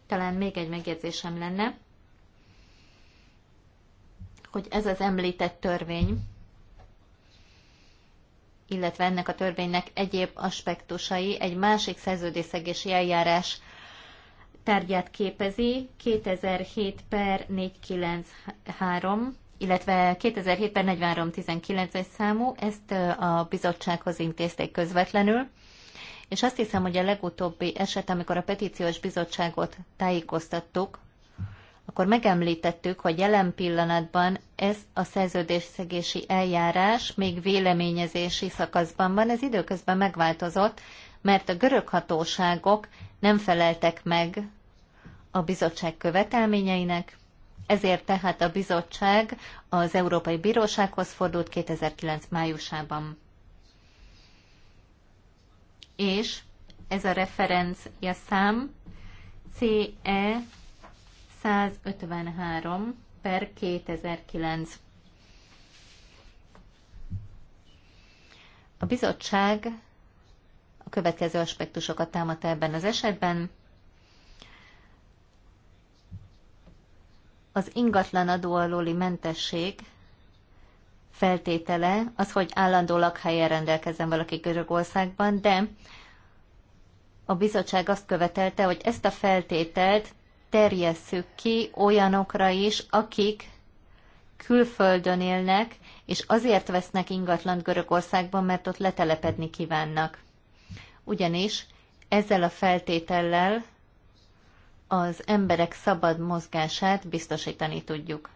Talán még egy megjegyzésem lenne, hogy ez az említett törvény illetve ennek a törvénynek egyéb aspektusai egy másik szerződészegési eljárás tárgyát képezi, 2007 per 493, illetve 2007 per 4319-es számú, ezt a bizottsághoz intézték közvetlenül, és azt hiszem, hogy a legutóbbi eset, amikor a petíciós bizottságot tájékoztattuk, akkor megemlítettük, hogy jelen pillanatban ez a szerződésszegési eljárás még véleményezési szakaszban van, ez időközben megváltozott, mert a görög hatóságok nem feleltek meg a bizottság követelményeinek, ezért tehát a bizottság az Európai Bírósághoz fordult 2009. májusában. És ez a referencia szám CE 153 per 2009. A bizottság a következő aspektusokat támadta ebben az esetben. Az ingatlan adó alóli mentesség feltétele az, hogy állandó lakhelyen rendelkezzen valaki Görögországban, de a bizottság azt követelte, hogy ezt a feltételt terjesszük ki olyanokra is, akik külföldön élnek, és azért vesznek ingatlant Görögországban, mert ott letelepedni kívánnak. Ugyanis ezzel a feltétellel az emberek szabad mozgását biztosítani tudjuk.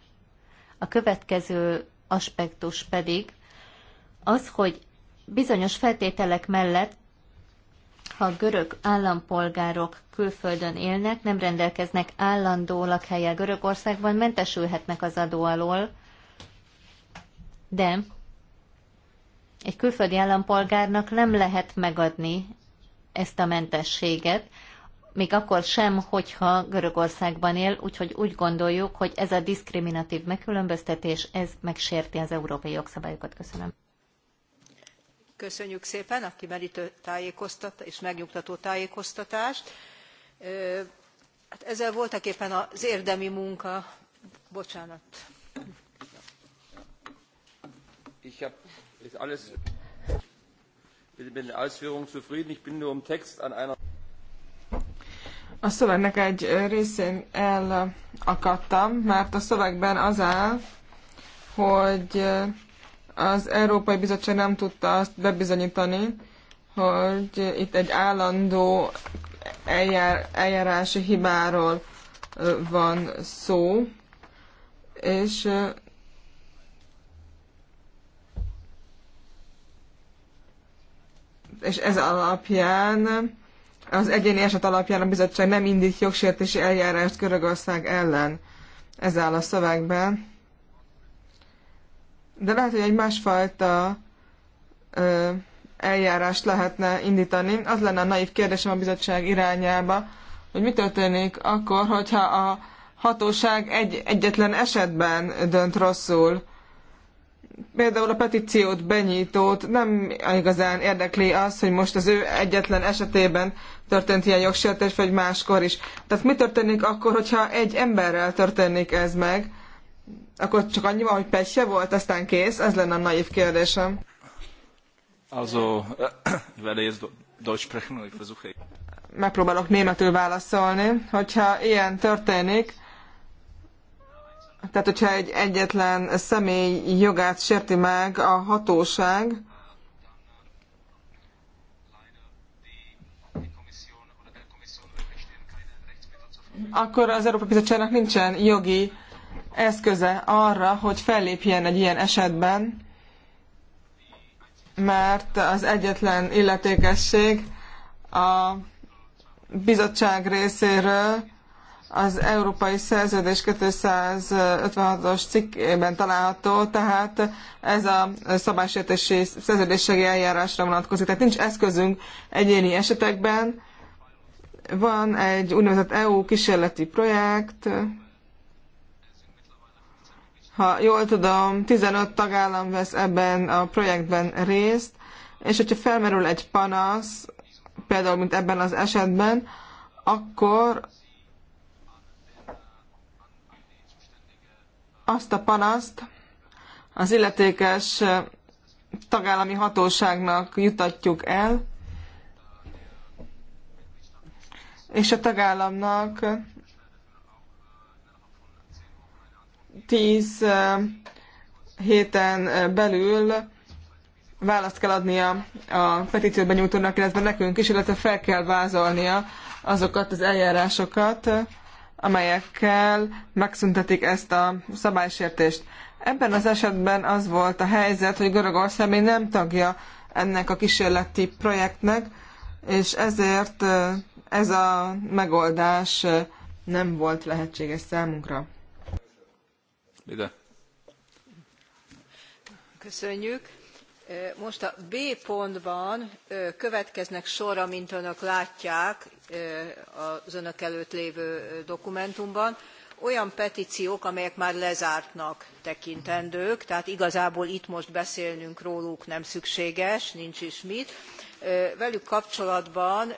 A következő aspektus pedig az, hogy bizonyos feltételek mellett ha a görög állampolgárok külföldön élnek, nem rendelkeznek állandó lakhelyel Görögországban, mentesülhetnek az adó alól, de egy külföldi állampolgárnak nem lehet megadni ezt a mentességet, még akkor sem, hogyha Görögországban él, úgyhogy úgy gondoljuk, hogy ez a diszkriminatív megkülönböztetés, ez megsérti az európai jogszabályokat. Köszönöm. Köszönjük szépen a kimerítő tájékoztatást és megnyugtató tájékoztatást. Hát ezzel voltak éppen az érdemi munka. Bocsánat. Ich hab, habe alles mit den Ausführungen zufrieden. Ich bin nur im Text an einer a szövegnek egy részén elakadtam, mert a szövegben az áll, hogy az Európai Bizottság nem tudta azt bebizonyítani, hogy itt egy állandó eljár, eljárási hibáról van szó, és és ez alapján, az egyéni eset alapján a bizottság nem indít jogsértési eljárást Görögország ellen. Ez áll a szövegben. De lehet, hogy egy másfajta ö, eljárást lehetne indítani. Az lenne a naív kérdésem a bizottság irányába, hogy mi történik akkor, hogyha a hatóság egy, egyetlen esetben dönt rosszul. Például a petíciót benyitót nem igazán érdekli az, hogy most az ő egyetlen esetében történt ilyen jogsértés, vagy máskor is. Tehát mi történik akkor, hogyha egy emberrel történik ez meg? Akkor csak annyi van, hogy pesse volt, aztán kész? Ez lenne a naív kérdésem. Also, ich äh, werde jetzt Deutsch sprechen, ich versuche. Megpróbálok németül válaszolni. Hogyha ilyen történik, tehát hogyha egy egyetlen személy jogát sérti meg a hatóság, akkor az Európai Bizottságnak nincsen jogi eszköze arra, hogy fellépjen egy ilyen esetben, mert az egyetlen illetékesség a bizottság részéről az Európai Szerződés 256-os cikkében található, tehát ez a szabálysértési szerződéssegi eljárásra vonatkozik. Tehát nincs eszközünk egyéni esetekben. Van egy úgynevezett EU kísérleti projekt, ha jól tudom, 15 tagállam vesz ebben a projektben részt, és hogyha felmerül egy panasz, például mint ebben az esetben, akkor azt a panaszt az illetékes tagállami hatóságnak jutatjuk el, és a tagállamnak tíz héten belül választ kell adnia a petíciót benyújtónak, illetve nekünk is, illetve fel kell vázolnia azokat az eljárásokat, amelyekkel megszüntetik ezt a szabálysértést. Ebben az esetben az volt a helyzet, hogy Görögország még nem tagja ennek a kísérleti projektnek, és ezért ez a megoldás nem volt lehetséges számunkra ide. Köszönjük. Most a B pontban következnek sorra, mint önök látják az önök előtt lévő dokumentumban, olyan petíciók, amelyek már lezártnak tekintendők, tehát igazából itt most beszélnünk róluk nem szükséges, nincs is mit. Velük kapcsolatban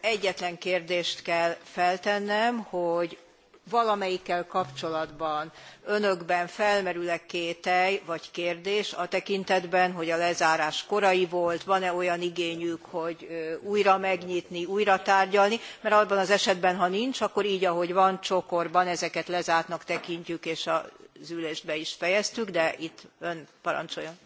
egyetlen kérdést kell feltennem, hogy valamelyikkel kapcsolatban önökben felmerül e kételj vagy kérdés a tekintetben hogy a lezárás korai volt van e olyan igényük hogy újra megnyitni újra tárgyalni mert abban az esetben ha nincs akkor gy ahogy van csokorban ezeket lezártnak tekintjük és az ülést be is fejeztük de itt ön parancsoljon.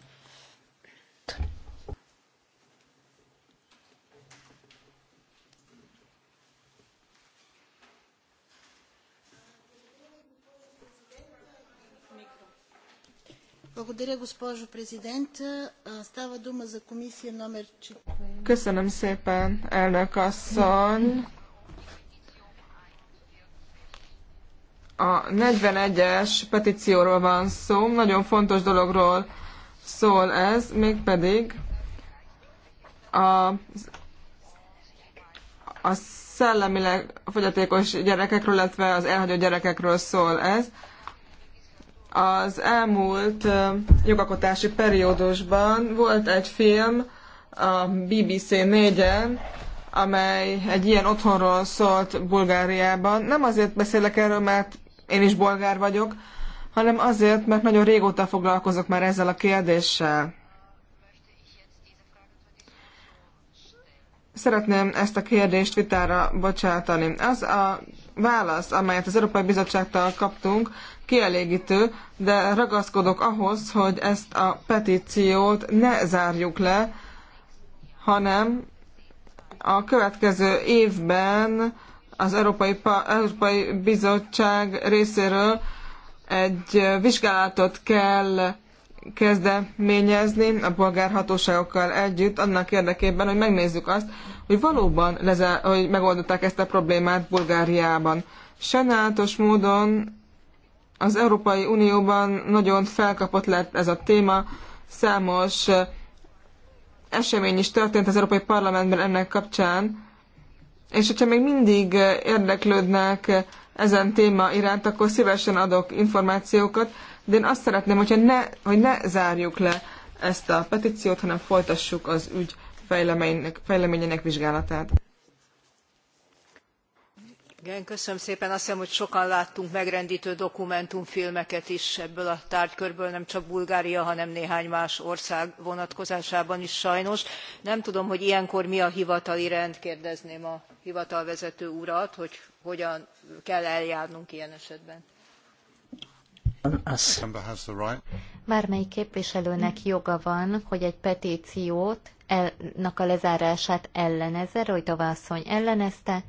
Köszönöm szépen, elnök asszony. A 41-es petícióról van szó, nagyon fontos dologról szól ez, mégpedig a, a szellemileg fogyatékos gyerekekről, illetve az elhagyott gyerekekről szól ez. Az elmúlt jogakotási periódusban volt egy film a BBC 4-en, amely egy ilyen otthonról szólt Bulgáriában. Nem azért beszélek erről, mert én is bolgár vagyok, hanem azért, mert nagyon régóta foglalkozok már ezzel a kérdéssel. Szeretném ezt a kérdést vitára bocsátani. Az a válasz, amelyet az Európai Bizottságtól kaptunk, kielégítő, de ragaszkodok ahhoz, hogy ezt a petíciót ne zárjuk le, hanem a következő évben az Európai, Európai Bizottság részéről egy vizsgálatot kell kezdeményezni a polgárhatóságokkal együtt annak érdekében, hogy megnézzük azt, hogy valóban leze, hogy megoldották ezt a problémát Bulgáriában. Sajnálatos módon az Európai Unióban nagyon felkapott lett ez a téma, számos esemény is történt az Európai Parlamentben ennek kapcsán, és hogyha még mindig érdeklődnek ezen téma iránt, akkor szívesen adok információkat, de én azt szeretném, hogyha ne, hogy ne zárjuk le ezt a petíciót, hanem folytassuk az ügy fejleményének, fejleményének vizsgálatát. Igen, köszönöm szépen. Azt hiszem, hogy sokan láttunk megrendítő dokumentumfilmeket is ebből a tárgykörből, nem csak Bulgária, hanem néhány más ország vonatkozásában is sajnos. Nem tudom, hogy ilyenkor mi a hivatali rend, kérdezném a hivatalvezető urat, hogy hogyan kell eljárnunk ilyen esetben. Bármelyik képviselőnek joga van, hogy egy petíciót, el, a lezárását ellenezze, Rojtova asszony ellenezte,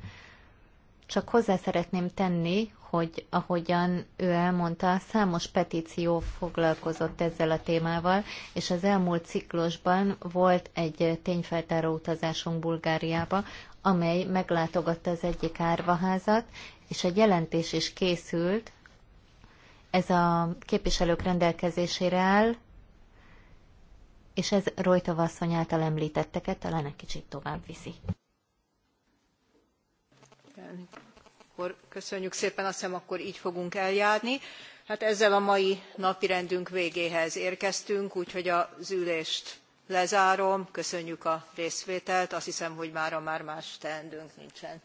csak hozzá szeretném tenni, hogy ahogyan ő elmondta, számos petíció foglalkozott ezzel a témával, és az elmúlt ciklusban volt egy tényfeltáró utazásunk Bulgáriába, amely meglátogatta az egyik árvaházat, és egy jelentés is készült, ez a képviselők rendelkezésére áll, és ez Rojtova asszony által említetteket talán egy kicsit tovább viszi. Akkor köszönjük szépen, azt hiszem akkor így fogunk eljárni. Hát ezzel a mai napirendünk végéhez érkeztünk, úgyhogy az ülést lezárom. Köszönjük a részvételt, azt hiszem, hogy mára már más teendőnk nincsen.